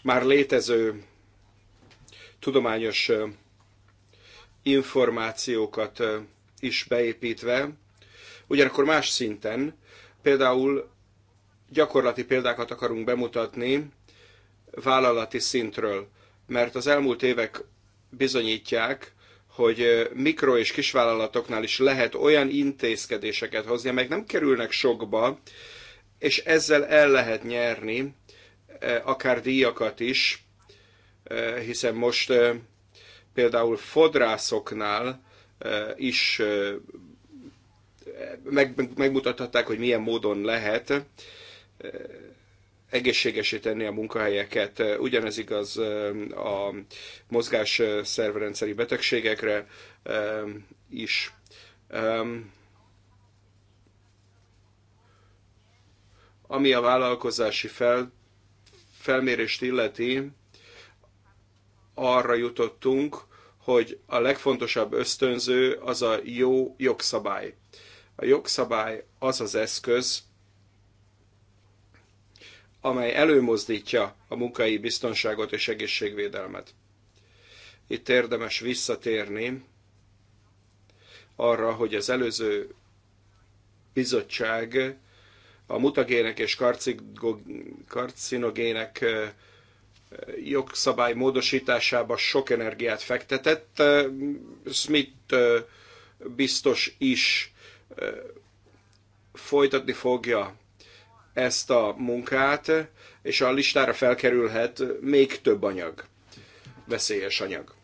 Már létező tudományos információkat is beépítve, ugyanakkor más szinten, például gyakorlati példákat akarunk bemutatni vállalati szintről, mert az elmúlt évek bizonyítják, hogy mikro- és kisvállalatoknál is lehet olyan intézkedéseket hozni, amelyek nem kerülnek sokba, és ezzel el lehet nyerni akár díjakat is, hiszen most például fodrászoknál eh, is eh, megmutathatták, hogy milyen módon lehet eh, egészségesíteni a munkahelyeket. Ugyanez igaz a mozgás szervrendszeri betegségekre is. Ami a vállalkozási fel, felmérést illeti, arra jutottunk, hogy a legfontosabb ösztönző az a jó jogszabály. A jogszabály az az eszköz, amely előmozdítja a munkai biztonságot és egészségvédelmet. Itt érdemes visszatérni arra, hogy az előző bizottság a mutagének és karcinogének eh, jogszabály módosításába sok energiát fektetett. Smith biztos is folytatni fogja ezt a munkát, és a listára felkerülhet még több anyag, veszélyes anyag.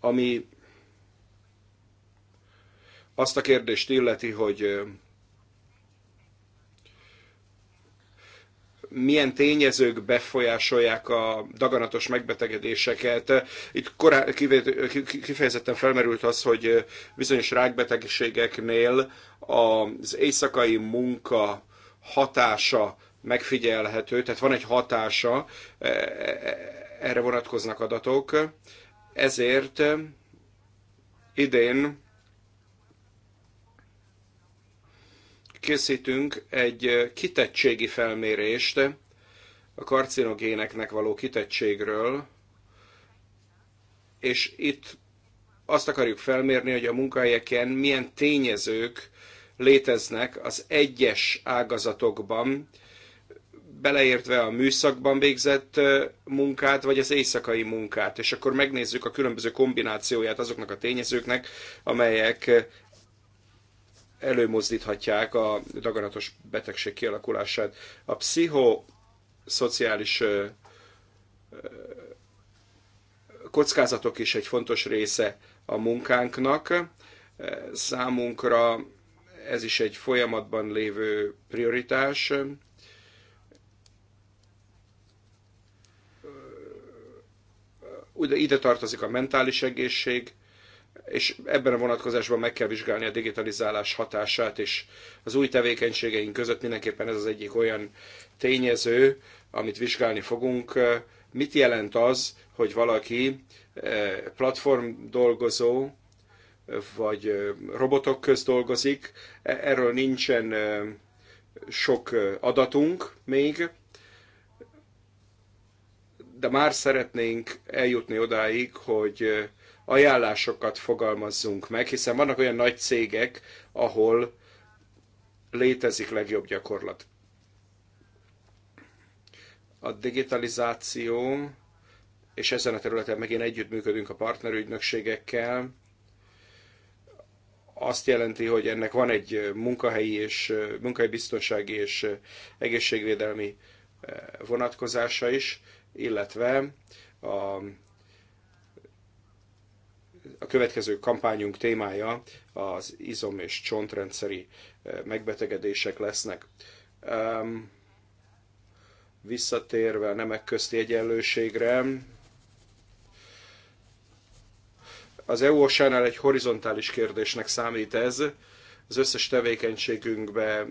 Ami azt a kérdést illeti, hogy milyen tényezők befolyásolják a daganatos megbetegedéseket. Itt korá, kifejezetten felmerült az, hogy bizonyos rákbetegségeknél az éjszakai munka hatása megfigyelhető, tehát van egy hatása, e- e- erre vonatkoznak adatok, ezért idén készítünk egy kitettségi felmérést a karcinogéneknek való kitettségről, és itt azt akarjuk felmérni, hogy a munkahelyeken milyen tényezők léteznek az egyes ágazatokban, beleértve a műszakban végzett munkát, vagy az éjszakai munkát, és akkor megnézzük a különböző kombinációját azoknak a tényezőknek, amelyek előmozdíthatják a daganatos betegség kialakulását. A pszichoszociális kockázatok is egy fontos része a munkánknak. Számunkra ez is egy folyamatban lévő prioritás. Ide tartozik a mentális egészség, és ebben a vonatkozásban meg kell vizsgálni a digitalizálás hatását, és az új tevékenységeink között mindenképpen ez az egyik olyan tényező, amit vizsgálni fogunk. Mit jelent az, hogy valaki eh, platform dolgozó, vagy eh, robotok közt dolgozik, e-, erről nincsen eh, sok adatunk még, de már szeretnénk eljutni odáig, hogy ajánlásokat fogalmazzunk meg, hiszen vannak olyan nagy cégek, ahol létezik legjobb gyakorlat. A digitalizáció, és ezen a területen megint együttműködünk a partnerügynökségekkel, azt jelenti, hogy ennek van egy munkahelyi és munkahelyi biztonsági és egészségvédelmi eh, vonatkozása is, illetve a a következő kampányunk témája az izom- és csontrendszeri eh, megbetegedések lesznek. Ehm, visszatérve a nemek közti egyenlőségre, az EU-osánál egy horizontális kérdésnek számít ez. Az összes tevékenységünkbe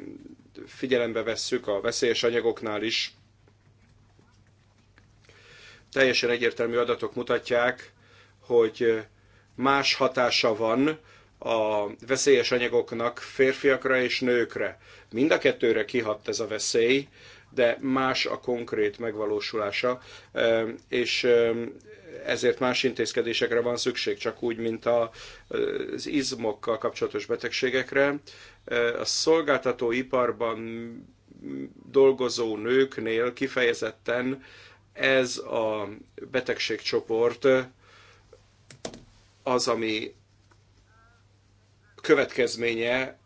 figyelembe vesszük a veszélyes anyagoknál is. Teljesen egyértelmű adatok mutatják, hogy más hatása van a veszélyes anyagoknak férfiakra és nőkre. Mind a kettőre kihat ez a veszély, de más a konkrét megvalósulása, és ezért más intézkedésekre van szükség, csak úgy, mint az izmokkal kapcsolatos betegségekre. A szolgáltatóiparban dolgozó nőknél kifejezetten ez a betegségcsoport az, ami következménye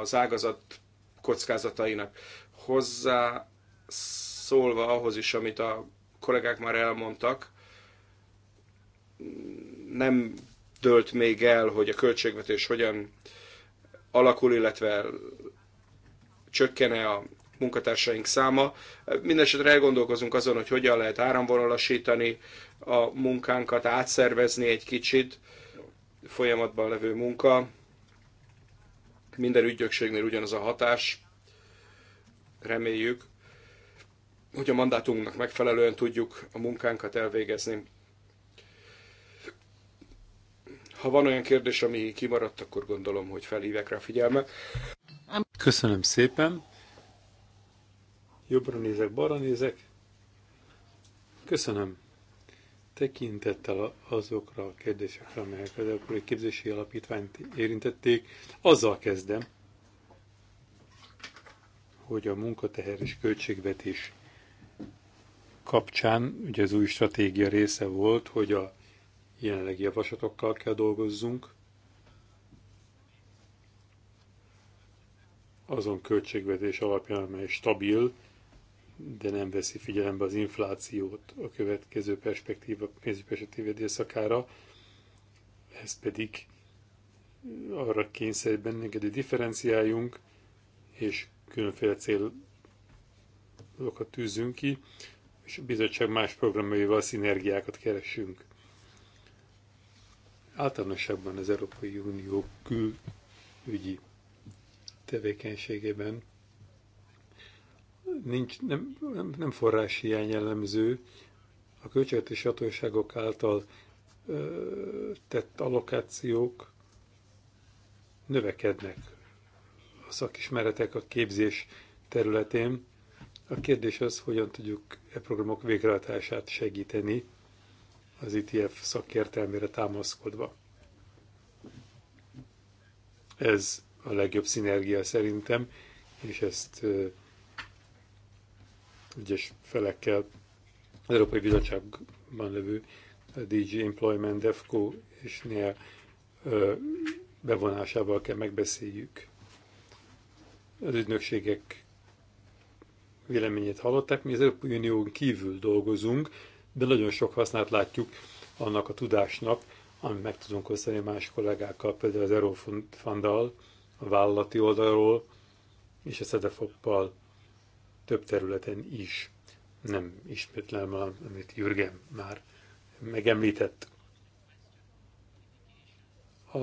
az ágazat kockázatainak. Hozzá szólva ahhoz is, amit a kollégák már elmondtak, nem dölt még el, hogy a költségvetés hogyan alakul, illetve csökkene a munkatársaink száma. Mindenesetre elgondolkozunk azon, hogy hogyan lehet áramvonalasítani a munkánkat, átszervezni egy kicsit, folyamatban levő munka. Minden ügyökségnél ugyanaz a hatás. Reméljük, hogy a mandátumunknak megfelelően tudjuk a munkánkat elvégezni. Ha van olyan kérdés, ami kimaradt, akkor gondolom, hogy felhívek rá a figyelme. Köszönöm szépen. Jobbra nézek, balra nézek. Köszönöm tekintettel azokra a kérdésekre, amelyek az Európai Képzési Alapítványt érintették, azzal kezdem, hogy a munkateher és költségvetés kapcsán, ugye az új stratégia része volt, hogy a jelenlegi javaslatokkal kell dolgozzunk, azon költségvetés alapján, amely stabil, de nem veszi figyelembe az inflációt a következő perspektíva, pénzügyi időszakára, ez pedig arra kényszerít bennünket, hogy differenciáljunk, és különféle célokat tűzünk ki, és a bizottság más programjaival szinergiákat keresünk. Általánosságban az Európai Unió külügyi tevékenységében nincs, nem, nem, nem hiány jellemző, a költségvetési hatóságok által ö, tett allokációk növekednek a szakismeretek a képzés területén. A kérdés az, hogyan tudjuk e programok végrehajtását segíteni az ITF szakértelmére támaszkodva. Ez a legjobb szinergia szerintem, és ezt egyes felekkel, az Európai Bizottságban levő eh, DG Employment, DEFCO és NEA eh, bevonásával kell megbeszéljük. Az ügynökségek véleményét hallották, mi az Európai Unión kívül dolgozunk, de nagyon sok hasznát látjuk annak a tudásnak, amit meg tudunk osztani más kollégákkal, például az Eurofundal, a vállalati oldalról, és a Szedefoppal több területen is. Nem ismétlem, amit Jürgen már megemlített. A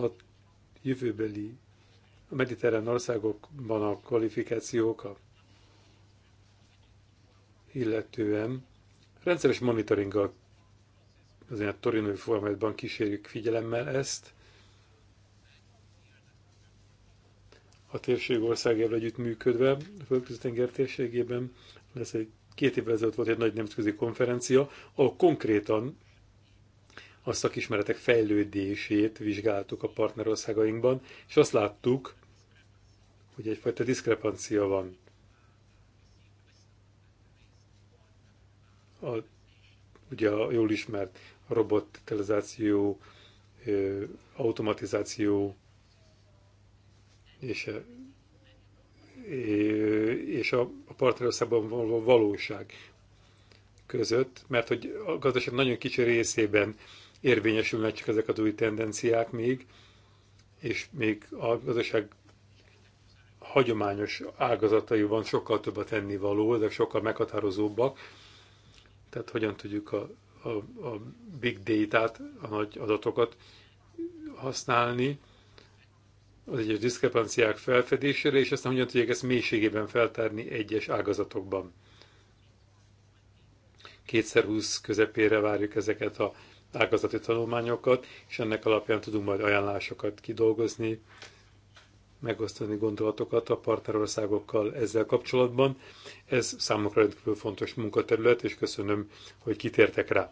jövőbeli a mediterrán országokban a kvalifikációk, a illetően rendszeres monitoringgal azért a torinói formájában kísérjük figyelemmel ezt, a térség országával együtt működve, a Földközi-tenger térségében lesz egy két évvel ezelőtt volt egy nagy nemzetközi konferencia, ahol konkrétan a szakismeretek fejlődését vizsgáltuk a partnerországainkban, és azt láttuk, hogy egyfajta diszkrepancia van. A, ugye a jól ismert robotizáció, automatizáció, és, és a a partnerországban való valóság között, mert hogy a gazdaság nagyon kicsi részében érvényesülnek csak ezek az új tendenciák még, és még a gazdaság hagyományos ágazataiban sokkal több a tennivaló, de sokkal meghatározóbbak. Tehát hogyan tudjuk a, a, a big data-t, a nagy adatokat használni, az egyes diszkrepanciák felfedésére, és aztán hogyan tudják ezt mélységében feltárni egyes ágazatokban. Kétszer húsz közepére várjuk ezeket a ágazati tanulmányokat, és ennek alapján tudunk majd ajánlásokat kidolgozni, megosztani gondolatokat a partnerországokkal ezzel kapcsolatban. Ez számukra rendkívül fontos munkaterület, és köszönöm, hogy kitértek rá.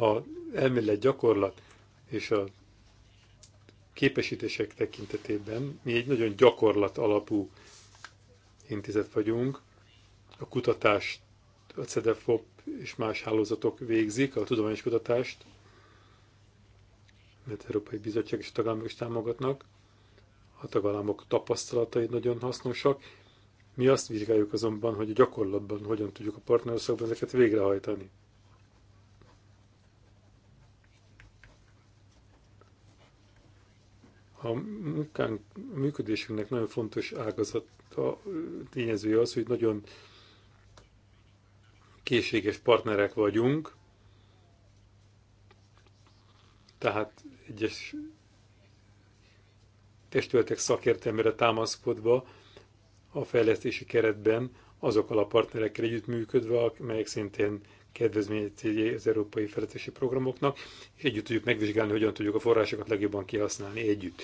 A elmélet gyakorlat és a képesítések tekintetében mi egy nagyon gyakorlat alapú intézet vagyunk. A kutatást a CEDEFOP és más hálózatok végzik, a tudományos kutatást, mert Európai Bizottság és a tagállamok is támogatnak. A tagállamok tapasztalatai nagyon hasznosak. Mi azt vizsgáljuk azonban, hogy a gyakorlatban hogyan tudjuk a partnerországban ezeket végrehajtani. a munkánk, a működésünknek nagyon fontos ágazat a tényezője az, hogy nagyon készséges partnerek vagyunk, tehát egyes testületek szakértelmére támaszkodva a fejlesztési keretben azokkal a partnerekkel együttműködve, amelyek szintén kedvezményt az európai feletési programoknak, és együtt tudjuk megvizsgálni, hogyan tudjuk a forrásokat legjobban kihasználni együtt.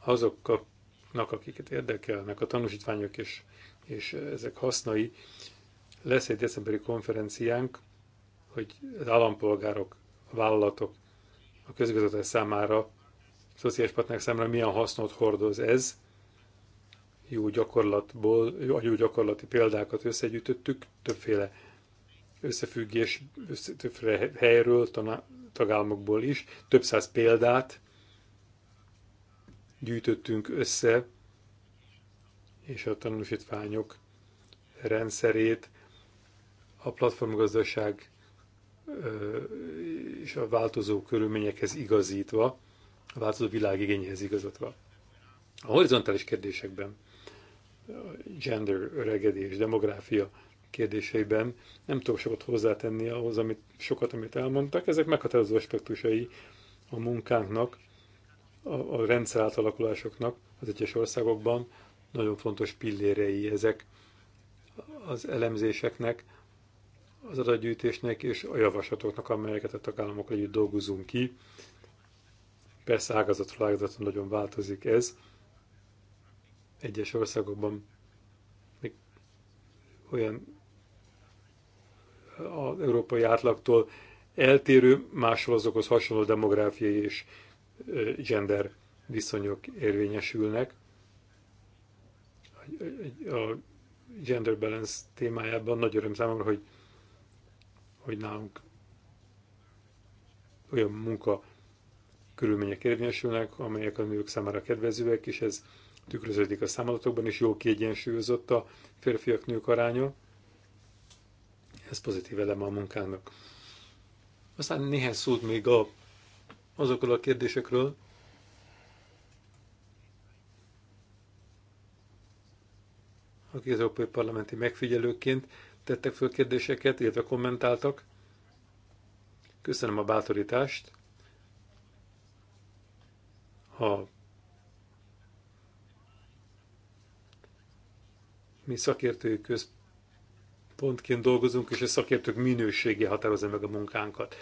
Azoknak, akiket érdekelnek a tanúsítványok és, és ezek hasznai, lesz egy decemberi konferenciánk, hogy az állampolgárok, a vállalatok, a közigazgatás számára, a szociális partnerek számára milyen hasznot hordoz ez, jó gyakorlatból, a jó gyakorlati példákat összegyűjtöttük, többféle összefüggés, össze, többféle helyről, tagállamokból is, több száz példát gyűjtöttünk össze, és a tanúsítványok rendszerét a platformgazdaság és a változó körülményekhez igazítva, a változó világigényhez igazodva. A horizontális kérdésekben gender, öregedés, demográfia kérdéseiben nem tudok sokat hozzátenni ahhoz, amit, sokat, amit elmondtak. Ezek meghatározó aspektusai a munkánknak, a, a rendszer átalakulásoknak az egyes országokban. Nagyon fontos pillérei ezek az elemzéseknek, az adatgyűjtésnek és a javaslatoknak, amelyeket a tagállamokkal együtt dolgozunk ki. Persze ágazatról ágazatra nagyon változik ez, egyes országokban még olyan az európai átlagtól eltérő, máshol azokhoz hasonló demográfiai és gender viszonyok érvényesülnek. A gender balance témájában nagy öröm számomra, hogy, hogy nálunk olyan munka körülmények érvényesülnek, amelyek a nők számára kedvezőek, és ez tükröződik a számadatokban, és jól kiegyensúlyozott a férfiak-nők aránya. Ez pozitív elem a munkának. Aztán néhány szót még a, azokról a kérdésekről, akik az Európai Parlamenti megfigyelőként tettek föl kérdéseket, illetve kommentáltak. Köszönöm a bátorítást. Ha Mi szakértői központként dolgozunk, és a szakértők minősége határozza meg a munkánkat.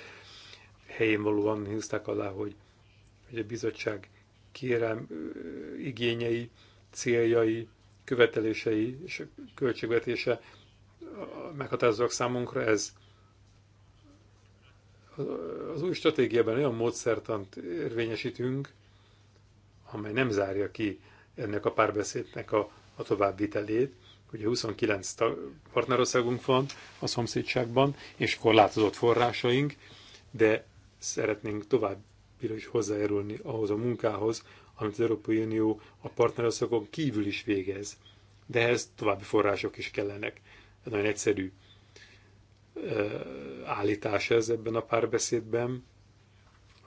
Helyén valóan húzták alá, hogy, hogy a bizottság kérem igényei, céljai, követelései és költségvetése meghatározóak számunkra ez. Az új stratégiában olyan módszertant érvényesítünk, amely nem zárja ki ennek a párbeszédnek a, a továbbvitelét, ugye 29 partnerországunk van a szomszédságban, és korlátozott forrásaink, de szeretnénk tovább is hozzájárulni ahhoz a munkához, amit az Európai Unió a partnerországon kívül is végez. De ehhez további források is kellenek. Ez nagyon egyszerű állítás ez ebben a párbeszédben.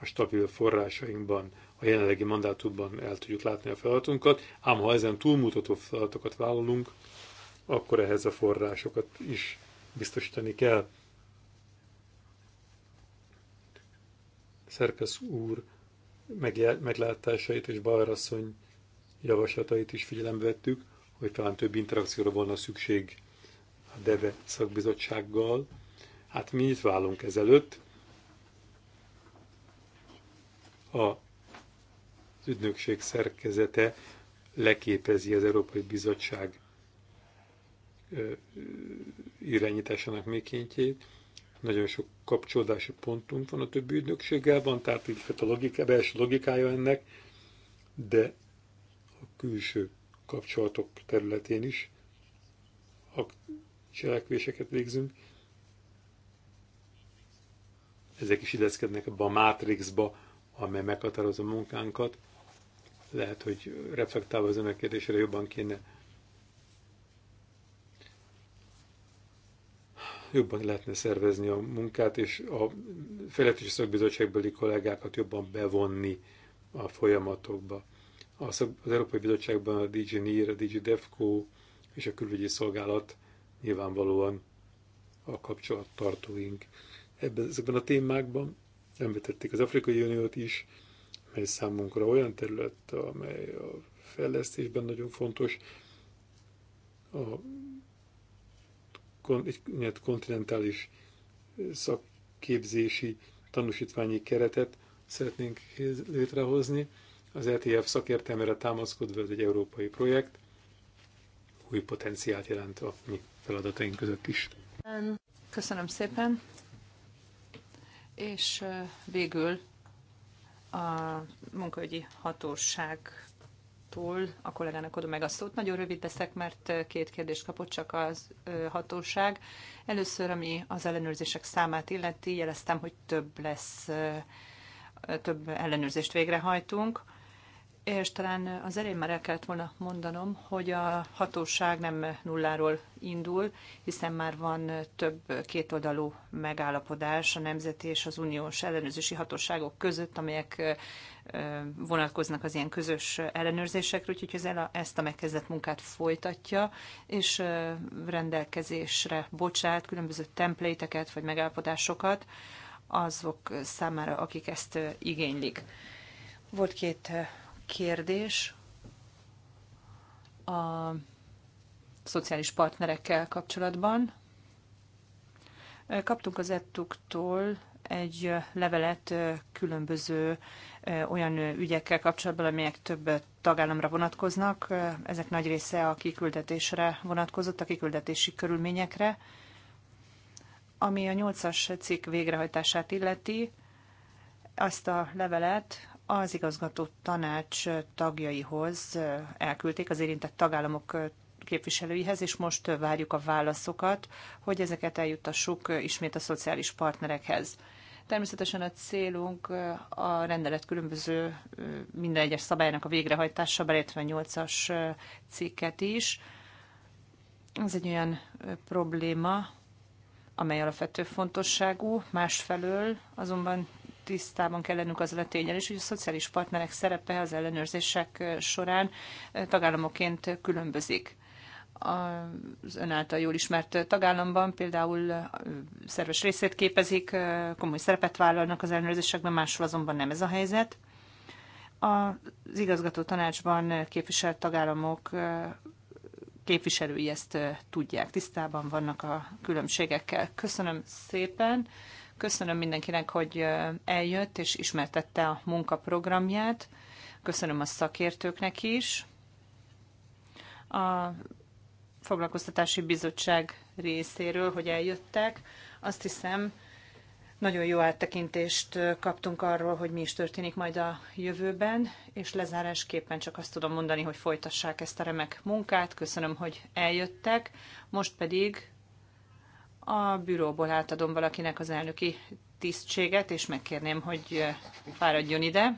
A stabil forrásainkban, a jelenlegi mandátumban el tudjuk látni a feladatunkat, ám ha ezen túlmutató feladatokat vállalunk, akkor ehhez a forrásokat is biztosítani kell. Szerkesz úr meglátásait és Balrasszony javaslatait is figyelembe vettük, hogy talán több interakcióra volna szükség a DEVE szakbizottsággal. Hát mi itt válunk ezelőtt. A ügynökség szerkezete leképezi az Európai Bizottság irányításának mikéntjét. Nagyon sok kapcsolódási pontunk van a többi ügynökséggel, van tehát így a logika, belső logikája ennek, de a külső kapcsolatok területén is a cselekvéseket végzünk. Ezek is ideszkednek ebbe a mátrixba, amely meghatározza munkánkat. Lehet, hogy reflektálva az önök kérdésére jobban kéne jobban lehetne szervezni a munkát, és a fejlesztési szakbizottságbeli kollégákat jobban bevonni a folyamatokba. Az, az Európai Bizottságban a DG NIR, a DG DEFCO és a külügyi szolgálat nyilvánvalóan a kapcsolattartóink. Ebben, ezekben a témákban említették az Afrikai Uniót is, mely számunkra olyan terület, amely a fejlesztésben nagyon fontos, a egy kontinentális szakképzési tanúsítványi keretet szeretnénk létrehozni. Az ETF szakértelmére támaszkodva ez egy európai projekt, új potenciált jelent a mi feladataink között is. Köszönöm szépen. És végül a munkaügyi hatóság Végezetül a kollégának adom meg a szót. Nagyon rövid leszek, mert két kérdést kapott csak az hatóság. Először, ami az ellenőrzések számát illeti, jeleztem, hogy több lesz, több ellenőrzést végrehajtunk és talán az elején már el kellett volna mondanom, hogy a hatóság nem nulláról indul, hiszen már van több kétoldalú megállapodás a nemzeti és az uniós ellenőrzési hatóságok között, amelyek vonatkoznak az ilyen közös ellenőrzésekre, úgyhogy ez el a, ezt a megkezdett munkát folytatja, és rendelkezésre bocsát különböző templéteket vagy megállapodásokat azok számára, akik ezt igénylik. Volt két kérdés a szociális partnerekkel kapcsolatban. Kaptunk az ettuktól egy levelet különböző olyan ügyekkel kapcsolatban, amelyek több tagállamra vonatkoznak. Ezek nagy része a kiküldetésre vonatkozott, a kiküldetési körülményekre. Ami a nyolcas cikk végrehajtását illeti, azt a levelet az igazgató tanács tagjaihoz elküldték az érintett tagállamok képviselőihez, és most várjuk a válaszokat, hogy ezeket eljuttassuk ismét a szociális partnerekhez. Természetesen a célunk a rendelet különböző minden egyes szabálynak a végrehajtása, beleértve 8-as cikket is. Ez egy olyan probléma, amely alapvető fontosságú, másfelől azonban tisztában kell lennünk azzal a tényel is, hogy a szociális partnerek szerepe az ellenőrzések során tagállamoként különbözik az ön által jól ismert tagállamban például szerves részét képezik, komoly szerepet vállalnak az ellenőrzésekben, máshol azonban nem ez a helyzet. Az igazgató tanácsban képviselt tagállamok képviselői ezt tudják, tisztában vannak a különbségekkel. Köszönöm szépen. Köszönöm mindenkinek, hogy eljött és ismertette a munkaprogramját. Köszönöm a szakértőknek is. A Foglalkoztatási Bizottság részéről, hogy eljöttek. Azt hiszem, nagyon jó áttekintést kaptunk arról, hogy mi is történik majd a jövőben, és lezárásképpen csak azt tudom mondani, hogy folytassák ezt a remek munkát. Köszönöm, hogy eljöttek. Most pedig a bűróból átadom valakinek az elnöki tisztséget, és megkérném, hogy eh, fáradjon ide.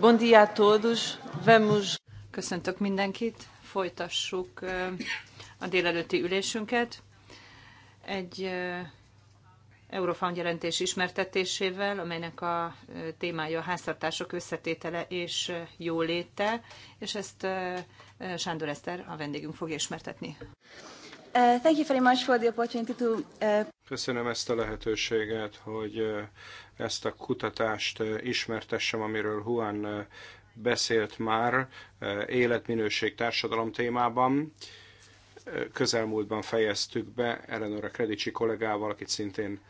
Bom dia a todos. Vamos... Köszöntök mindenkit. Folytassuk a délelőtti ülésünket. Egy Eurofound jelentés ismertetésével, amelynek a témája a háztartások összetétele és jóléte, és ezt Sándor Eszter, a vendégünk fog ismertetni. Uh, thank you very much for the opportunity to uh... Köszönöm ezt a lehetőséget, hogy ezt a kutatást ismertessem, amiről Juan beszélt már életminőség társadalom témában. Közelmúltban fejeztük be Eleonora Kredicsi kollégával, akit szintén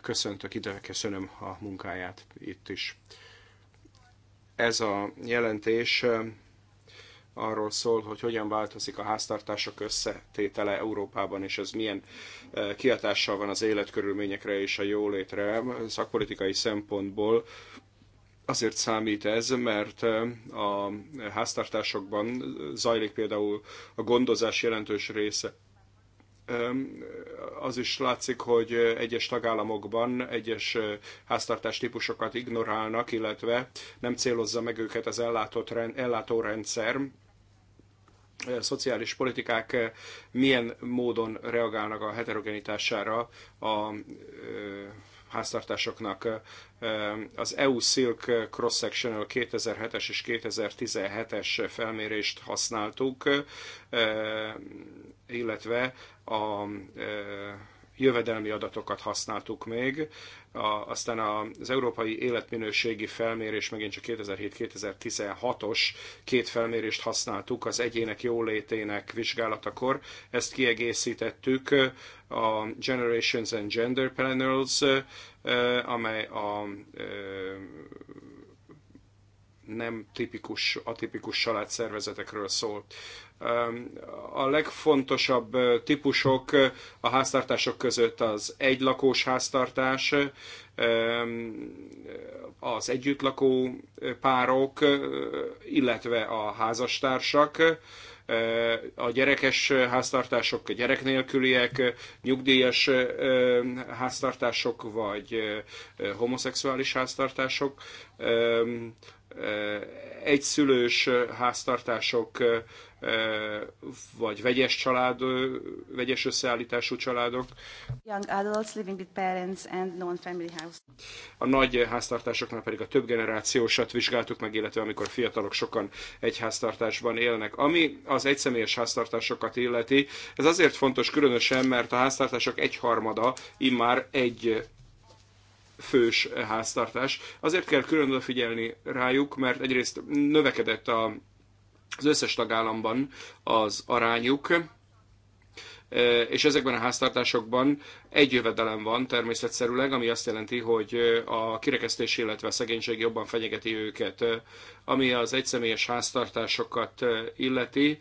köszöntök ide, köszönöm a munkáját itt is. Ez a jelentés arról szól, hogy hogyan változik a háztartások összetétele Európában, és ez milyen eh, kiatással van az életkörülményekre és a jólétre szakpolitikai szempontból. Azért számít ez, mert eh, a háztartásokban zajlik például a gondozás jelentős része az is látszik, hogy egyes tagállamokban egyes háztartás típusokat ignorálnak, illetve nem célozza meg őket az ellátott, ellátórendszer, szociális politikák milyen módon reagálnak a heterogenitására a háztartásoknak. Az EU Silk Cross Sectional 2007-es és 2017-es felmérést használtuk illetve a e, jövedelmi adatokat használtuk még. A, aztán az Európai Életminőségi Felmérés, megint csak 2007-2016-os két felmérést használtuk az egyének jólétének vizsgálatakor. Ezt kiegészítettük a Generations and Gender Panels, e, amely a e, nem tipikus, atipikus családszervezetekről szól. A legfontosabb típusok a háztartások között az egylakós háztartás, az együttlakó párok, illetve a házastársak, a gyerekes háztartások, a gyerek nélküliek, nyugdíjas háztartások, vagy homoszexuális háztartások, egyszülős háztartások, vagy vegyes család, vegyes összeállítású családok. Young adults living with parents and non-family house. A nagy háztartásoknál pedig a több generációsat vizsgáltuk meg, illetve amikor fiatalok sokan egy háztartásban élnek. Ami az egyszemélyes háztartásokat illeti, ez azért fontos különösen, mert a háztartások egyharmada immár egy fős háztartás. Azért kell külön odafigyelni rájuk, mert egyrészt növekedett a, az összes tagállamban az arányuk, és ezekben a háztartásokban egy jövedelem van természetszerűleg, ami azt jelenti, hogy a kirekesztés, illetve a szegénység jobban fenyegeti őket. Ami az egyszemélyes háztartásokat illeti,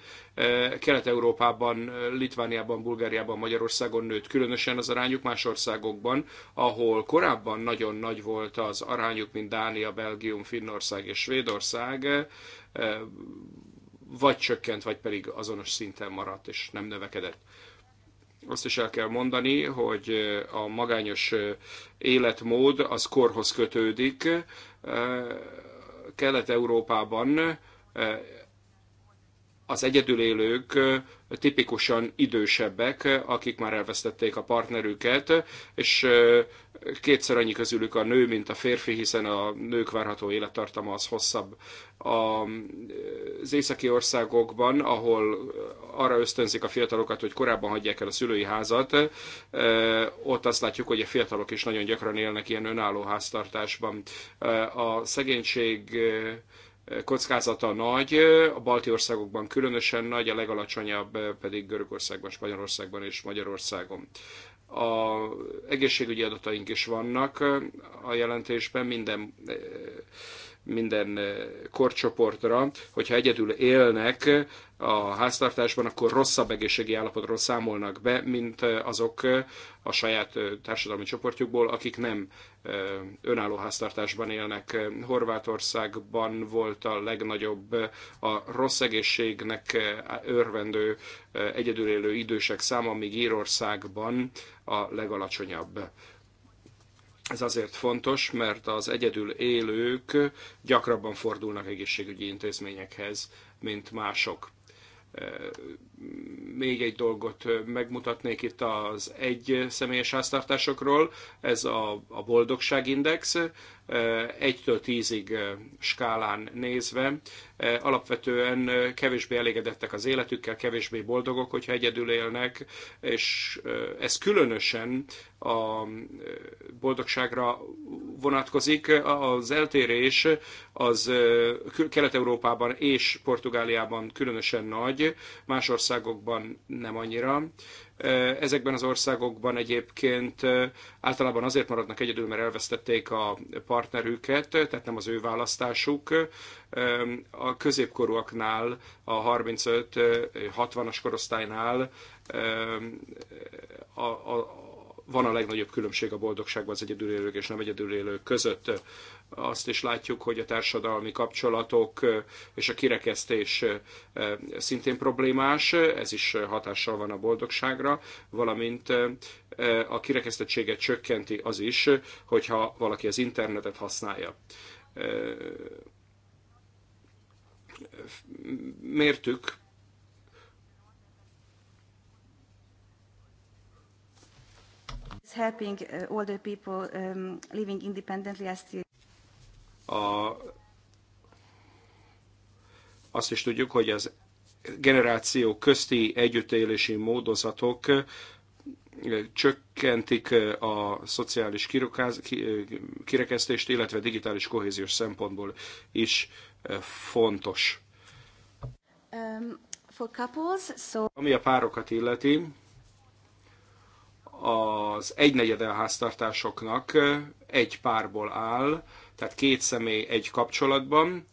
Kelet-Európában, Litvániában, Bulgáriában, Magyarországon nőtt különösen az arányuk, más országokban, ahol korábban nagyon nagy volt az arányuk, mint Dánia, Belgium, Finnország és Svédország, vagy csökkent, vagy pedig azonos szinten maradt, és nem növekedett azt is el kell mondani, hogy eh, a magányos eh, életmód az korhoz kötődik. Eh, Kelet-Európában az egyedülélők tipikusan idősebbek, akik már elvesztették a partnerüket, és kétszer annyi közülük a nő, mint a férfi, hiszen a nők várható élettartama az hosszabb. Az északi országokban, ahol arra ösztönzik a fiatalokat, hogy korábban hagyják el a szülői házat, ott azt látjuk, hogy a fiatalok is nagyon gyakran élnek ilyen önálló háztartásban. A szegénység kockázata nagy, a balti országokban különösen nagy, a legalacsonyabb pedig Görögországban, Spanyolországban és Magyarországon. A egészségügyi adataink is vannak a jelentésben, minden minden korcsoportra, hogyha egyedül élnek a háztartásban, akkor rosszabb egészségi állapotról számolnak be, mint azok a saját társadalmi csoportjukból, akik nem önálló háztartásban élnek. Horvátországban volt a legnagyobb a rossz egészségnek örvendő élő idősek száma, míg Írországban a legalacsonyabb ez azért fontos, mert az egyedül élők gyakrabban fordulnak egészségügyi intézményekhez, mint mások. Még egy dolgot megmutatnék itt az egy személyes háztartásokról, ez a, a boldogságindex. 1-től 10-ig skálán nézve, alapvetően kevésbé elégedettek az életükkel, kevésbé boldogok, hogyha egyedül élnek, és ez különösen a boldogságra vonatkozik. Az eltérés az Kelet-Európában és Portugáliában különösen nagy, más országokban nem annyira. Ezekben az országokban egyébként általában azért maradnak egyedül, mert elvesztették a partnerüket, tehát nem az ő választásuk. A középkorúaknál, a 35-60-as korosztálynál a, a, van a legnagyobb különbség a boldogságban az egyedülélők és nem egyedülélők között. Azt is látjuk, hogy a társadalmi kapcsolatok és a kirekesztés szintén problémás, ez is hatással van a boldogságra, valamint a kirekesztettséget csökkenti az is, hogyha valaki az internetet használja mértük It's helping uh, older people um, living independently as still. A, azt is tudjuk, hogy az generáció közti együttélési módozatok uh, csökkentik uh, a szociális uh, kirekesztést, illetve digitális kohéziós szempontból is fontos. Um, for couples, so... Ami a párokat illeti, az egynegyede a háztartásoknak egy párból áll, tehát két személy egy kapcsolatban.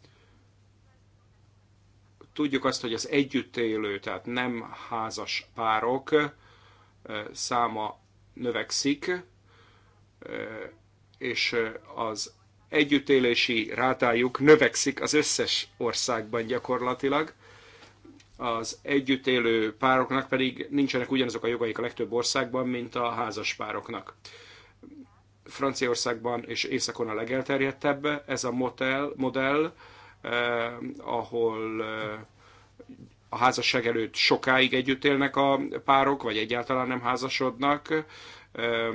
Tudjuk azt, hogy az együtt élő, tehát nem házas párok száma növekszik, és az együttélési rátájuk növekszik az összes országban gyakorlatilag az együttélő pároknak pedig nincsenek ugyanazok a jogaik a legtöbb országban, mint a házas pároknak. Franciaországban és Északon a legelterjedtebb ez a motel, modell, eh, ahol eh, a házasság előtt sokáig együtt élnek a párok, vagy egyáltalán nem házasodnak. Eh,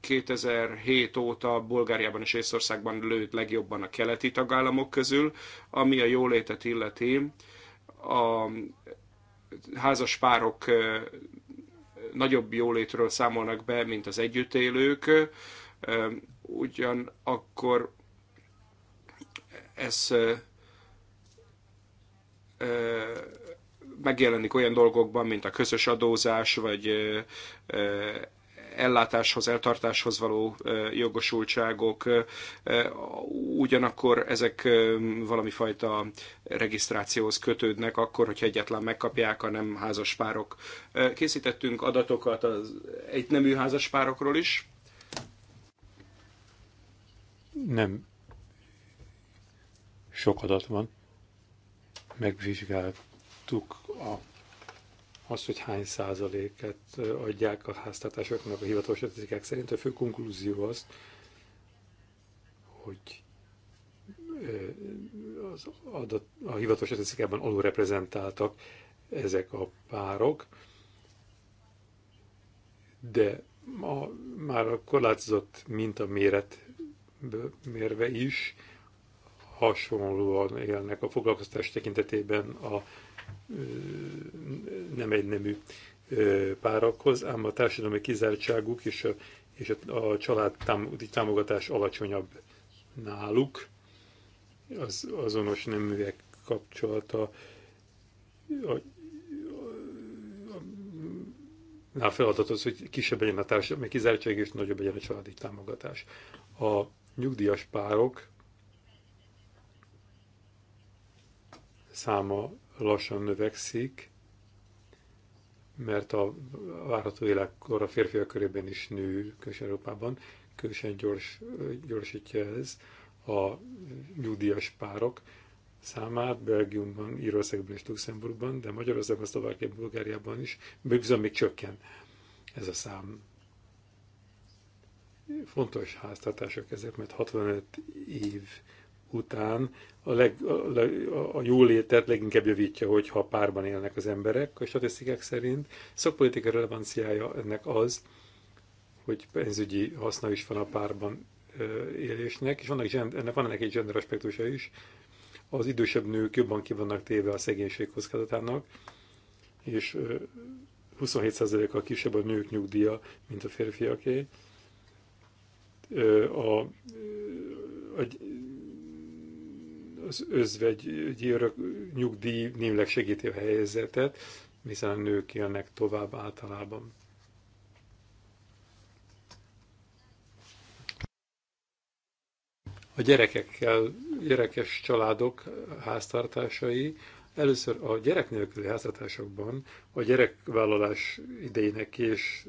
2007 óta Bulgáriában és Észországban lőtt legjobban a keleti tagállamok közül, ami a jólétet illeti. Eh, a házas párok nagyobb jólétről számolnak be, mint az együttélők, ugyanakkor ez megjelenik olyan dolgokban, mint a közös adózás, vagy ellátáshoz, eltartáshoz való jogosultságok, ugyanakkor ezek valami fajta regisztrációhoz kötődnek, akkor, hogyha egyetlen megkapják a nem házas párok. Készítettünk adatokat az nemű házas párokról is. Nem sok adat van. Megvizsgáltuk a az, hogy hány százaléket adják a háztartásoknak a hivatalos statisztikák szerint. A fő konklúzió az, hogy az adat, a hivatalos statisztikában alulreprezentáltak ezek a párok, de a, már a korlátozott mintaméret mérve is hasonlóan élnek a foglalkoztás tekintetében a nem egy nemű párakhoz, ám a társadalmi kizártságuk és a, és a, a család támogatás alacsonyabb náluk. Az azonos neműek kapcsolata a, a, a, a feladat az, hogy kisebb legyen a társadalmi kizártság és nagyobb legyen a családi támogatás. A nyugdíjas párok száma lassan növekszik, mert a várható életkor a férfiak körében is nő, különösen Európában, különösen gyors, gyorsítja ez a nyugdíjas párok számát Belgiumban, Írországban és Luxemburgban, de Magyarországon, Szlovákiában, Bulgáriában is bizony még csökken ez a szám. Fontos háztartások ezek, mert 65 év után a, leg, a, a, a jólétet leginkább javítja, hogyha párban élnek az emberek, a statisztikák szerint. Szakpolitika relevanciája ennek az, hogy pénzügyi haszna is van a párban élésnek, és vannak, ennek van ennek egy gender aspektusa is. Az idősebb nők jobban ki vannak téve a szegénység kockázatának, és 27%-kal kisebb a nők nyugdíja, mint a férfiaké. A, a az özvegyi örök nyugdíj némleg segíti a helyzetet, hiszen a nők élnek tovább általában. A gyerekekkel, gyerekes családok háztartásai először a gyerek nélküli háztartásokban a gyerekvállalás idejének és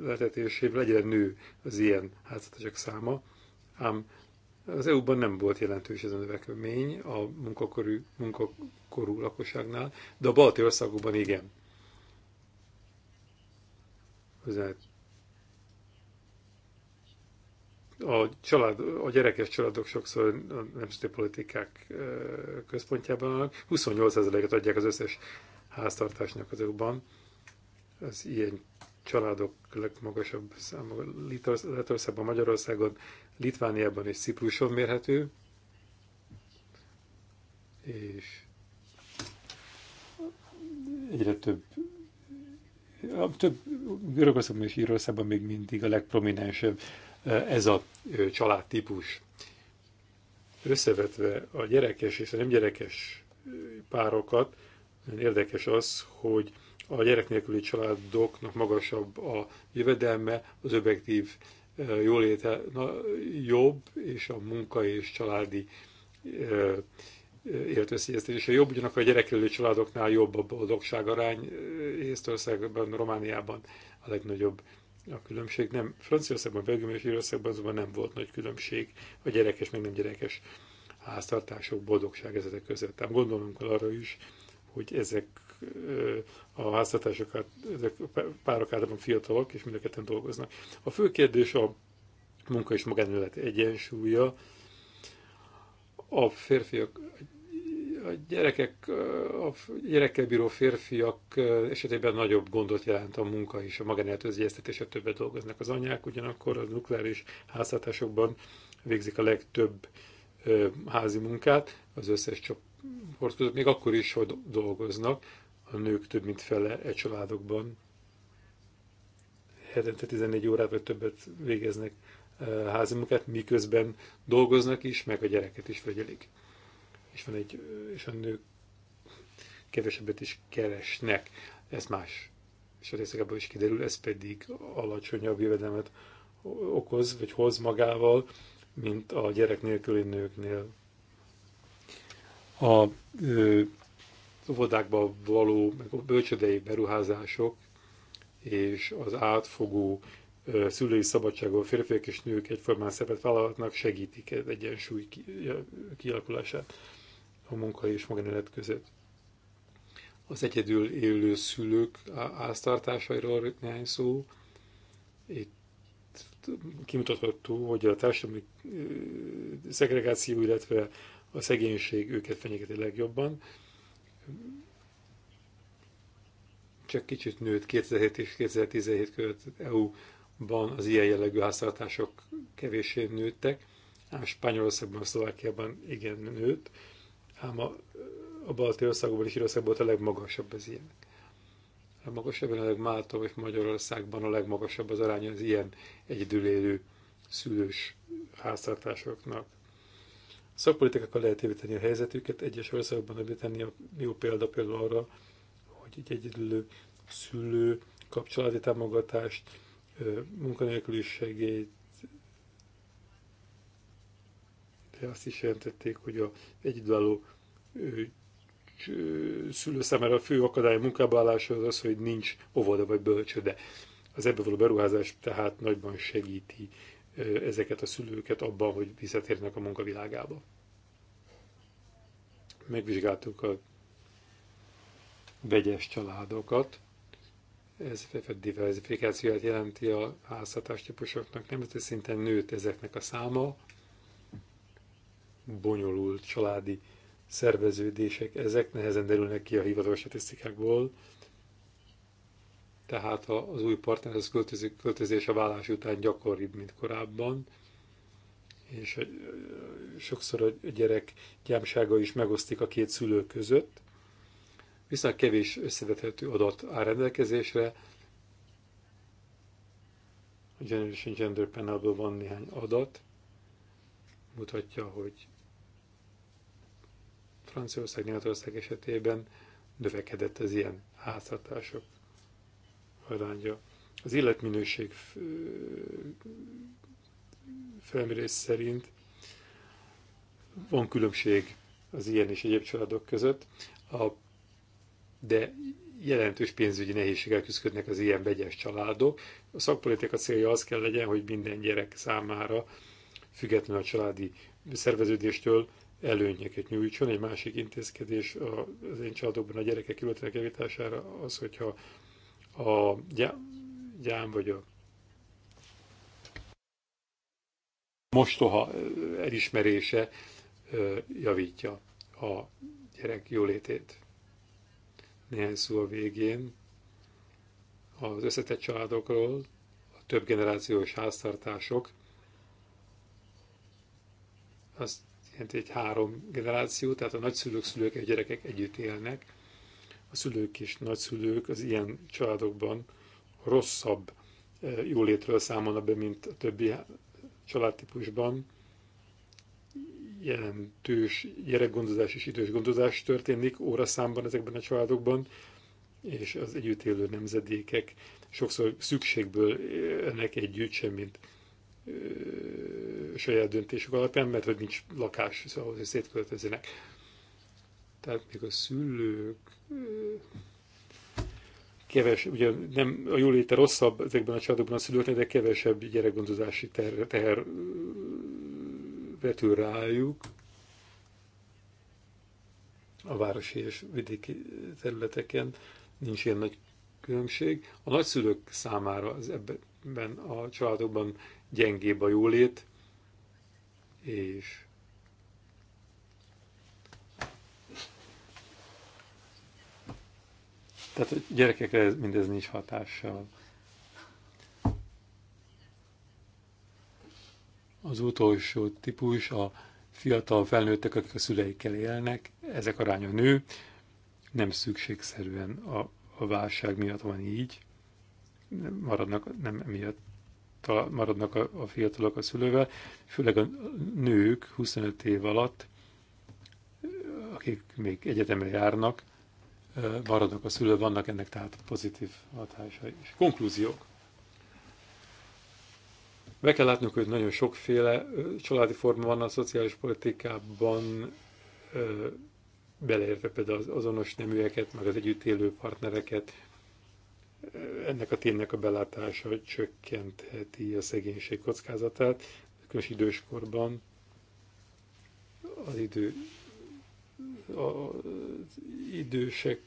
letetésében legyen nő az ilyen háztartások száma, ám az EU-ban nem volt jelentős ez a növekmény a munkakorú, munkakorú lakosságnál, de a balti országokban igen. A, család, a gyerekes családok sokszor a nemzeti politikák központjában vannak. 28%-et adják az összes háztartásnak az EU-ban. Ez ilyen családok legmagasabb száma Lettországban, Magyarországon, Litvániában és Cipruson mérhető, és egyre több több Görögországban és Írországban még mindig a legprominensebb eh, ez a eh, családtípus. Összevetve a gyerekes és a nem gyerekes eh, párokat, érdekes az, hogy a gyerek nélküli családoknak magasabb a jövedelme, az objektív e, jóléte jobb, és a munka és családi e, e, életveszélyeztetése jobb, ugyanakkor a gyerekelő családoknál jobb a boldogság arány Észtországban, Romániában a legnagyobb a különbség. Nem, Franciaországban, Belgium és Írországban azonban nem volt nagy különbség a gyerekes, meg nem gyerekes háztartások, boldogság ezek között. Tehát gondolunk arra is, hogy ezek a háztartásokat, ezek a párok általában fiatalok, és mind a dolgoznak. A fő kérdés a munka és magánélet egyensúlya. A férfiak, a gyerekek, a gyerekkel bíró férfiak eh, esetében nagyobb gondot jelent a munka és a magánélet özgyeztetése, többet dolgoznak az anyák, ugyanakkor a nukleáris háztartásokban végzik a legtöbb eh, házi munkát, az összes csoport között, még akkor is, hogy dolgoznak, a nők több mint fele e családokban hetente 14 órát vagy többet végeznek e, házi munkát, miközben dolgoznak is, meg a gyereket is fegyelik. És, van egy, és a nők kevesebbet is keresnek. Ez más. És a részekből is kiderül, ez pedig alacsonyabb jövedelmet okoz, vagy hoz magával, mint a gyerek nélküli nőknél. A ö, óvodákba való, meg a bölcsödei beruházások és az átfogó szülői szabadságon férfiak és nők egyformán szerepet vállalhatnak, segítik egy egyensúly kialakulását a munka és magánélet között. Az egyedül élő szülők áztartásairól néhány szó. Itt kimutatható, hogy a társadalmi szegregáció, illetve a szegénység őket fenyegeti legjobban csak kicsit nőtt 2007 és 2017 között EU-ban az ilyen jellegű háztartások kevéssé nőttek, ám Spanyolországban, Szlovákiában igen nőtt, ám a, a balti országokban és Írországban a legmagasabb az ilyen. A magasabb, a Málta és Magyarországban a legmagasabb az aránya az ilyen egyedülélő szülős háztartásoknak. Szakpolitikákkal lehet javítani a helyzetüket, egyes országokban a jó példa például arra, hogy egy egyedülő szülő kapcsolati támogatást, munkanélküli segélyt, de azt is jelentették, hogy a egyedülálló szülő számára a fő akadály munkába állása az az, hogy nincs óvoda vagy bölcsőde. Az ebbe való beruházás tehát nagyban segíti ezeket a szülőket abban, hogy visszatérnek a munkavilágába. Megvizsgáltuk a vegyes családokat, ez diversifikációt jelenti a Nem nemzeti szinten nőtt ezeknek a száma, bonyolult családi szerveződések, ezek nehezen derülnek ki a hivatalos statisztikákból, tehát az új partnerhez költözés a vállás után gyakoribb, mint korábban, és sokszor a gyerek gyámsága is megosztik a két szülő között. Viszont kevés összevethető adat áll rendelkezésre. A Generation Gender Panelből van néhány adat, mutatja, hogy Franciaország, Németország esetében növekedett az ilyen háztartások aránya. Az életminőség felmérés szerint van különbség az ilyen és egyéb családok között, a, de jelentős pénzügyi nehézséggel küzdködnek az ilyen vegyes családok. A szakpolitika célja az kell legyen, hogy minden gyerek számára független a családi szerveződéstől előnyeket nyújtson. Egy másik intézkedés az én családokban a gyerekek illetve javítására az, hogyha a gyám vagy a mostoha elismerése javítja a gyerek jólétét. Néhány szó a végén az összetett családokról, a több generációs háztartások, azt jelenti egy három generáció, tehát a nagyszülők, szülők és gyerekek együtt élnek, a szülők és nagyszülők az ilyen családokban rosszabb eh, jólétről számolnak be, mint a többi családtípusban. Jelentős gyerekgondozás és gondozás történik óraszámban ezekben a családokban, és az együttélő nemzedékek sokszor szükségből ennek együtt, sem mint ö, eh, saját döntésük alapján, mert hogy nincs lakás, szóval hogy szétköltözének. Tehát még a szülők hmm, keves, ugye nem, a jóléte rosszabb ezekben a családokban a szülőknek, de kevesebb gyerekgondozási teher, teher hmm, vetül rájuk a városi és vidéki területeken nincs ilyen nagy különbség. A nagyszülők számára az ebben a családokban gyengébb a jólét, és Tehát a gyerekekre mindez nincs hatással. Az utolsó típus a fiatal felnőttek, akik a szüleikkel élnek, ezek aránya nő, nem szükségszerűen a, a válság miatt van így, maradnak, nem miatt maradnak a, a fiatalok a szülővel, főleg a nők 25 év alatt, akik még egyetemre járnak, maradnak a szülő, vannak ennek tehát pozitív hatásai is. Konklúziók. Be kell látnunk, hogy nagyon sokféle családi forma van a szociális politikában, beleértve például az azonos neműeket, meg az együtt élő partnereket. Ennek a ténynek a belátása csökkentheti a szegénység kockázatát, különös időskorban az idő az idősek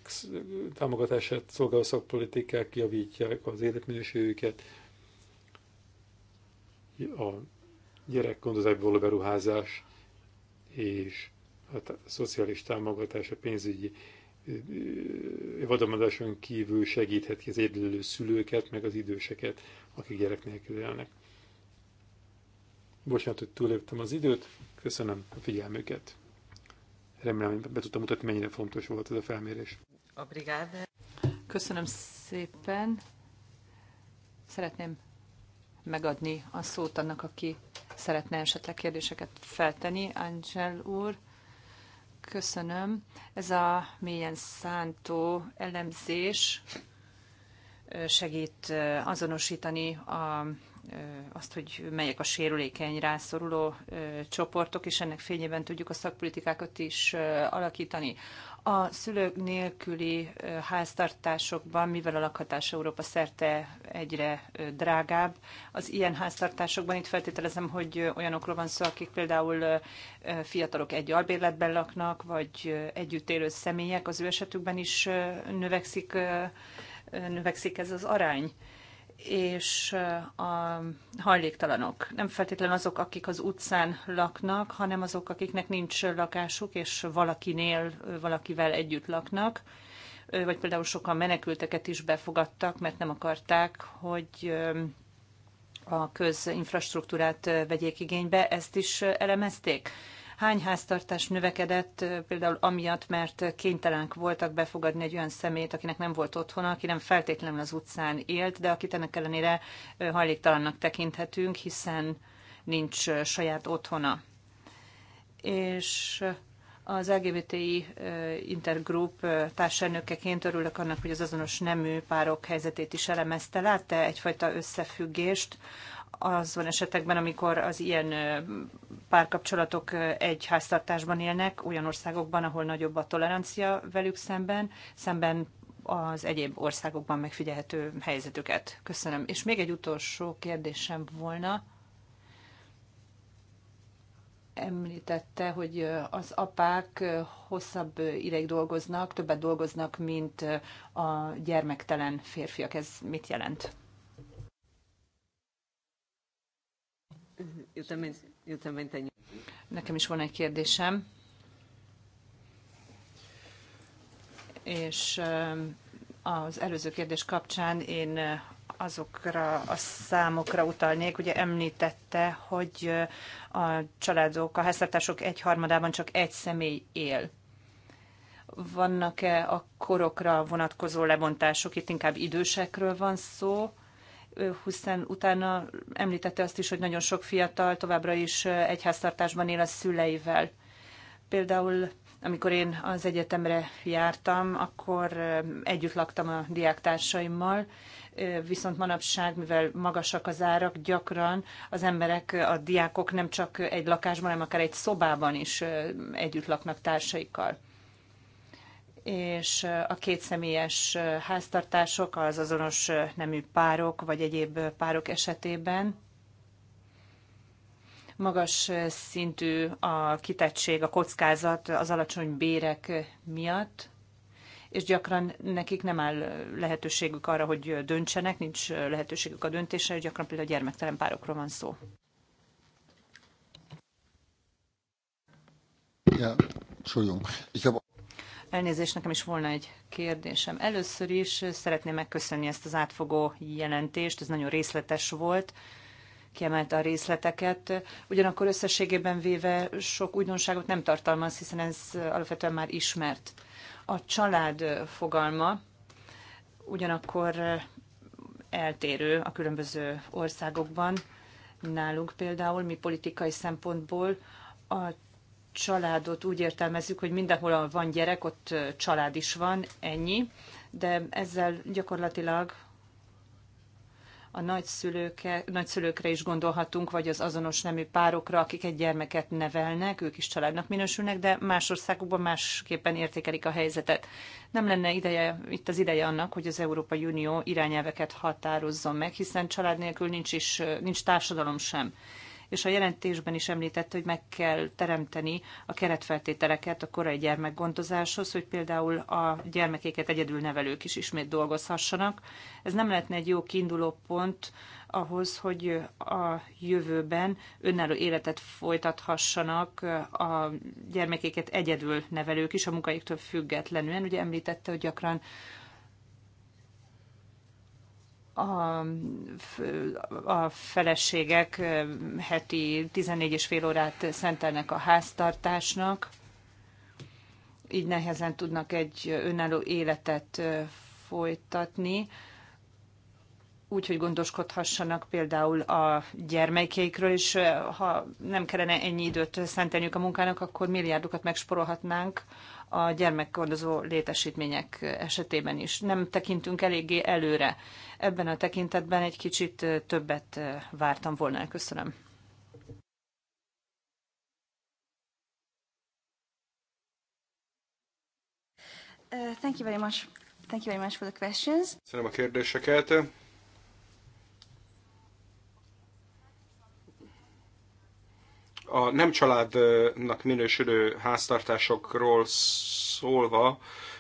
támogatását szolgáló szakpolitikák javítják az életminőségüket, a gyerekgondozásból való beruházás és a szociális támogatás, a pénzügyi vadamadáson kívül segíthet ki az érdelő szülőket, meg az időseket, akik gyerek nélkül élnek. Bocsánat, hogy túléptem az időt, köszönöm a figyelmüket. Remélem, hogy be tudtam mutatni, mennyire fontos volt ez a felmérés. Obrigada. Köszönöm szépen. Szeretném megadni a szót annak, aki szeretne esetleg kérdéseket feltenni. Angel úr, köszönöm. Ez a mélyen szántó elemzés segít azonosítani a azt, hogy melyek a sérülékeny rászoruló csoportok, és ennek fényében tudjuk a szakpolitikákat is alakítani. A szülők nélküli háztartásokban, mivel a lakhatás Európa szerte egyre drágább, az ilyen háztartásokban itt feltételezem, hogy olyanokról van szó, akik például fiatalok egy albérletben laknak, vagy együtt élő személyek, az ő esetükben is növekszik, növekszik ez az arány és a hajléktalanok. Nem feltétlen azok, akik az utcán laknak, hanem azok, akiknek nincs lakásuk, és valakinél, valakivel együtt laknak. Vagy például sokan menekülteket is befogadtak, mert nem akarták, hogy a közinfrastruktúrát vegyék igénybe. Ezt is elemezték? Hány háztartás növekedett például amiatt, mert kénytelenek voltak befogadni egy olyan szemét, akinek nem volt otthona, aki nem feltétlenül az utcán élt, de akit ennek ellenére hajléktalannak tekinthetünk, hiszen nincs saját otthona. És az LGBTI intergroup társelnökeként örülök annak, hogy az azonos nemű párok helyzetét is elemezte. Látta egyfajta összefüggést az van esetekben, amikor az ilyen párkapcsolatok egy háztartásban élnek, olyan országokban, ahol nagyobb a tolerancia velük szemben, szemben az egyéb országokban megfigyelhető helyzetüket. Köszönöm. És még egy utolsó kérdésem volna. Említette, hogy az apák hosszabb ideig dolgoznak, többet dolgoznak, mint a gyermektelen férfiak. Ez mit jelent? Nekem is van egy kérdésem. És um, az előző kérdés kapcsán én uh, azokra a számokra utalnék. Ugye említette, hogy uh, a családok, a háztartások egyharmadában csak egy személy él. Vannak-e a korokra vonatkozó lebontások? Itt inkább idősekről van szó hiszen utána említette azt is, hogy nagyon sok fiatal továbbra is egyháztartásban él a szüleivel. Például amikor én az egyetemre jártam, akkor együtt laktam a diáktársaimmal, viszont manapság, mivel magasak az árak, gyakran az emberek, a diákok nem csak egy lakásban, hanem akár egy szobában is együtt laknak társaikkal és a kétszemélyes háztartások, az azonos nemű párok, vagy egyéb párok esetében magas szintű a kitettség, a kockázat az alacsony bérek miatt, és gyakran nekik nem áll lehetőségük arra, hogy döntsenek, nincs lehetőségük a döntésre, gyakran például gyermektelen párokról van szó. Ja, Entschuldigung. Elnézést, nekem is volna egy kérdésem. Először is szeretném megköszönni ezt az átfogó jelentést, ez nagyon részletes volt, kiemelte a részleteket. Ugyanakkor összességében véve sok újdonságot nem tartalmaz, hiszen ez alapvetően már ismert. A család fogalma ugyanakkor eltérő a különböző országokban. Nálunk például mi politikai szempontból a családot úgy értelmezzük, hogy mindenhol, van gyerek, ott család is van, ennyi. De ezzel gyakorlatilag a nagyszülőke, nagyszülőkre is gondolhatunk, vagy az azonos nemű párokra, akik egy gyermeket nevelnek, ők is családnak minősülnek, de más országokban másképpen értékelik a helyzetet. Nem lenne ideje, itt az ideje annak, hogy az Európai Unió irányelveket határozzon meg, hiszen család nélkül nincs, is, nincs társadalom sem és a jelentésben is említette, hogy meg kell teremteni a keretfeltételeket a korai gyermekgondozáshoz, hogy például a gyermekéket egyedül nevelők is ismét dolgozhassanak. Ez nem lehetne egy jó kiinduló pont ahhoz, hogy a jövőben önálló életet folytathassanak a gyermekéket egyedül nevelők is, a munkaiktól függetlenül. Ugye említette, hogy gyakran a, a feleségek heti 14 és fél órát szentelnek a háztartásnak, így nehezen tudnak egy önálló életet folytatni, úgyhogy gondoskodhassanak például a gyermekeikről, és ha nem kellene ennyi időt szentelniük a munkának, akkor milliárdokat megsporolhatnánk a gyermekkordozó létesítmények esetében is. Nem tekintünk eléggé előre. Ebben a tekintetben egy kicsit többet vártam volna. Köszönöm. Uh, thank you very much. Thank you very much for the questions. Köszönöm a kérdéseket. a nem családnak minősülő háztartásokról szólva,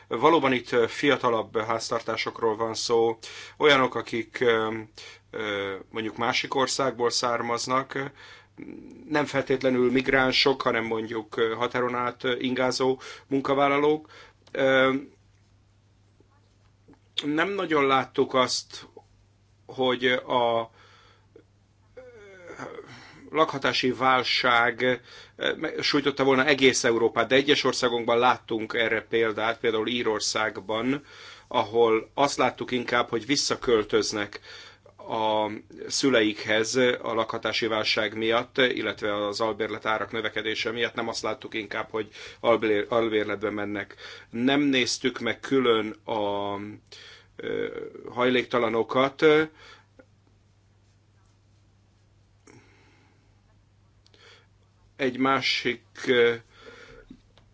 valóban itt fiatalabb háztartásokról van szó, olyanok, akik mondjuk másik országból származnak, nem feltétlenül migránsok, hanem mondjuk határon át ingázó munkavállalók. Nem nagyon láttuk azt, hogy a lakhatási válság eh, sújtotta volna egész Európát, de egyes országokban láttunk erre példát, például Írországban, ahol azt láttuk inkább, hogy visszaköltöznek a szüleikhez a lakhatási válság miatt, illetve az albérlet árak növekedése miatt nem azt láttuk inkább, hogy albérletbe mennek. Nem néztük meg külön a eh, hajléktalanokat, egy másik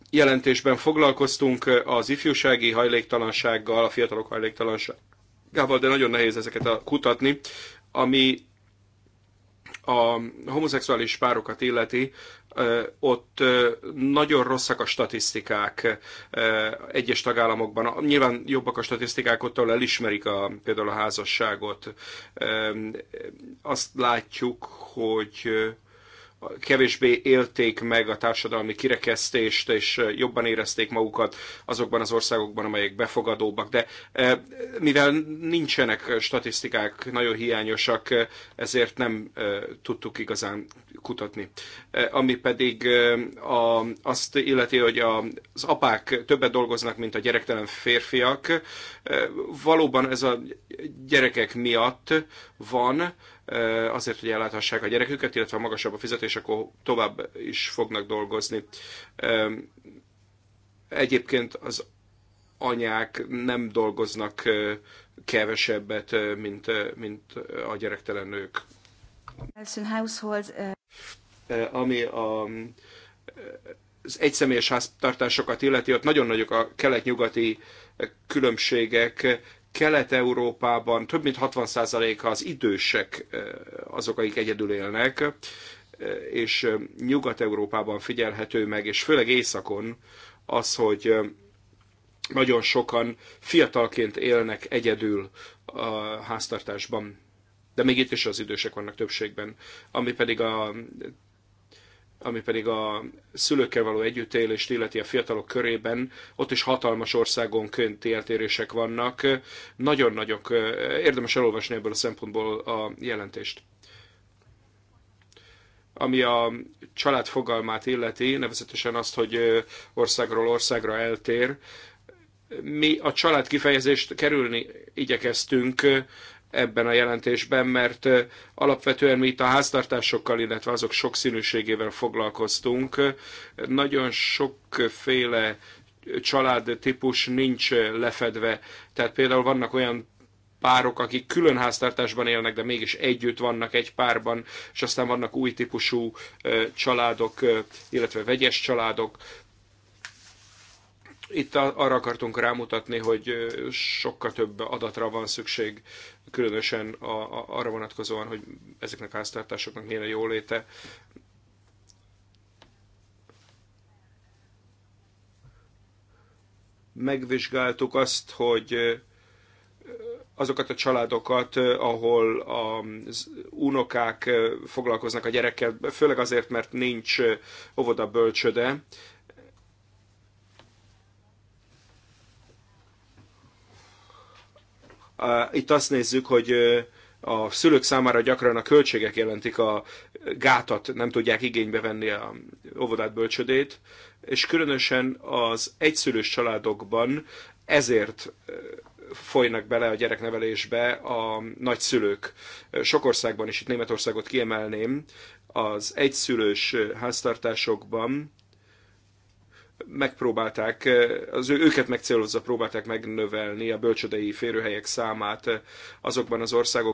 jelentésben foglalkoztunk az ifjúsági hajléktalansággal, a fiatalok hajléktalansággal, de nagyon nehéz ezeket a, kutatni, ami a homoszexuális párokat illeti, ott nagyon rosszak a statisztikák egyes tagállamokban. Nyilván jobbak a statisztikák ott, ahol elismerik a, például a házasságot. Azt látjuk, hogy kevésbé élték meg a társadalmi kirekesztést, és jobban érezték magukat azokban az országokban, amelyek befogadóbbak. De mivel nincsenek statisztikák, nagyon hiányosak, ezért nem tudtuk igazán kutatni. Ami pedig azt illeti, hogy az apák többet dolgoznak, mint a gyerektelen férfiak. Valóban ez a gyerekek miatt van, azért, hogy elláthassák a gyereküket, illetve a magasabb a fizetés, akkor tovább is fognak dolgozni. Egyébként az anyák nem dolgoznak kevesebbet, mint, mint a gyerektelen nők. Ami a az egyszemélyes háztartásokat illeti, ott nagyon nagyok a kelet-nyugati különbségek, Kelet-Európában több mint 60%-a az idősek azok, akik egyedül élnek, és Nyugat-Európában figyelhető meg, és főleg északon az, hogy nagyon sokan fiatalként élnek egyedül a háztartásban. De még itt is az idősek vannak többségben. Ami pedig a ami pedig a szülőkkel való együttélést illeti a fiatalok körében, ott is hatalmas országon könti eltérések vannak. Nagyon nagyok, érdemes elolvasni ebből a szempontból a jelentést. Ami a család fogalmát illeti, nevezetesen azt, hogy országról országra eltér, mi a család kifejezést kerülni igyekeztünk ebben a jelentésben, mert alapvetően mi itt a háztartásokkal, illetve azok sokszínűségével foglalkoztunk. Nagyon sokféle családtípus nincs lefedve. Tehát például vannak olyan párok, akik külön háztartásban élnek, de mégis együtt vannak egy párban, és aztán vannak új típusú családok, illetve vegyes családok itt arra akartunk rámutatni, hogy sokkal több adatra van szükség, különösen a, a, arra vonatkozóan, hogy ezeknek a háztartásoknak milyen a jóléte. Megvizsgáltuk azt, hogy azokat a családokat, ahol az unokák foglalkoznak a gyerekkel, főleg azért, mert nincs óvoda bölcsöde, Itt azt nézzük, hogy a szülők számára gyakran a költségek jelentik a gátat, nem tudják igénybe venni a óvodát, bölcsödét, és különösen az egyszülős családokban ezért folynak bele a gyereknevelésbe a nagyszülők. Sok országban is, itt Németországot kiemelném, az egyszülős háztartásokban megpróbálták, az ő, őket megcélozza próbálták megnövelni a bölcsödei férőhelyek számát azokban az országokban,